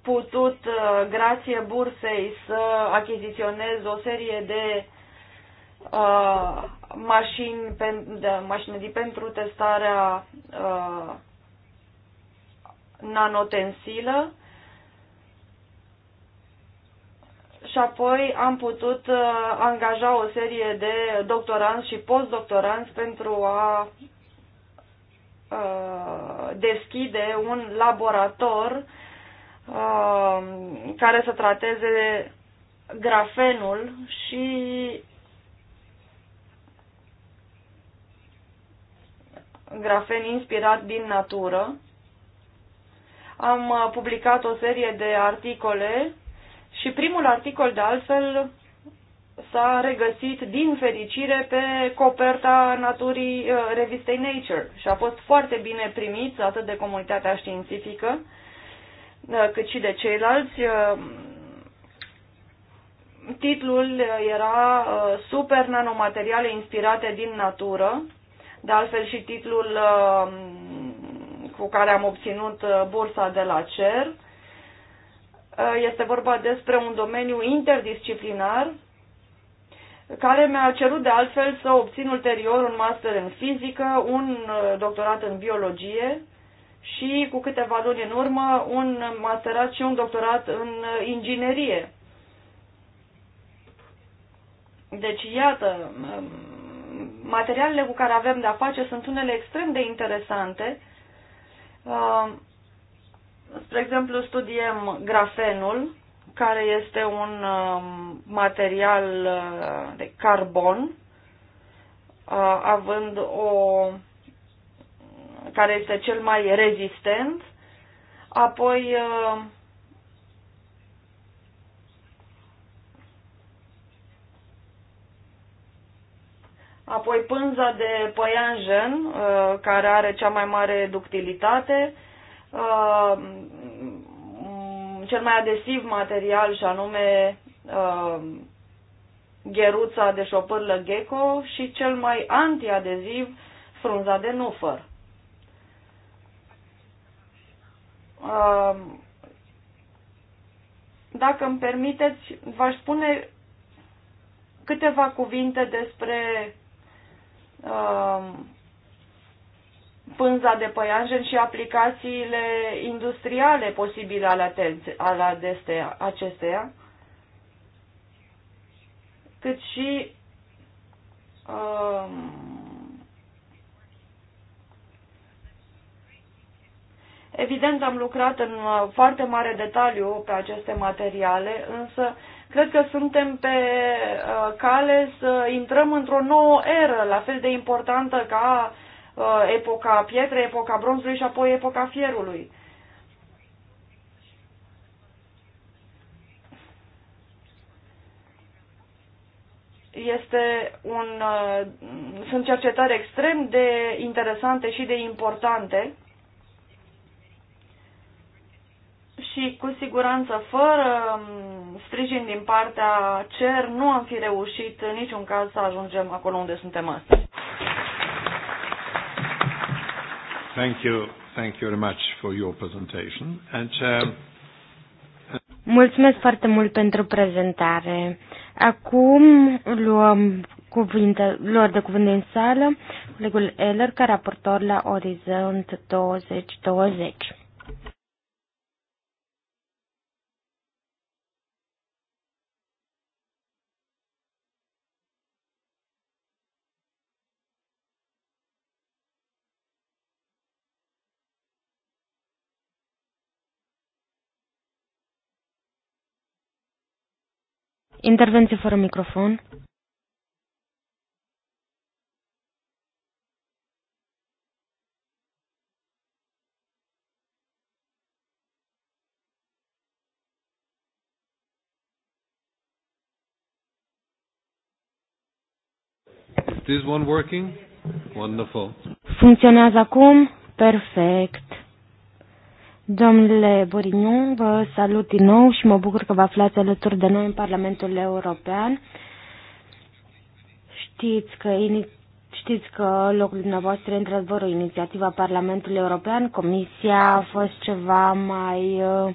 putut, grație bursei, să achiziționez o serie de uh, mașini, pe, de, mașinării pentru testarea uh, nanotensilă și apoi am putut uh, angaja o serie de doctoranți și postdoctoranți pentru a uh, deschide un laborator uh, care să trateze grafenul și grafen inspirat din natură. Am uh, publicat o serie de articole și primul articol, de altfel, s-a regăsit din fericire pe coperta naturii uh, revistei Nature și a fost foarte bine primit atât de comunitatea științifică uh, cât și de ceilalți. Titlul era Super nanomateriale inspirate din natură de altfel și titlul uh, cu care am obținut uh, bursa de la CER. Uh, este vorba despre un domeniu interdisciplinar care mi-a cerut de altfel să obțin ulterior un master în fizică, un doctorat în biologie și cu câteva luni în urmă un masterat și un doctorat în inginerie. Deci, iată, um, materialele cu care avem de-a face sunt unele extrem de interesante. Uh, spre exemplu, studiem grafenul, care este un um, material uh, de carbon, uh, având o care este cel mai rezistent. Apoi Apoi pânza de păianjen, uh, care are cea mai mare ductilitate, uh, cel mai adesiv material și anume uh, gheruța de șopârlă gecko și cel mai antiadeziv frunza de nufăr. Dacă îmi permiteți, v-aș spune câteva cuvinte despre Um, pânza de păianjen și aplicațiile industriale posibile ale acesteia, cât și um, Evident, am lucrat în uh, foarte mare detaliu pe aceste materiale, însă Cred că suntem pe uh, cale să intrăm într-o nouă eră, la fel de importantă ca uh, epoca pietrei, epoca bronzului și apoi epoca fierului. este un, uh, sunt cercetări extrem de interesante și de importante și cu siguranță fără um, sprijin din partea CER nu am fi reușit în niciun caz să ajungem acolo unde suntem astăzi. Thank you. Thank you very much for your presentation. And, uh, Mulțumesc foarte mult pentru prezentare. Acum luăm cuvinte, lor de cuvânt în sală, colegul Eller, ca raportor la Orizont 2020. Intervenție fără microfon. Is this one working? Wonderful. Funcționează acum? Perfect. Domnule Boriniu, vă salut din nou și mă bucur că vă aflați alături de noi în Parlamentul European. Știți că Știți că locul dumneavoastră într-adevăr o inițiativă a Parlamentului European. Comisia a fost ceva mai uh,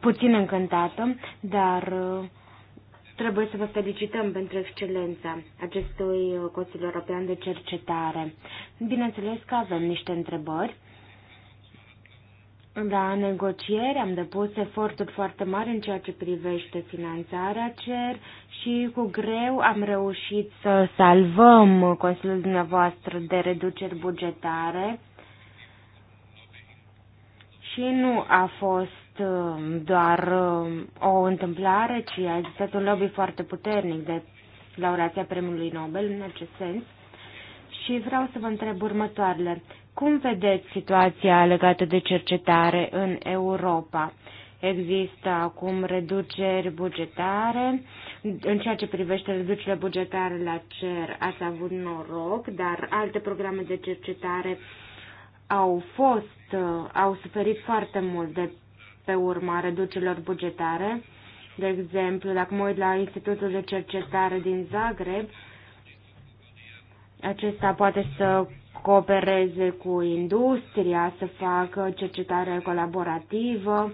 puțin încântată, dar uh, trebuie să vă felicităm pentru excelența acestui Consiliu European de Cercetare. Bineînțeles că avem niște întrebări la negocieri am depus eforturi foarte mari în ceea ce privește finanțarea CER și cu greu am reușit să salvăm Consiliul dumneavoastră de reduceri bugetare și nu a fost uh, doar uh, o întâmplare, ci a existat un lobby foarte puternic de laureația premiului Nobel în acest sens. Și vreau să vă întreb următoarele. Cum vedeți situația legată de cercetare în Europa? Există acum reduceri bugetare. În ceea ce privește reducerile bugetare la CER, ați avut noroc, dar alte programe de cercetare au fost, uh, au suferit foarte mult de pe urma reducerilor bugetare. De exemplu, dacă mă uit la Institutul de Cercetare din Zagreb, acesta poate să coopereze cu industria, să facă cercetare colaborativă.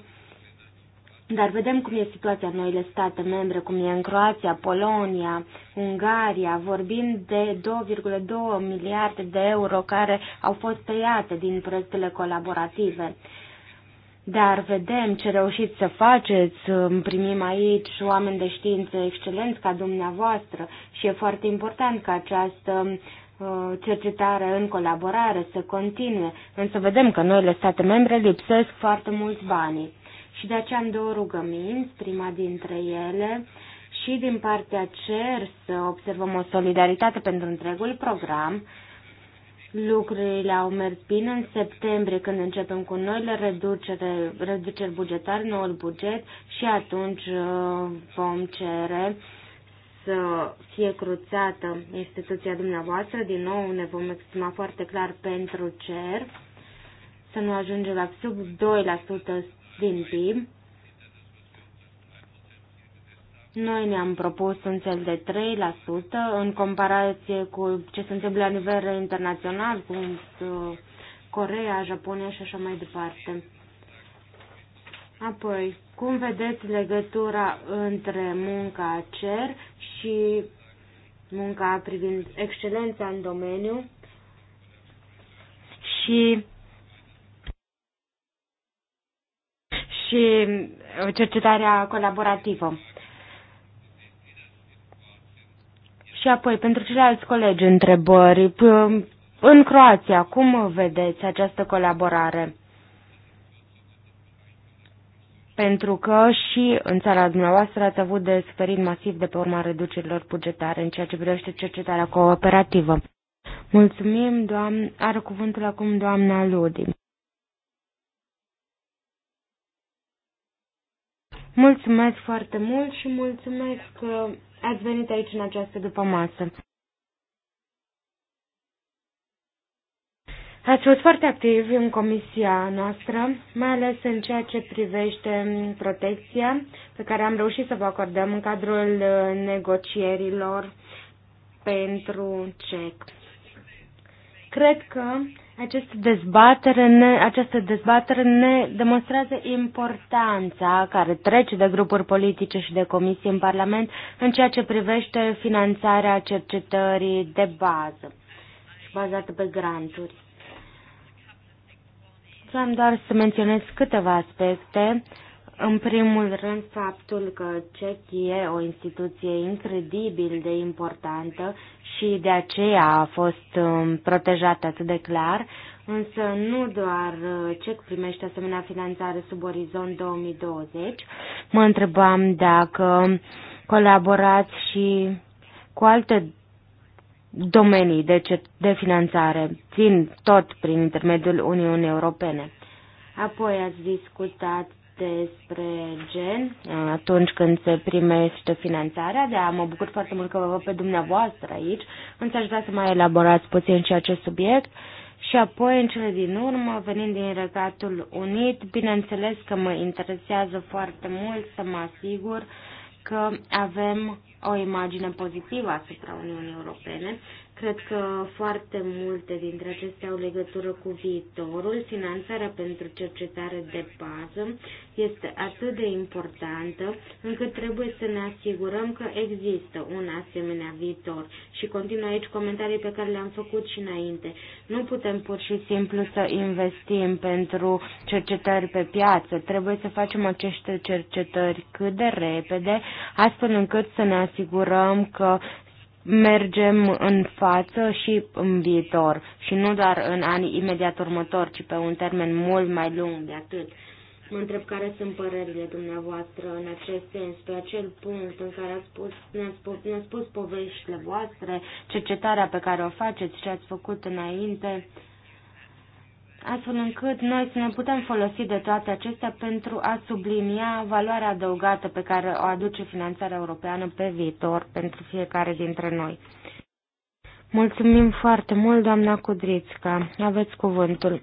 Dar vedem cum e situația în noile state membre, cum e în Croația, Polonia, Ungaria. Vorbim de 2,2 miliarde de euro care au fost tăiate din proiectele colaborative. Dar vedem ce reușiți să faceți, primim aici oameni de știință excelenți ca dumneavoastră și e foarte important ca această Uh, cercetarea în colaborare să continue, însă vedem că noile state membre lipsesc foarte mulți bani. Și de aceea am două rugăminți, prima dintre ele, și din partea CER să observăm o solidaritate pentru întregul program. Lucrurile au mers bine în septembrie când începem cu noile reducere, reduceri bugetare, noul buget și atunci uh, vom cere uh, să fie cruțată instituția dumneavoastră. Din nou ne vom exprima foarte clar pentru cer, să nu ajunge la sub 2% din PIB. Noi ne-am propus un cel de 3% în comparație cu ce se întâmplă la nivel internațional, cu uh, Corea, Japonia și așa mai departe. Apoi, cum vedeți legătura între munca CER și munca privind excelența în domeniu și și cercetarea colaborativă. Și apoi, pentru ceilalți colegi, întrebări. În Croația, cum vedeți această colaborare? pentru că și în țara dumneavoastră ați avut de suferit masiv de pe urma reducerilor bugetare în ceea ce privește cercetarea cooperativă. Mulțumim, doamnă, are cuvântul acum doamna Ludi. Mulțumesc foarte mult și mulțumesc că ați venit aici în această după masă. Ați fost foarte activ în comisia noastră, mai ales în ceea ce privește protecția pe care am reușit să vă acordăm în cadrul uh, negocierilor pentru CEC. Cred că această dezbatere, ne, această dezbatere ne demonstrează importanța care trece de grupuri politice și de comisii în Parlament în ceea ce privește finanțarea cercetării de bază bazată pe granturi. Vreau doar să menționez câteva aspecte. În primul rând, faptul că CEC e o instituție incredibil de importantă și de aceea a fost um, protejată atât de clar, însă nu doar CEC uh, primește asemenea finanțare sub orizont 2020. Mă întrebam dacă colaborați și cu alte domenii de, ce, de finanțare, țin tot prin intermediul Uniunii Europene. Apoi ați discutat despre gen uh, atunci când se primește finanțarea, de a mă bucur foarte mult că vă văd pe dumneavoastră aici, însă aș vrea să mai elaborați puțin și acest subiect. Și apoi, în cele din urmă, venind din Regatul Unit, bineînțeles că mă interesează foarte mult să mă asigur uh, că avem o imagine pozitivă asupra Uniunii Europene Cred că foarte multe dintre acestea au legătură cu viitorul. Finanțarea pentru cercetare de bază este atât de importantă încât trebuie să ne asigurăm că există un asemenea viitor. Și continuă aici comentarii pe care le-am făcut și înainte. Nu putem pur și simplu să investim pentru cercetări pe piață. Trebuie să facem aceste cercetări cât de repede, astfel încât să ne asigurăm că mergem în față și în viitor și nu doar în anii imediat următori, ci pe un termen mult mai lung de atât. Mă întreb care sunt părerile dumneavoastră în acest sens, pe acel punct în care ați spus, ne-ați spus, ne spus poveștile voastre, cercetarea pe care o faceți ce ați făcut înainte astfel încât noi să ne putem folosi de toate acestea pentru a sublinia valoarea adăugată pe care o aduce finanțarea europeană pe viitor pentru fiecare dintre noi. Mulțumim foarte mult, doamna Cudrițca. Aveți cuvântul.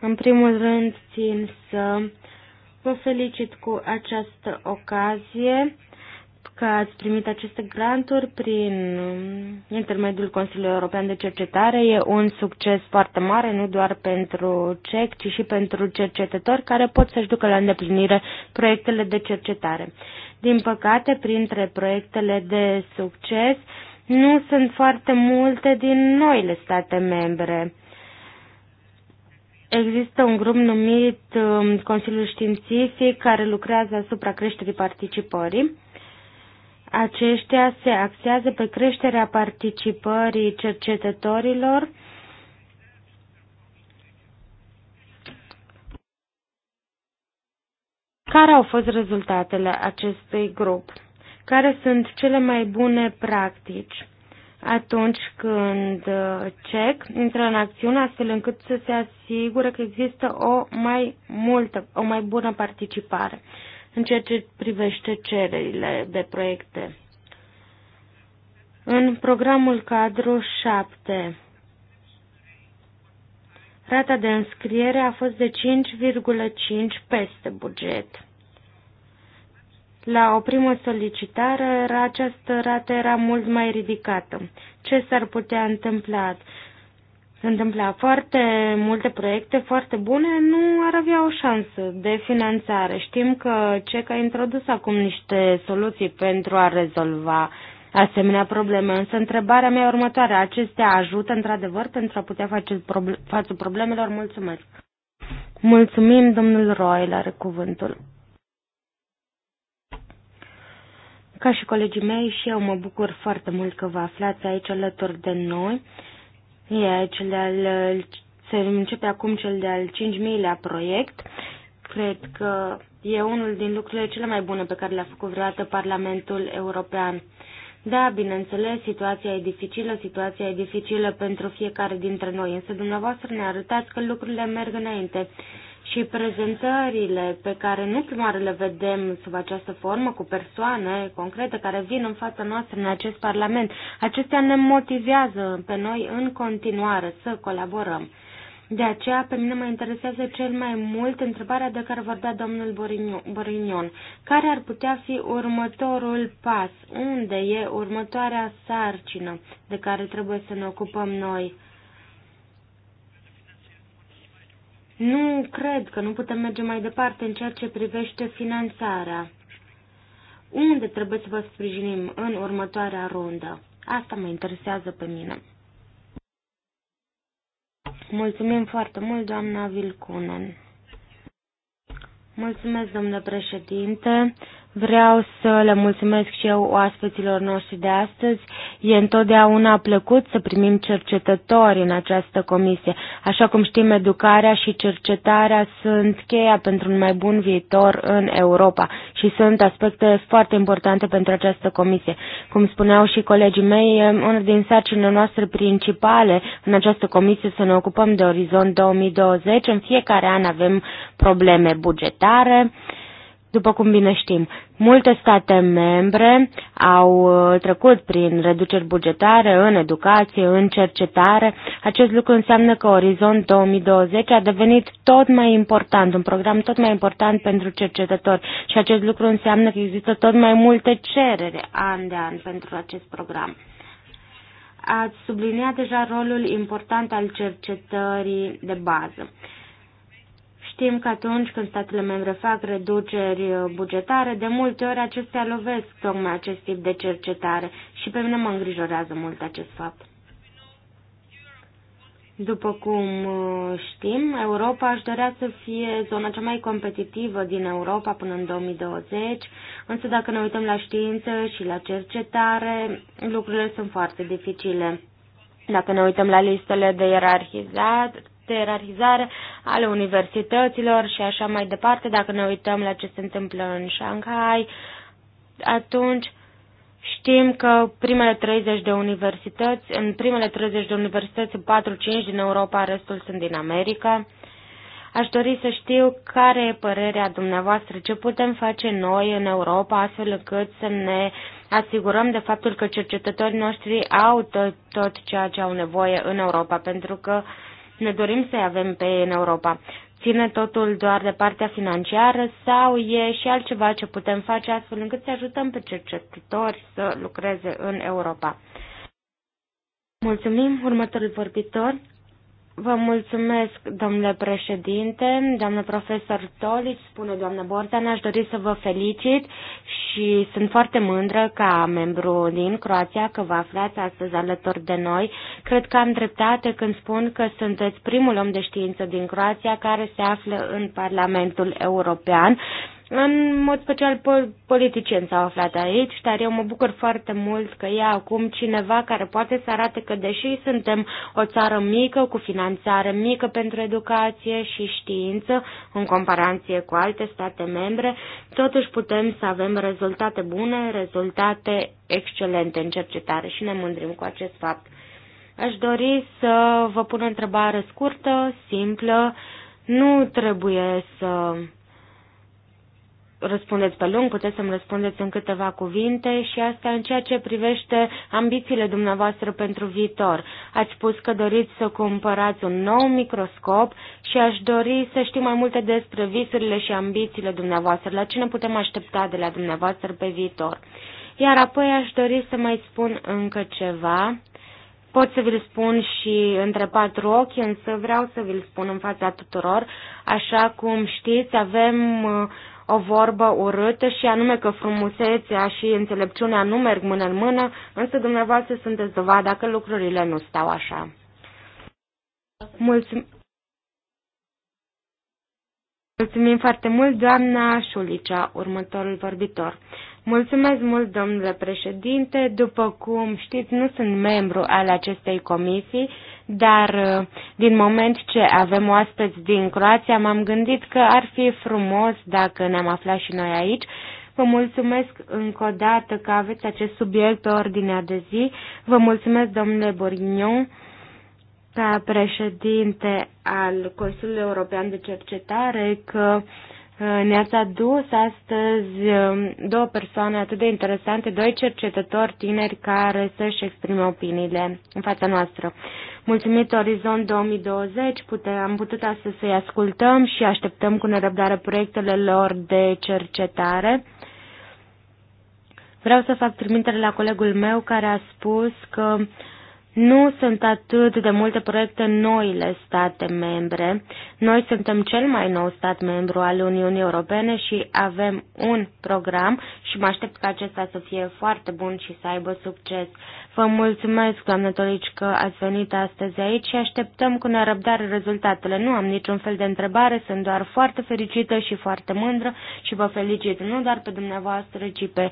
În primul rând, țin să vă felicit cu această ocazie că ați primit aceste granturi prin um, intermediul Consiliului European de Cercetare. E un succes foarte mare, nu doar pentru CEC, ci și pentru cercetători care pot să-și ducă la îndeplinire proiectele de cercetare. Din păcate, printre proiectele de succes, nu sunt foarte multe din noile state membre. Există un grup numit um, Consiliul Științific care lucrează asupra creșterii participării aceștia se axează pe creșterea participării cercetătorilor Care au fost rezultatele acestui grup? Care sunt cele mai bune practici? atunci când uh, CEC intră în acțiune astfel încât să se asigure că există o mai multă, o mai bună participare în ceea ce privește cererile de proiecte. În programul cadru 7, rata de înscriere a fost de 5,5 peste buget. La o primă solicitare, această rată era mult mai ridicată. Ce s-ar putea întâmpla? se întâmpla foarte multe proiecte foarte bune, nu ar avea o șansă de finanțare. Știm că CEC a introdus acum niște soluții pentru a rezolva asemenea probleme, însă întrebarea mea următoare, acestea ajută într-adevăr pentru a putea face proble- față problemelor? Mulțumesc! Mulțumim, domnul Roy, la cuvântul. Ca și colegii mei și eu mă bucur foarte mult că vă aflați aici alături de noi E cel de-al, se începe acum cel de-al 5.000-lea proiect. Cred că e unul din lucrurile cele mai bune pe care le-a făcut vreodată Parlamentul European. Da, bineînțeles, situația e dificilă, situația e dificilă pentru fiecare dintre noi, însă dumneavoastră ne arătați că lucrurile merg înainte și prezentările pe care nu doar le vedem sub această formă cu persoane concrete care vin în fața noastră în acest Parlament, acestea ne motivează pe noi în continuare să colaborăm. De aceea, pe mine mă interesează cel mai mult întrebarea de care vorbea domnul Borignon. Care ar putea fi următorul pas? Unde e următoarea sarcină de care trebuie să ne ocupăm noi? Nu cred că nu putem merge mai departe în ceea ce privește finanțarea. Unde trebuie să vă sprijinim în următoarea rundă? Asta mă interesează pe mine. Mulțumim foarte mult, doamna Vilcunen. Mulțumesc, domnule președinte. Vreau să le mulțumesc și eu oaspeților noștri de astăzi. E întotdeauna plăcut să primim cercetători în această comisie. Așa cum știm, educarea și cercetarea sunt cheia pentru un mai bun viitor în Europa și sunt aspecte foarte importante pentru această comisie. Cum spuneau și colegii mei, una din sarcinile noastre principale în această comisie să ne ocupăm de Orizont 2020. În fiecare an avem probleme bugetare după cum bine știm, multe state membre au uh, trecut prin reduceri bugetare în educație, în cercetare. Acest lucru înseamnă că Orizont 2020 a devenit tot mai important, un program tot mai important pentru cercetători și acest lucru înseamnă că există tot mai multe cereri an de an pentru acest program. Ați subliniat deja rolul important al cercetării de bază. Știm că atunci când statele membre fac reduceri bugetare, de multe ori acestea lovesc tocmai acest tip de cercetare și pe mine mă îngrijorează mult acest fapt. După cum uh, știm, Europa aș dorea să fie zona cea mai competitivă din Europa până în 2020, însă dacă ne uităm la știință și la cercetare, lucrurile sunt foarte dificile. Dacă ne uităm la listele de ierarhizat, terrorizare ale universităților și așa mai departe. Dacă ne uităm la ce se întâmplă în Shanghai, atunci știm că primele 30 de universități, în primele 30 de universități, 4-5 din Europa, restul sunt din America. Aș dori să știu care e părerea dumneavoastră, ce putem face noi în Europa astfel încât să ne asigurăm de faptul că cercetătorii noștri au tot, tot ceea ce au nevoie în Europa, pentru că uh, ne dorim să-i avem pe ei în Europa. Ține totul doar de partea financiară sau e și altceva ce putem face astfel încât să ajutăm pe cercetători să lucreze în Europa? Mulțumim. Următorul vorbitor, Vă mulțumesc, domnule președinte, doamnă profesor Tolici, spune doamna Bordan, aș dori să vă felicit și sunt foarte mândră ca membru din Croația că vă aflați astăzi alături de noi. Cred că am dreptate când spun că sunteți primul om de știință din Croația care se află în Parlamentul European în mod special politicieni s-au aflat aici, dar eu mă bucur foarte mult că e acum cineva care poate să arate că deși suntem o țară mică, cu finanțare mică pentru educație și știință, în comparație cu alte state membre, totuși putem să avem rezultate bune, rezultate excelente în cercetare și ne mândrim cu acest fapt. Aș dori să vă pun o întrebare scurtă, simplă. Nu trebuie să răspundeți pe lung, puteți să-mi răspundeți în câteva cuvinte și asta în ceea ce privește ambițiile dumneavoastră pentru viitor. Ați spus că doriți să cumpărați un nou microscop și aș dori să știu mai multe despre visurile și ambițiile dumneavoastră. La ce ne putem aștepta de la dumneavoastră pe viitor? Iar apoi aș dori să mai spun încă ceva. Pot să vi-l spun și între patru ochi, însă vreau să vi-l spun în fața tuturor. Așa cum știți, avem uh, o vorbă urâtă și anume că frumusețea și înțelepciunea nu merg mână în mână, însă dumneavoastră sunteți dovada că lucrurile nu stau așa. Mulțum- Mulțumim foarte mult, doamna Șulicea, următorul vorbitor. Mulțumesc mult, domnule președinte. După cum știți, nu sunt membru al acestei comisii, dar uh, din moment ce avem oaspeți din Croația, m-am gândit că ar fi frumos dacă ne-am aflat și noi aici. Vă mulțumesc încă o dată că aveți acest subiect pe ordinea de zi. Vă mulțumesc, domnule Borignon, ca președinte al Consiliului European de Cercetare, că uh, ne-ați adus astăzi um, două persoane atât de interesante, doi cercetători tineri care să-și exprime opiniile în fața noastră. Mulțumit Orizont 2020, pute, am putut astăzi să-i ascultăm și așteptăm cu nerăbdare proiectele lor de cercetare. Vreau să fac trimitere la colegul meu care a spus că uh, nu sunt atât de multe proiecte în noile state membre. Noi suntem cel mai nou stat membru al Uniunii Europene și avem un program și mă aștept ca acesta să fie foarte bun și să aibă succes. Vă mulțumesc, doamnă Tolici, că ați venit astăzi aici și așteptăm cu nerăbdare rezultatele. Nu am niciun fel de întrebare, sunt doar foarte fericită și foarte mândră și vă felicit nu doar pe dumneavoastră, ci pe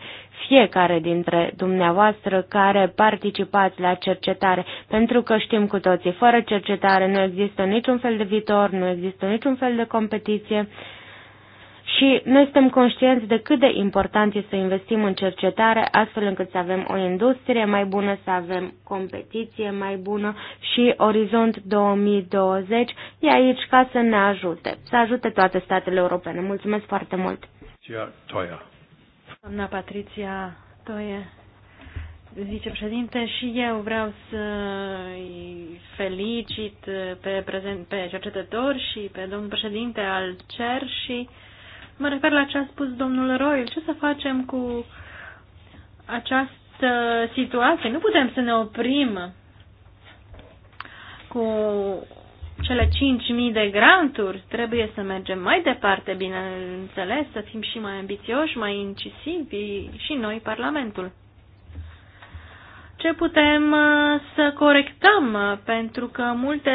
fiecare dintre dumneavoastră care participați la cercetare cercetare, pentru că știm cu toții, fără cercetare nu există niciun fel de viitor, nu există niciun fel de competiție și noi suntem conștienți de cât de important este să investim în cercetare, astfel încât să avem o industrie mai bună, să avem competiție mai bună și Orizont 2020 e aici ca să ne ajute, să ajute toate statele europene. Mulțumesc foarte mult! Doamna Patricia Toie vicepreședinte, și eu vreau să felicit pe, prezent, pe cercetător și pe domnul președinte al CER și mă refer la ce a spus domnul Royal. Ce să facem cu această situație? Nu putem să ne oprim cu cele 5.000 de granturi, trebuie să mergem mai departe, bineînțeles, să fim și mai ambițioși, mai incisivi și noi, Parlamentul ce putem uh, să corectăm, uh, pentru că multe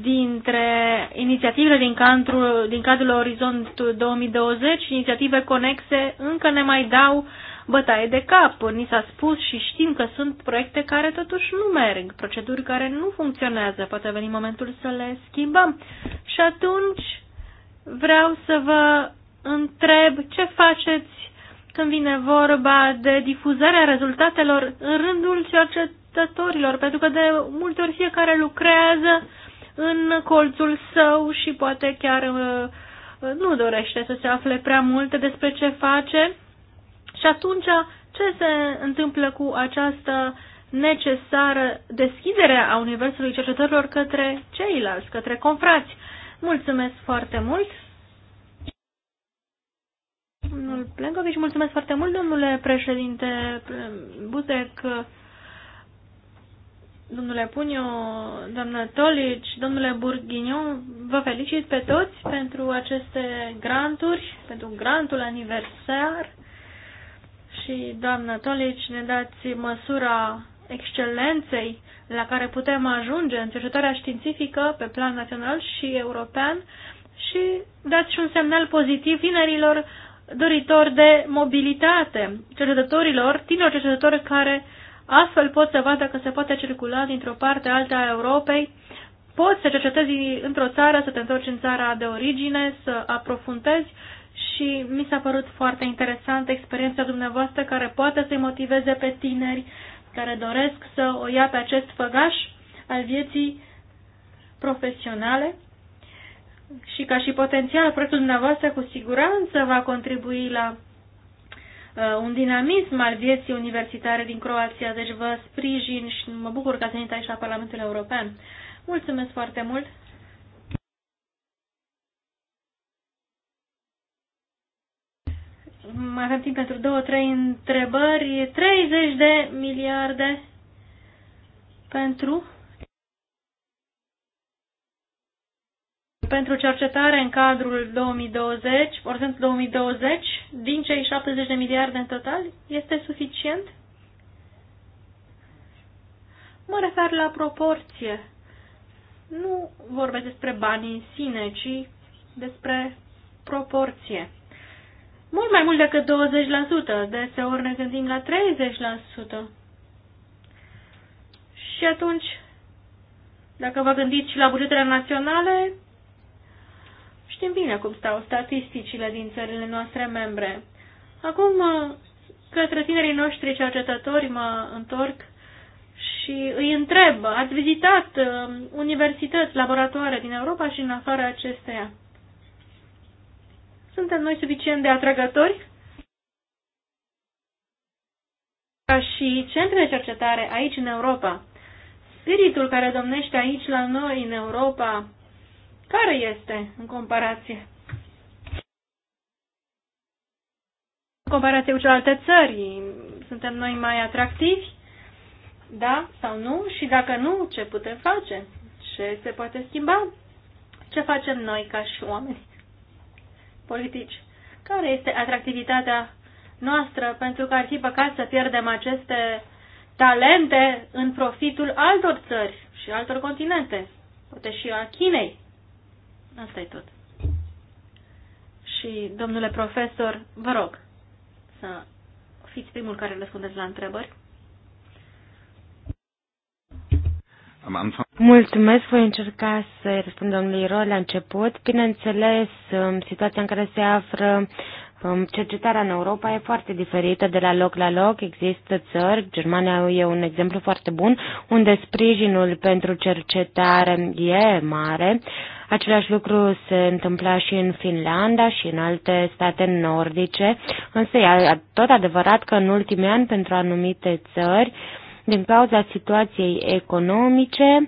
dintre inițiativele din cadrul, din cadrul Orizont 2020 inițiative conexe încă ne mai dau bătaie de cap. Ni s-a spus și știm că sunt proiecte care totuși nu merg, proceduri care nu funcționează. Poate veni momentul să le schimbăm. Și atunci vreau să vă întreb ce faceți când vine vorba de difuzarea rezultatelor în rândul cercetătorilor, pentru că de multe ori fiecare lucrează în colțul său și poate chiar uh, uh, nu dorește să se afle prea multe despre ce face. Și atunci, ce se întâmplă cu această necesară deschidere a Universului Cercetătorilor către ceilalți, către confrați? Mulțumesc foarte mult! Domnul Plenkovici, mulțumesc foarte mult, domnule președinte Buzek, domnule Puniu, doamnă Tolici, domnule Burghiniu, vă felicit pe toți pentru aceste granturi, pentru grantul aniversar și, doamnă Tolici, ne dați măsura excelenței la care putem ajunge în cercetarea științifică pe plan național și european și dați și un semnal pozitiv tinerilor doritori de mobilitate, cercetătorilor, tineri cercetători care astfel pot să vadă că se poate circula dintr-o parte alta a Europei, poți să cercetezi într-o țară, să te întorci în țara de origine, să aprofundezi și mi s-a părut foarte interesantă experiența dumneavoastră care poate să-i motiveze pe tineri care doresc să o ia pe acest făgaș al vieții profesionale și ca și potențial proiectul dumneavoastră cu siguranță va contribui la uh, un dinamism al vieții universitare din Croația, deci vă sprijin și mă bucur că ați venit aici la Parlamentul European. Mulțumesc foarte mult! Mai avem timp pentru două, trei întrebări. 30 de miliarde pentru pentru cercetare în cadrul 2020, orizont 2020, din cei 70 de miliarde în total, este suficient? Mă refer la proporție. Nu vorbesc despre bani în sine, ci despre proporție. Mult mai mult decât 20%, deseori ne gândim la 30%. Și atunci, dacă vă gândiți și la bugetele naționale, Știm bine cum stau statisticile din țările noastre membre. Acum, către tinerii noștri cercetători mă întorc și îi întreb, ați vizitat uh, universități, laboratoare din Europa și în afara acesteia? Suntem noi suficient de atrăgători? Ca și centre de cercetare aici în Europa. Spiritul care domnește aici la noi în Europa care este în comparație? În comparație cu celelalte țări, suntem noi mai atractivi? Da sau nu? Și dacă nu, ce putem face? Ce se poate schimba? Ce facem noi ca și oameni politici? Care este atractivitatea noastră? Pentru că ar fi păcat să pierdem aceste talente în profitul altor țări și altor continente, poate și a Chinei. Asta e tot. Și, domnule profesor, vă rog să fiți primul care răspundeți la întrebări. Mulțumesc, voi încerca să răspund domnului Rol la început. Bineînțeles, situația în care se află Um, cercetarea în Europa e foarte diferită de la loc la loc. Există țări, Germania e un exemplu foarte bun, unde sprijinul pentru cercetare e mare. Același lucru se întâmpla și în Finlanda și în alte state nordice, însă e tot adevărat că în ultimii ani pentru anumite țări, din cauza situației economice, uh,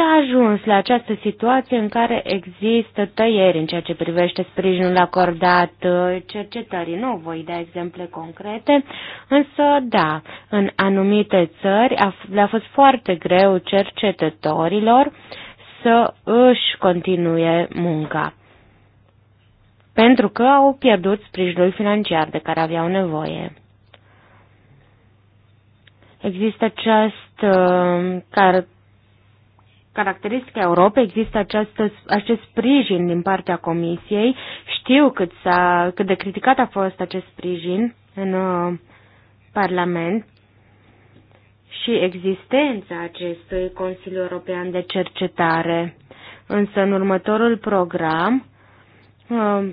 s-a ajuns la această situație în care există tăieri în ceea ce privește sprijinul acordat uh, cercetării. Nu voi da exemple concrete, însă da, în anumite țări a, le-a fost foarte greu cercetătorilor să își continue munca pentru că au pierdut sprijinul financiar de care aveau nevoie. Există această uh, caracteristică Europei, există acest, acest sprijin din partea Comisiei. Știu cât, s-a, cât de criticat a fost acest sprijin în uh, Parlament și existența acestui Consiliu European de Cercetare. Însă în următorul program, uh,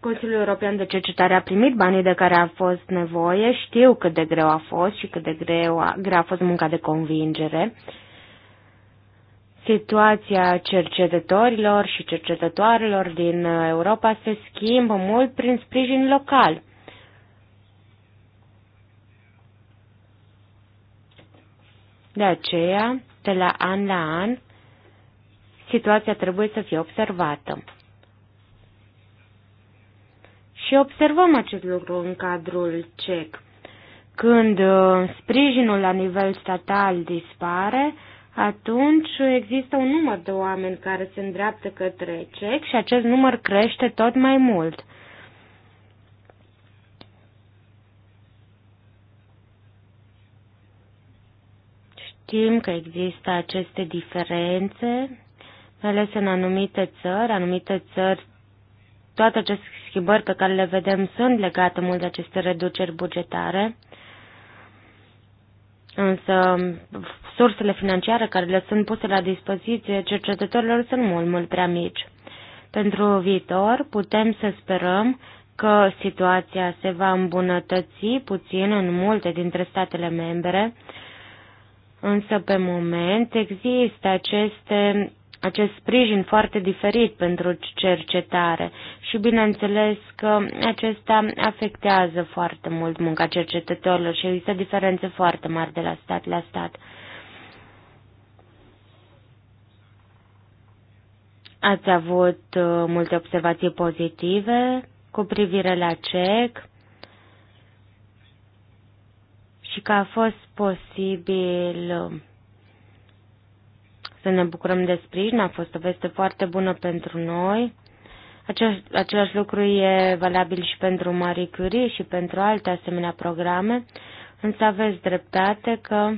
Consiliul European de Cercetare a primit banii de care a fost nevoie. Știu cât de greu a fost și cât de greu a, greu a fost munca de convingere. Uh, Situația cercetătorilor și cercetătoarelor din uh, Europa se schimbă mult prin sprijin local. De aceea, de la an la an, situația trebuie să fie observată. Și observăm acest lucru în cadrul CEC. Când uh, sprijinul la nivel statal dispare, atunci există un număr de oameni care se îndreaptă către CEC și acest număr crește tot mai mult. Știm că există aceste diferențe, mai ales în anumite țări, anumite țări toate aceste schimbări pe care le vedem sunt legate mult de aceste reduceri bugetare. Însă Sursele financiare care le sunt puse la dispoziție cercetătorilor sunt mult, mult prea mici. Pentru viitor putem să sperăm că situația se va îmbunătăți puțin în multe dintre statele membre, însă pe moment există aceste, acest sprijin foarte diferit pentru cercetare și bineînțeles că acesta afectează foarte mult munca cercetătorilor și există diferențe foarte mari de la stat la stat. Ați avut uh, multe observații pozitive cu privire la CEC și că a fost posibil uh, să ne bucurăm de sprijin. A fost o veste foarte bună pentru noi. Același, același lucru e valabil și pentru Marie Curie și pentru alte asemenea programe, însă aveți dreptate că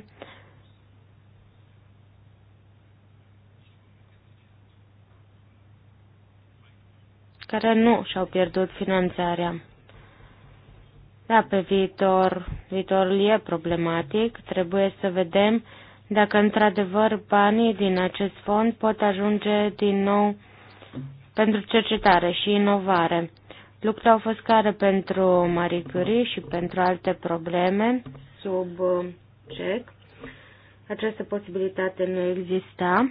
care nu și-au pierdut finanțarea. Da, pe viitor, viitorul e problematic, trebuie să vedem dacă într-adevăr banii din acest fond pot ajunge din nou pentru cercetare și inovare. Lupta au fost care pentru Marie Curie și pentru alte probleme sub uh, CEC. Această posibilitate nu exista.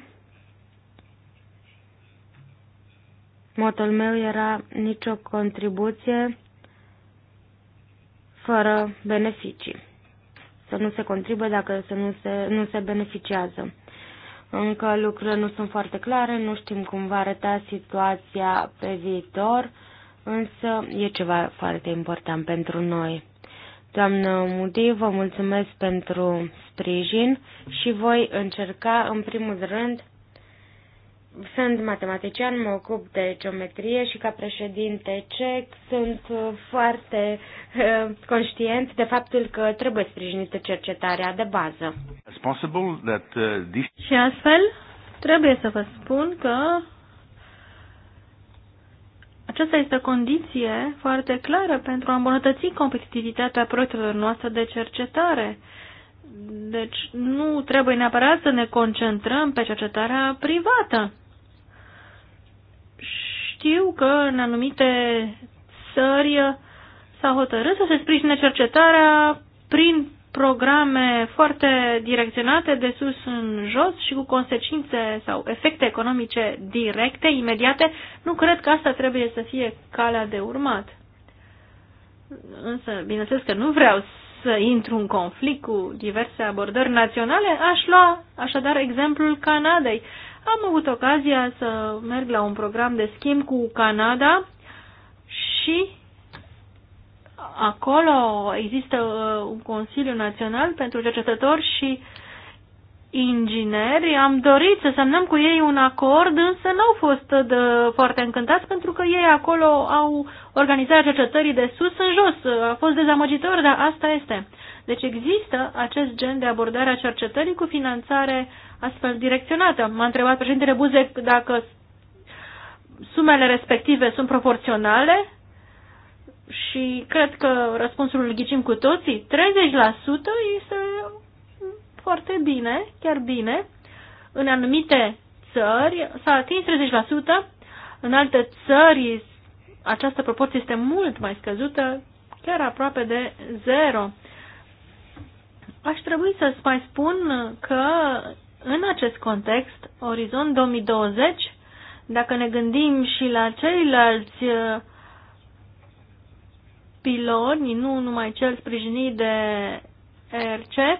Motul meu era nicio contribuție fără beneficii. Să nu se contribuie dacă să nu se, nu se beneficiază. Încă lucrurile nu sunt foarte clare, nu știm cum va arăta situația pe viitor, însă e ceva foarte important pentru noi. Doamnă Mudi, vă mulțumesc pentru sprijin și voi încerca în primul rând sunt matematician, mă ocup de geometrie și ca președinte cec sunt uh, foarte uh, conștient de faptul că trebuie sprijinită cercetarea de bază. That, uh, this... Și astfel, trebuie să vă spun că aceasta este o condiție foarte clară pentru a îmbunătăți competitivitatea proiectelor noastre de cercetare. Deci nu trebuie neapărat să ne concentrăm pe cercetarea privată. Știu că în anumite țări s-a hotărât să se sprijine cercetarea prin programe foarte direcționate de sus în jos și cu consecințe sau efecte economice directe, imediate, nu cred că asta trebuie să fie calea de urmat. Însă, bineînțeles că nu vreau să intru în conflict cu diverse abordări naționale, aș lua așadar exemplul Canadei. Am avut ocazia să merg la un program de schimb cu Canada și acolo există uh, un Consiliu Național pentru Cercetători și Ingineri. Am dorit să semnăm cu ei un acord, însă nu au fost uh, de, foarte încântați pentru că ei acolo au organizat cercetării de sus în jos. A fost dezamăgitor, dar asta este. Deci există acest gen de abordare a cercetării cu finanțare uh, astfel direcționată. M-a întrebat președintele Buzek dacă sumele respective sunt proporționale și cred că răspunsul îl ghicim cu toții. 30% este foarte bine, chiar bine. În anumite țări s-a atins 30%, în alte țări această proporție este mult mai scăzută, chiar aproape de zero. Aș trebui să-ți mai spun că în acest context, Orizont 2020, dacă ne gândim și la ceilalți uh, piloni, nu numai cel sprijinit de ERC,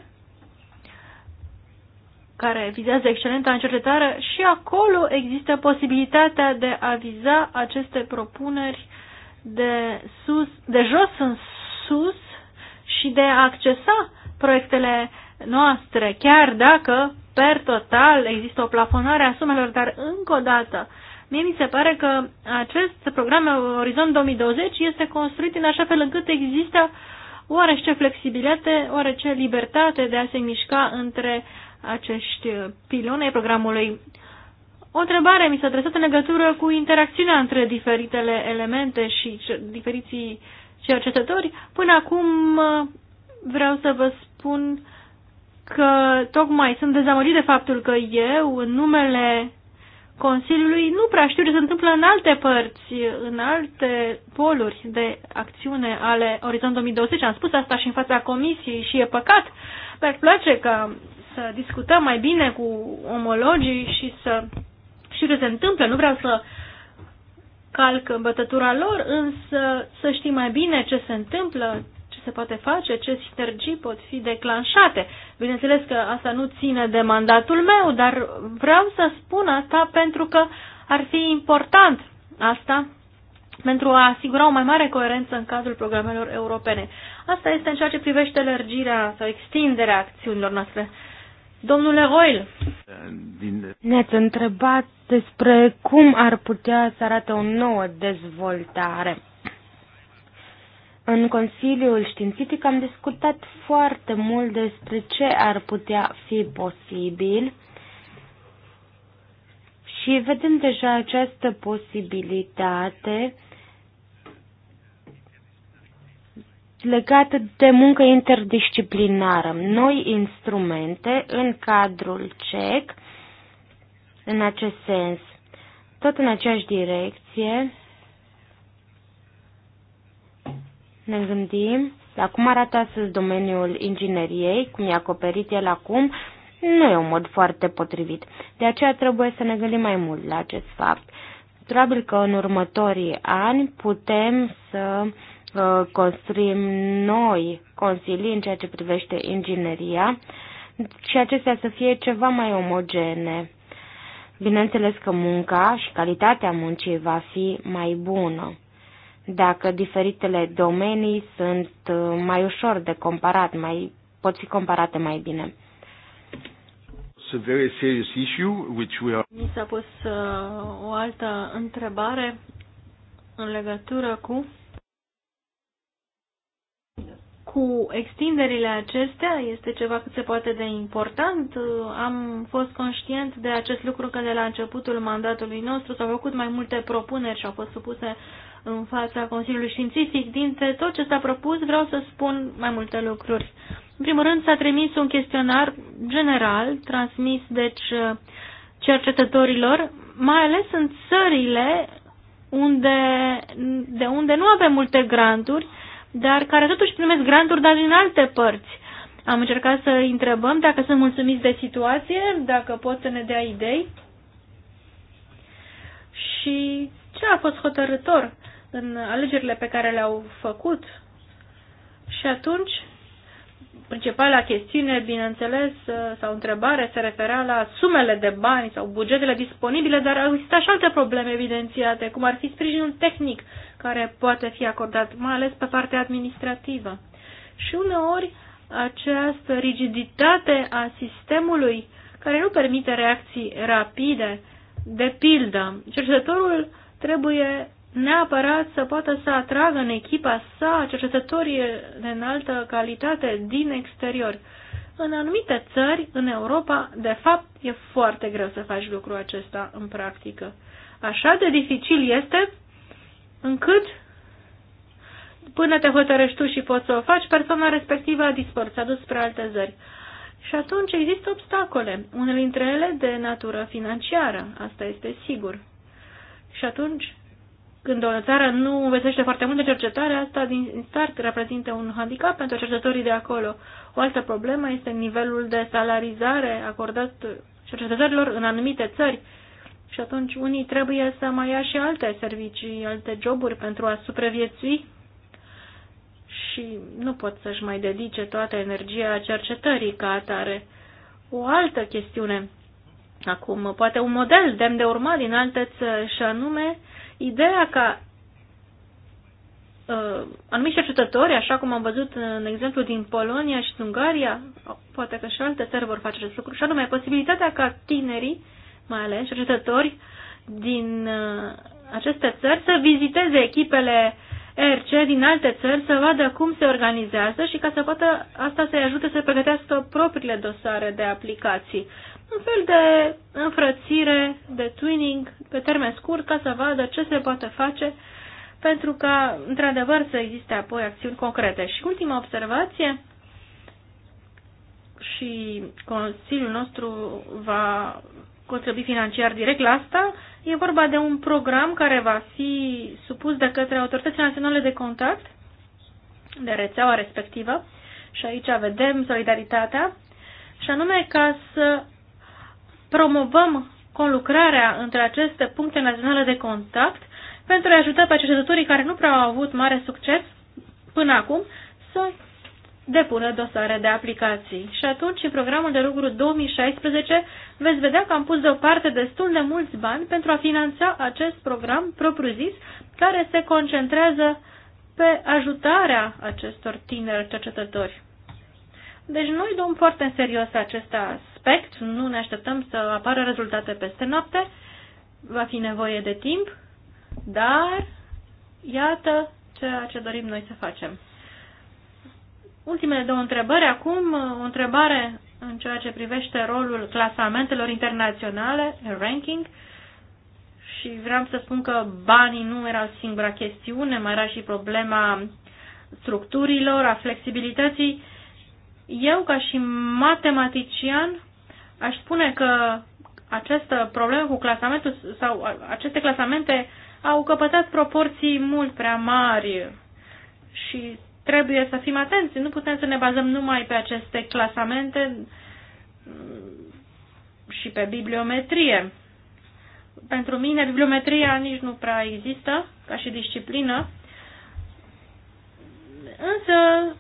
care vizează excelenta în cercetare, și acolo există posibilitatea de a viza aceste propuneri de, sus, de jos în sus și de a accesa proiectele noastre, chiar dacă per total există o plafonare a sumelor, dar încă o dată, mie mi se pare că acest program Orizont 2020 este construit în așa fel încât există oarece flexibilitate, oarece libertate de a se mișca între acești piloni ai programului. O întrebare mi s-a adresat în legătură cu interacțiunea între diferitele elemente și diferiții cercetători. Până acum vreau să vă spun că tocmai sunt dezamăgit de faptul că eu, în numele Consiliului, nu prea știu ce se întâmplă în alte părți, în alte poluri de acțiune ale Orizont 2020. Am spus asta și în fața Comisiei și e păcat. Mi-ar place ca să discutăm mai bine cu omologii și să știu ce se întâmplă. Nu vreau să calc în bătătura lor, însă să știi mai bine ce se întâmplă, se poate face, ce sinergii pot fi declanșate. Bineînțeles că asta nu ține de mandatul meu, dar vreau să spun asta pentru că ar fi important asta pentru a asigura o mai mare coerență în cadrul programelor europene. Asta este în ceea ce privește lărgirea sau extinderea acțiunilor noastre. Domnule Roil, ne-ați întrebat despre cum ar putea să arate o nouă dezvoltare. În Consiliul Științific am discutat foarte mult despre ce ar putea fi posibil și vedem deja această posibilitate legată de muncă interdisciplinară. Noi instrumente în cadrul CEC în acest sens. Tot în aceeași direcție, ne gândim la cum arată astăzi domeniul ingineriei, cum e acoperit el acum, nu e un mod foarte potrivit. De aceea trebuie să ne gândim mai mult la acest fapt. Probabil că în următorii ani putem să uh, construim noi consilii în ceea ce privește ingineria și acestea să fie ceva mai omogene. Bineînțeles că munca și calitatea muncii va fi mai bună dacă diferitele domenii sunt uh, mai ușor de comparat, mai, pot fi comparate mai bine. Mi s-a pus uh, o altă întrebare în legătură cu cu extinderile acestea este ceva cât se poate de important. Am fost conștient de acest lucru că de la începutul mandatului nostru s-au făcut mai multe propuneri și au fost supuse în fața Consiliului Științific. Dintre tot ce s-a propus, vreau să spun mai multe lucruri. În primul rând, s-a trimis un chestionar general, transmis, deci, cercetătorilor, mai ales în țările unde, de unde nu avem multe granturi, dar care totuși primesc granturi, dar din alte părți. Am încercat să întrebăm dacă sunt mulțumiți de situație, dacă pot să ne dea idei. Și ce a fost hotărător? în alegerile pe care le-au făcut. Și atunci, principala chestiune, bineînțeles, sau întrebare se referea la sumele de bani sau bugetele disponibile, dar au existat și alte probleme evidențiate, cum ar fi sprijinul tehnic care poate fi acordat, mai ales pe partea administrativă. Și uneori această rigiditate a sistemului care nu permite reacții rapide, de pildă, cercetătorul trebuie neapărat să poată să atragă în echipa sa cercetătorii de înaltă calitate din exterior. În anumite țări, în Europa, de fapt, e foarte greu să faci lucrul acesta în practică. Așa de dificil este încât până te hotărăști tu și poți să o faci, persoana respectivă a dispărut, s-a dus spre alte zări. Și atunci există obstacole, unele dintre ele de natură financiară, asta este sigur. Și atunci când o țară nu investește foarte mult în cercetare, asta din start reprezintă un handicap pentru cercetătorii de acolo. O altă problemă este nivelul de salarizare acordat cercetătorilor în anumite țări. Și atunci unii trebuie să mai ia și alte servicii, alte joburi pentru a supraviețui și nu pot să-și mai dedice toată energia cercetării ca atare. O altă chestiune acum poate un model demn de urmat din alte țări și anume ideea ca uh, anumiți cercetători, așa cum am văzut în exemplu din Polonia și Ungaria, poate că și alte țări vor face acest lucru, și anume posibilitatea ca tinerii, mai ales cercetători din uh, aceste țări, să viziteze echipele RC din alte țări, să vadă cum se organizează și ca să poată asta să-i ajute să pregătească propriile dosare de aplicații un fel de înfrățire, de twinning pe termen scurt ca să vadă ce se poate face pentru ca, într-adevăr, să existe apoi acțiuni concrete. Și ultima observație, și Consiliul nostru va contribui financiar direct la asta, e vorba de un program care va fi supus de către autoritățile naționale de contact, de rețeaua respectivă, și aici vedem solidaritatea, și anume ca să promovăm conlucrarea între aceste puncte naționale de contact pentru a ajuta pe acești care nu prea au avut mare succes până acum să depună dosare de aplicații. Și atunci, în programul de lucru 2016, veți vedea că am pus deoparte destul de mulți bani pentru a finanța acest program propriu-zis, care se concentrează pe ajutarea acestor tineri cercetători. Deci noi luăm foarte în serios acest aspect, nu ne așteptăm să apară rezultate peste noapte, va fi nevoie de timp, dar iată ceea ce dorim noi să facem. Ultimele două întrebări. Acum, o întrebare în ceea ce privește rolul clasamentelor internaționale, ranking, și vreau să spun că banii nu erau singura chestiune, mai era și problema structurilor, a flexibilității. Eu, ca și matematician, Aș spune că această problemă cu clasamentul sau aceste clasamente au căpătat proporții mult prea mari și trebuie să fim atenți. Nu putem să ne bazăm numai pe aceste clasamente mm, și pe bibliometrie. Pentru mine, bibliometria nici nu prea există ca și disciplină, însă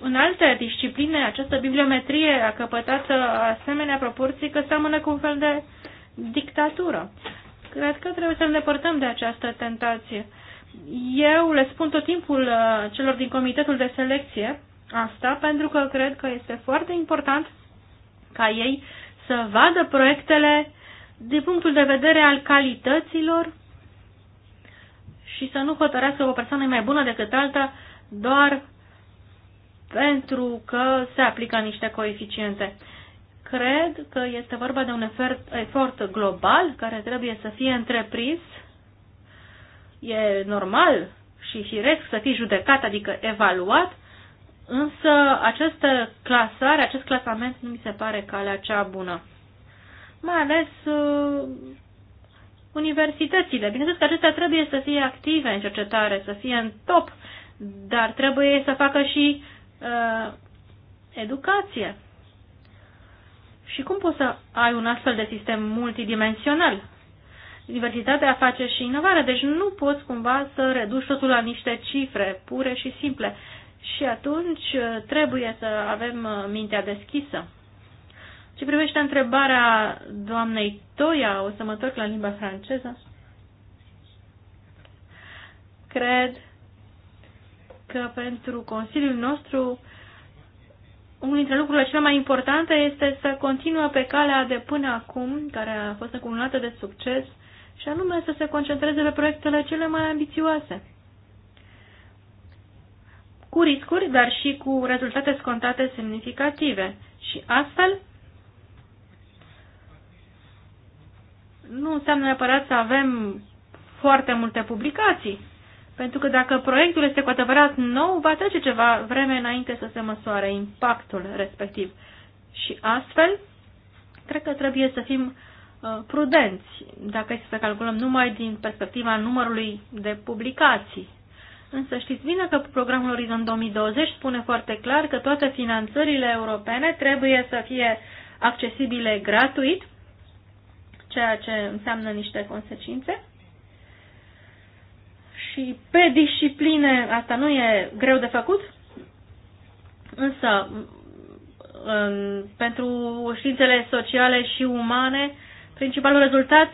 în alte discipline, această bibliometrie a căpătat asemenea proporții că seamănă cu un fel de dictatură. Cred că trebuie să ne depărtăm de această tentație. Eu le spun tot timpul uh, celor din comitetul de selecție asta pentru că cred că este foarte important ca ei să vadă proiectele din punctul de vedere al calităților și să nu hotărească o persoană mai bună decât alta doar pentru că se aplică niște coeficiente. Cred că este vorba de un efort, efort global care trebuie să fie întreprins. E normal și firesc să fie judecat, adică evaluat, însă această clasare, acest clasament nu mi se pare calea cea bună. Mai ales uh, universitățile. Bineînțeles că acestea trebuie să fie active în cercetare, să fie în top, dar trebuie să facă și uh, educație. Și cum poți să ai un astfel de sistem multidimensional? Diversitatea face și inovare, deci nu poți cumva să reduci totul la niște cifre pure și simple. Și atunci uh, trebuie să avem uh, mintea deschisă. Ce privește întrebarea doamnei Toia, o să mă întorc la limba franceză. Cred că pentru Consiliul nostru unul dintre lucrurile cele mai importante este să continuă pe calea de până acum, care a fost acumulată de succes, și anume să se concentreze pe proiectele cele mai ambițioase. Cu riscuri, dar și cu rezultate scontate semnificative. Și astfel, nu înseamnă neapărat să avem foarte multe publicații, pentru că dacă proiectul este cu adevărat nou, va trece ceva vreme înainte să se măsoare impactul respectiv. Și astfel, cred că trebuie să fim uh, prudenți dacă este să calculăm numai din perspectiva numărului de publicații. Însă știți bine că programul Orizont 2020 spune foarte clar că toate finanțările europene trebuie să fie accesibile gratuit, ceea ce înseamnă niște consecințe și pe discipline, asta nu e greu de făcut, însă în, pentru științele sociale și umane, principalul rezultat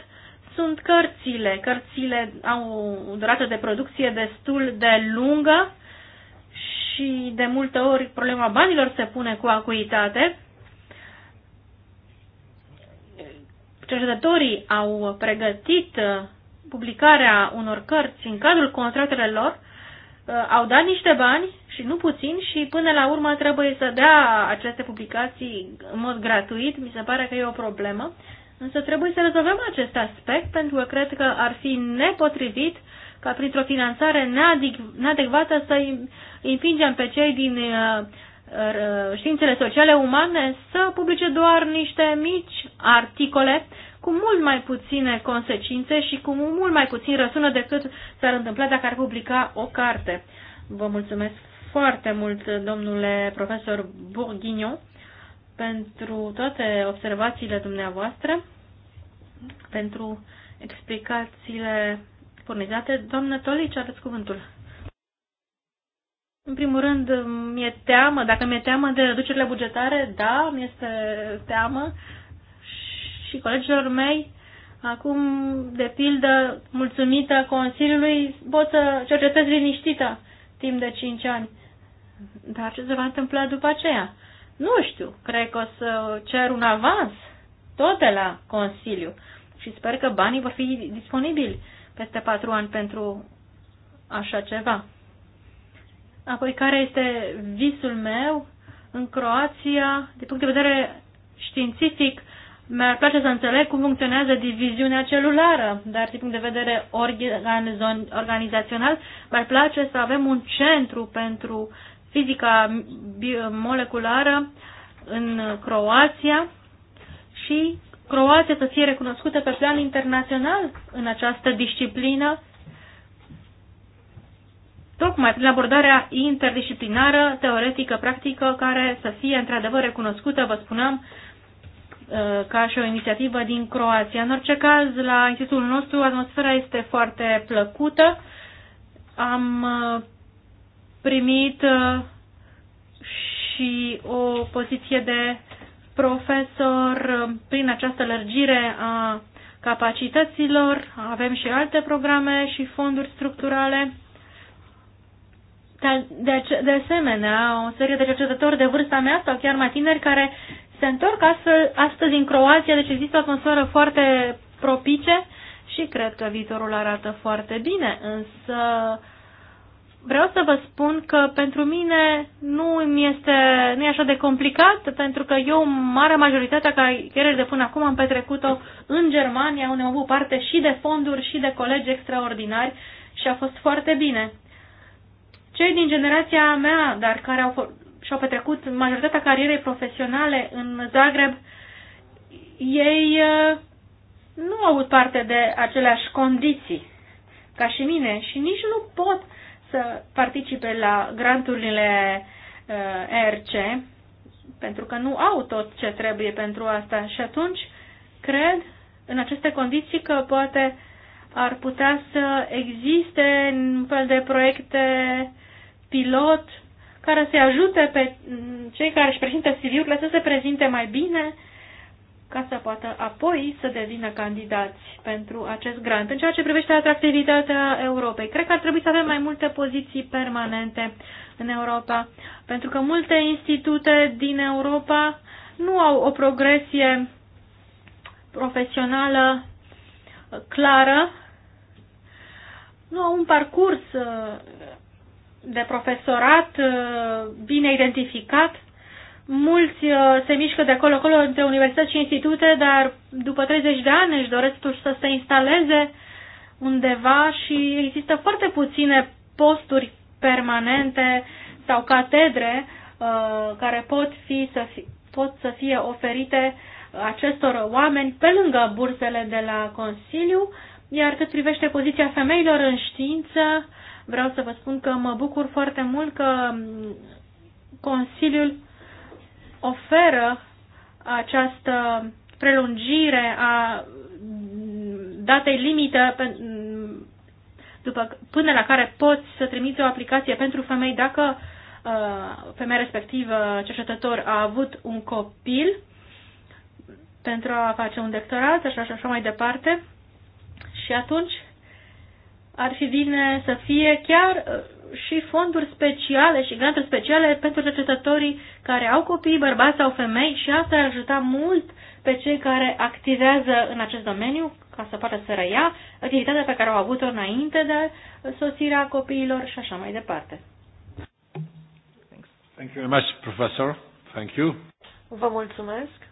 sunt cărțile. Cărțile au o durată de producție destul de lungă și de multe ori problema banilor se pune cu acuitate. Cercetătorii au pregătit publicarea unor cărți în cadrul contractelor lor, uh, au dat niște bani și nu puțin și până la urmă trebuie să dea aceste publicații în mod gratuit, mi se pare că e o problemă, însă trebuie să rezolvăm acest aspect pentru că cred că ar fi nepotrivit ca printr-o finanțare neadecvată să împingem pe cei din uh, uh, științele sociale umane să publice doar niște mici articole cu mult mai puține consecințe și cu mult mai puțin răsună decât s-ar întâmpla dacă ar publica o carte. Vă mulțumesc foarte mult, domnule profesor Bourguignon, pentru toate observațiile dumneavoastră, pentru explicațiile furnizate. Doamnă Tolici, aveți cuvântul. În primul rând, mi-e teamă, dacă mi-e teamă de reducerile bugetare, da, mi-este teamă, și colegilor mei. Acum, de pildă, mulțumită Consiliului, pot să cercetez liniștită timp de 5 ani. Dar ce se va întâmpla după aceea? Nu știu, cred că o să cer un avans tot de la Consiliu și sper că banii vor fi disponibili peste patru ani pentru așa ceva. Apoi, care este visul meu în Croația, din punct de vedere științific, mi-ar place să înțeleg cum funcționează diviziunea celulară, dar din punct de vedere organizațional, mi-ar place să avem un centru pentru fizica moleculară în Croația și Croația să fie recunoscută pe plan internațional în această disciplină, tocmai prin abordarea interdisciplinară, teoretică, practică, care să fie într-adevăr recunoscută, vă spuneam, Uh, ca și o inițiativă din Croația. În orice caz, la institutul nostru atmosfera este foarte plăcută. Am uh, primit uh, și o poziție de profesor prin această lărgire a capacităților. Avem și alte programe și fonduri structurale. De, de asemenea, o serie de cercetători de vârsta mea sau chiar mai tineri care se întorc astfel, astăzi în Croația, deci există o atmosferă foarte propice și cred că viitorul arată foarte bine, însă vreau să vă spun că pentru mine nu mi este nu e așa de complicat, pentru că eu marea majoritatea care de până acum am petrecut-o în Germania, unde am avut parte și de fonduri și de colegi extraordinari și a fost foarte bine. Cei din generația mea, dar care au și-au petrecut majoritatea carierei profesionale în Zagreb, ei uh, nu au avut parte de aceleași condiții ca și mine și nici nu pot să participe la granturile ERC uh, pentru că nu au tot ce trebuie pentru asta și atunci cred în aceste condiții că poate ar putea să existe un fel de proiecte pilot uh, care să ajute pe cei care își prezintă CV-urile să se prezinte mai bine ca să poată apoi să devină candidați pentru acest grant. În ceea ce privește atractivitatea Europei, cred că ar trebui să avem mai multe poziții permanente în Europa, pentru că multe institute din Europa nu au o progresie profesională clară, nu au un parcurs de profesorat uh, bine identificat. Mulți uh, se mișcă de acolo-acolo între universități și institute, dar după 30 de ani își doresc totuși să se instaleze undeva și există foarte puține posturi permanente sau catedre uh, care pot, fi să fi, pot să fie oferite acestor oameni pe lângă bursele de la Consiliu, iar cât privește poziția femeilor în știință, vreau să vă spun că mă bucur foarte mult că Consiliul oferă această prelungire a datei limită după, până la care poți să trimiți o aplicație pentru femei dacă uh, femeia respectivă, cercetător, a avut un copil pentru a face un doctorat așa și așa, așa mai departe. Și atunci ar fi bine să fie chiar uh, și fonduri speciale și granturi speciale pentru cercetătorii care au copii, bărbați sau femei și asta ar ajuta mult pe cei care activează în acest domeniu ca să poată să răia activitatea pe care au avut-o înainte de sosirea copiilor și așa mai departe. Thank you very much, professor. Thank you. Vă mulțumesc.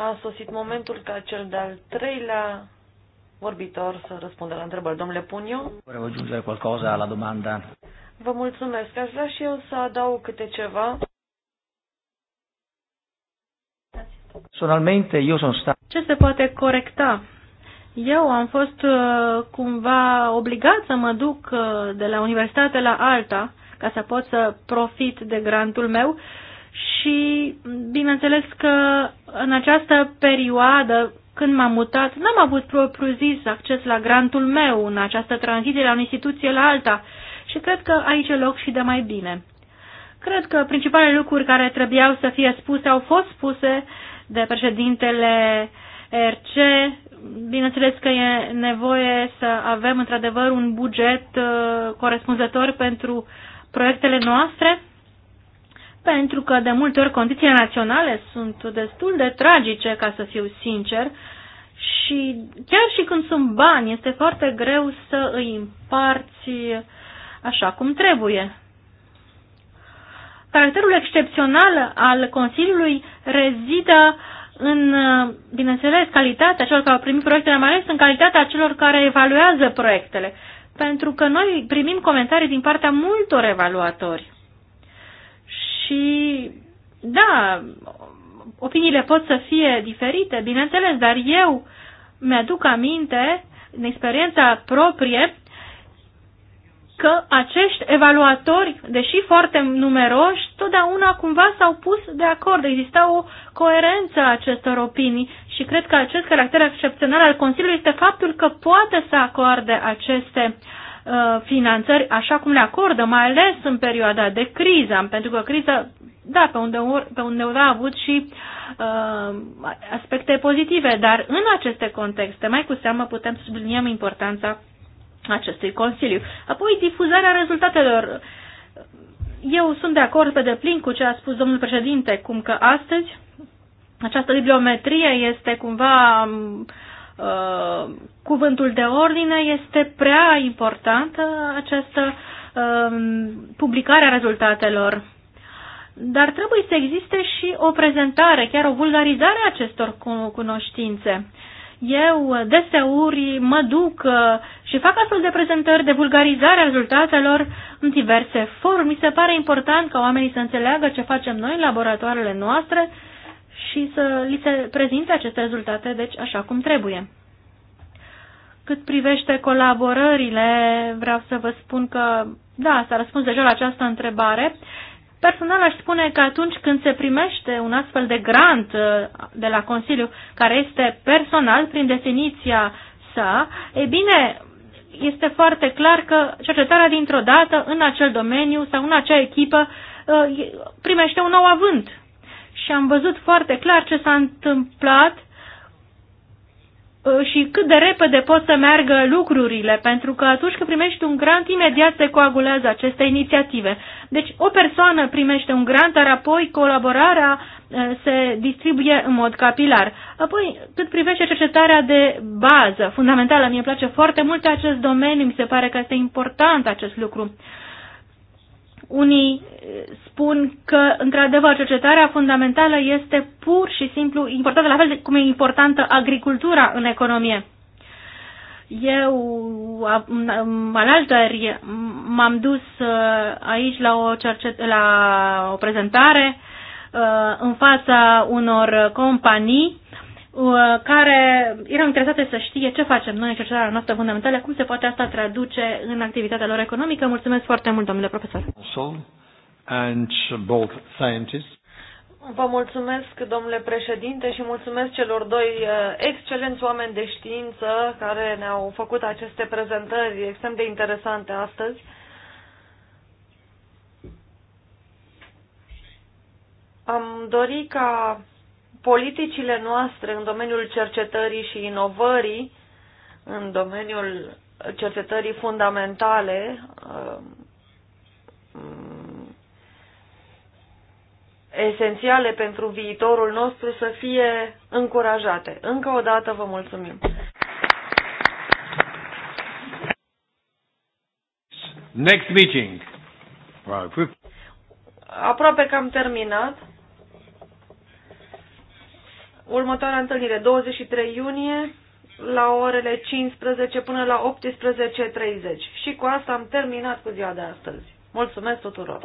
a sosit momentul ca cel de-al treilea vorbitor să răspundă la întrebări. Domnule Puniu? Vreau aggiungere qualcosa la domanda. Vă mulțumesc. Aș vrea și eu să adaug câte ceva. Personalmente, eu sunt stat. Ce se poate corecta? Eu am fost uh, cumva obligat să mă duc uh, de la universitate la alta ca să pot să profit de grantul meu și bineînțeles că în această perioadă când m-am mutat, n-am avut propriu-zis acces la grantul meu în această tranziție la o instituție la alta și cred că aici e loc și de mai bine. Cred că principalele lucruri care trebuiau să fie spuse au fost spuse de președintele RC. Bineînțeles că e nevoie să avem într-adevăr un buget uh, corespunzător pentru proiectele noastre pentru că de multe ori condițiile naționale sunt destul de tragice, ca să fiu sincer, și chiar și când sunt bani, este foarte greu să îi împarți așa cum trebuie. Caracterul excepțional al Consiliului rezidă în, bineînțeles, calitatea celor care au primit proiectele, mai ales în calitatea celor care evaluează proiectele. Pentru că noi primim comentarii din partea multor evaluatori. Și, da, opiniile pot să fie diferite, bineînțeles, dar eu mi-aduc aminte, în experiența proprie, că acești evaluatori, deși foarte numeroși, totdeauna cumva s-au pus de acord. Exista o coerență a acestor opinii și cred că acest caracter excepțional al Consiliului este faptul că poate să acorde aceste uh, Uh, finanțări așa cum le acordă, mai ales în perioada de criză, pentru că criza, da, pe unde, pe unde a avut și uh, aspecte pozitive, dar în aceste contexte, mai cu seamă, putem să subliniem importanța acestui Consiliu. Apoi, difuzarea rezultatelor. Eu sunt de acord pe deplin cu ce a spus domnul președinte, cum că astăzi această bibliometrie este cumva um, Uh, cuvântul de ordine, este prea importantă această uh, publicare a rezultatelor. Dar trebuie să existe și o prezentare, chiar o vulgarizare a acestor cunoștințe. Eu deseori mă duc uh, și fac astfel de prezentări de vulgarizare a rezultatelor în diverse forme. Mi se pare important ca oamenii să înțeleagă ce facem noi în laboratoarele noastre și să li se prezinte aceste rezultate, deci așa cum trebuie. Cât privește colaborările, vreau să vă spun că, da, s-a răspuns deja la această întrebare. Personal aș spune că atunci când se primește un astfel de grant uh, de la Consiliu, care este personal prin definiția sa, e bine, este foarte clar că cercetarea dintr-o dată în acel domeniu sau în acea echipă uh, primește un nou avânt și am văzut foarte clar ce s-a întâmplat uh, și cât de repede pot să meargă lucrurile, pentru că atunci când primești un grant, imediat se coagulează aceste inițiative. Deci o persoană primește un grant, dar apoi colaborarea uh, se distribuie în mod capilar. Apoi, cât privește cercetarea de bază, fundamentală, mi-e place foarte mult acest domeniu, mi se pare că este important acest lucru. Uh, unii eh, spun că, într-adevăr, cercetarea fundamentală este pur și simplu importantă, la fel cum e importantă agricultura în economie. Eu, altări, m-am dus eh, aici la o, cercet- la o prezentare eh, în fața unor companii Uh, care erau interesate să știe ce facem noi în cercetarea noastră fundamentală, cum se poate asta traduce în activitatea lor economică. Mulțumesc foarte mult, domnule profesor. Vă mulțumesc, domnule președinte, și mulțumesc celor doi uh, excelenți oameni de știință care ne-au făcut aceste prezentări extrem de interesante astăzi. Am dorit ca politicile noastre în domeniul cercetării și inovării, în domeniul cercetării fundamentale, um, esențiale pentru viitorul nostru să fie încurajate. Încă o dată vă mulțumim. Next meeting. Wow. Aproape că am terminat. Următoarea întâlnire, 23 iunie, la orele 15 până la 18.30. Și cu asta am terminat cu ziua de astăzi. Mulțumesc tuturor!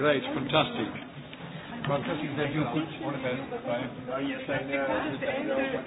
Great, fantastic. Fantastic that you could...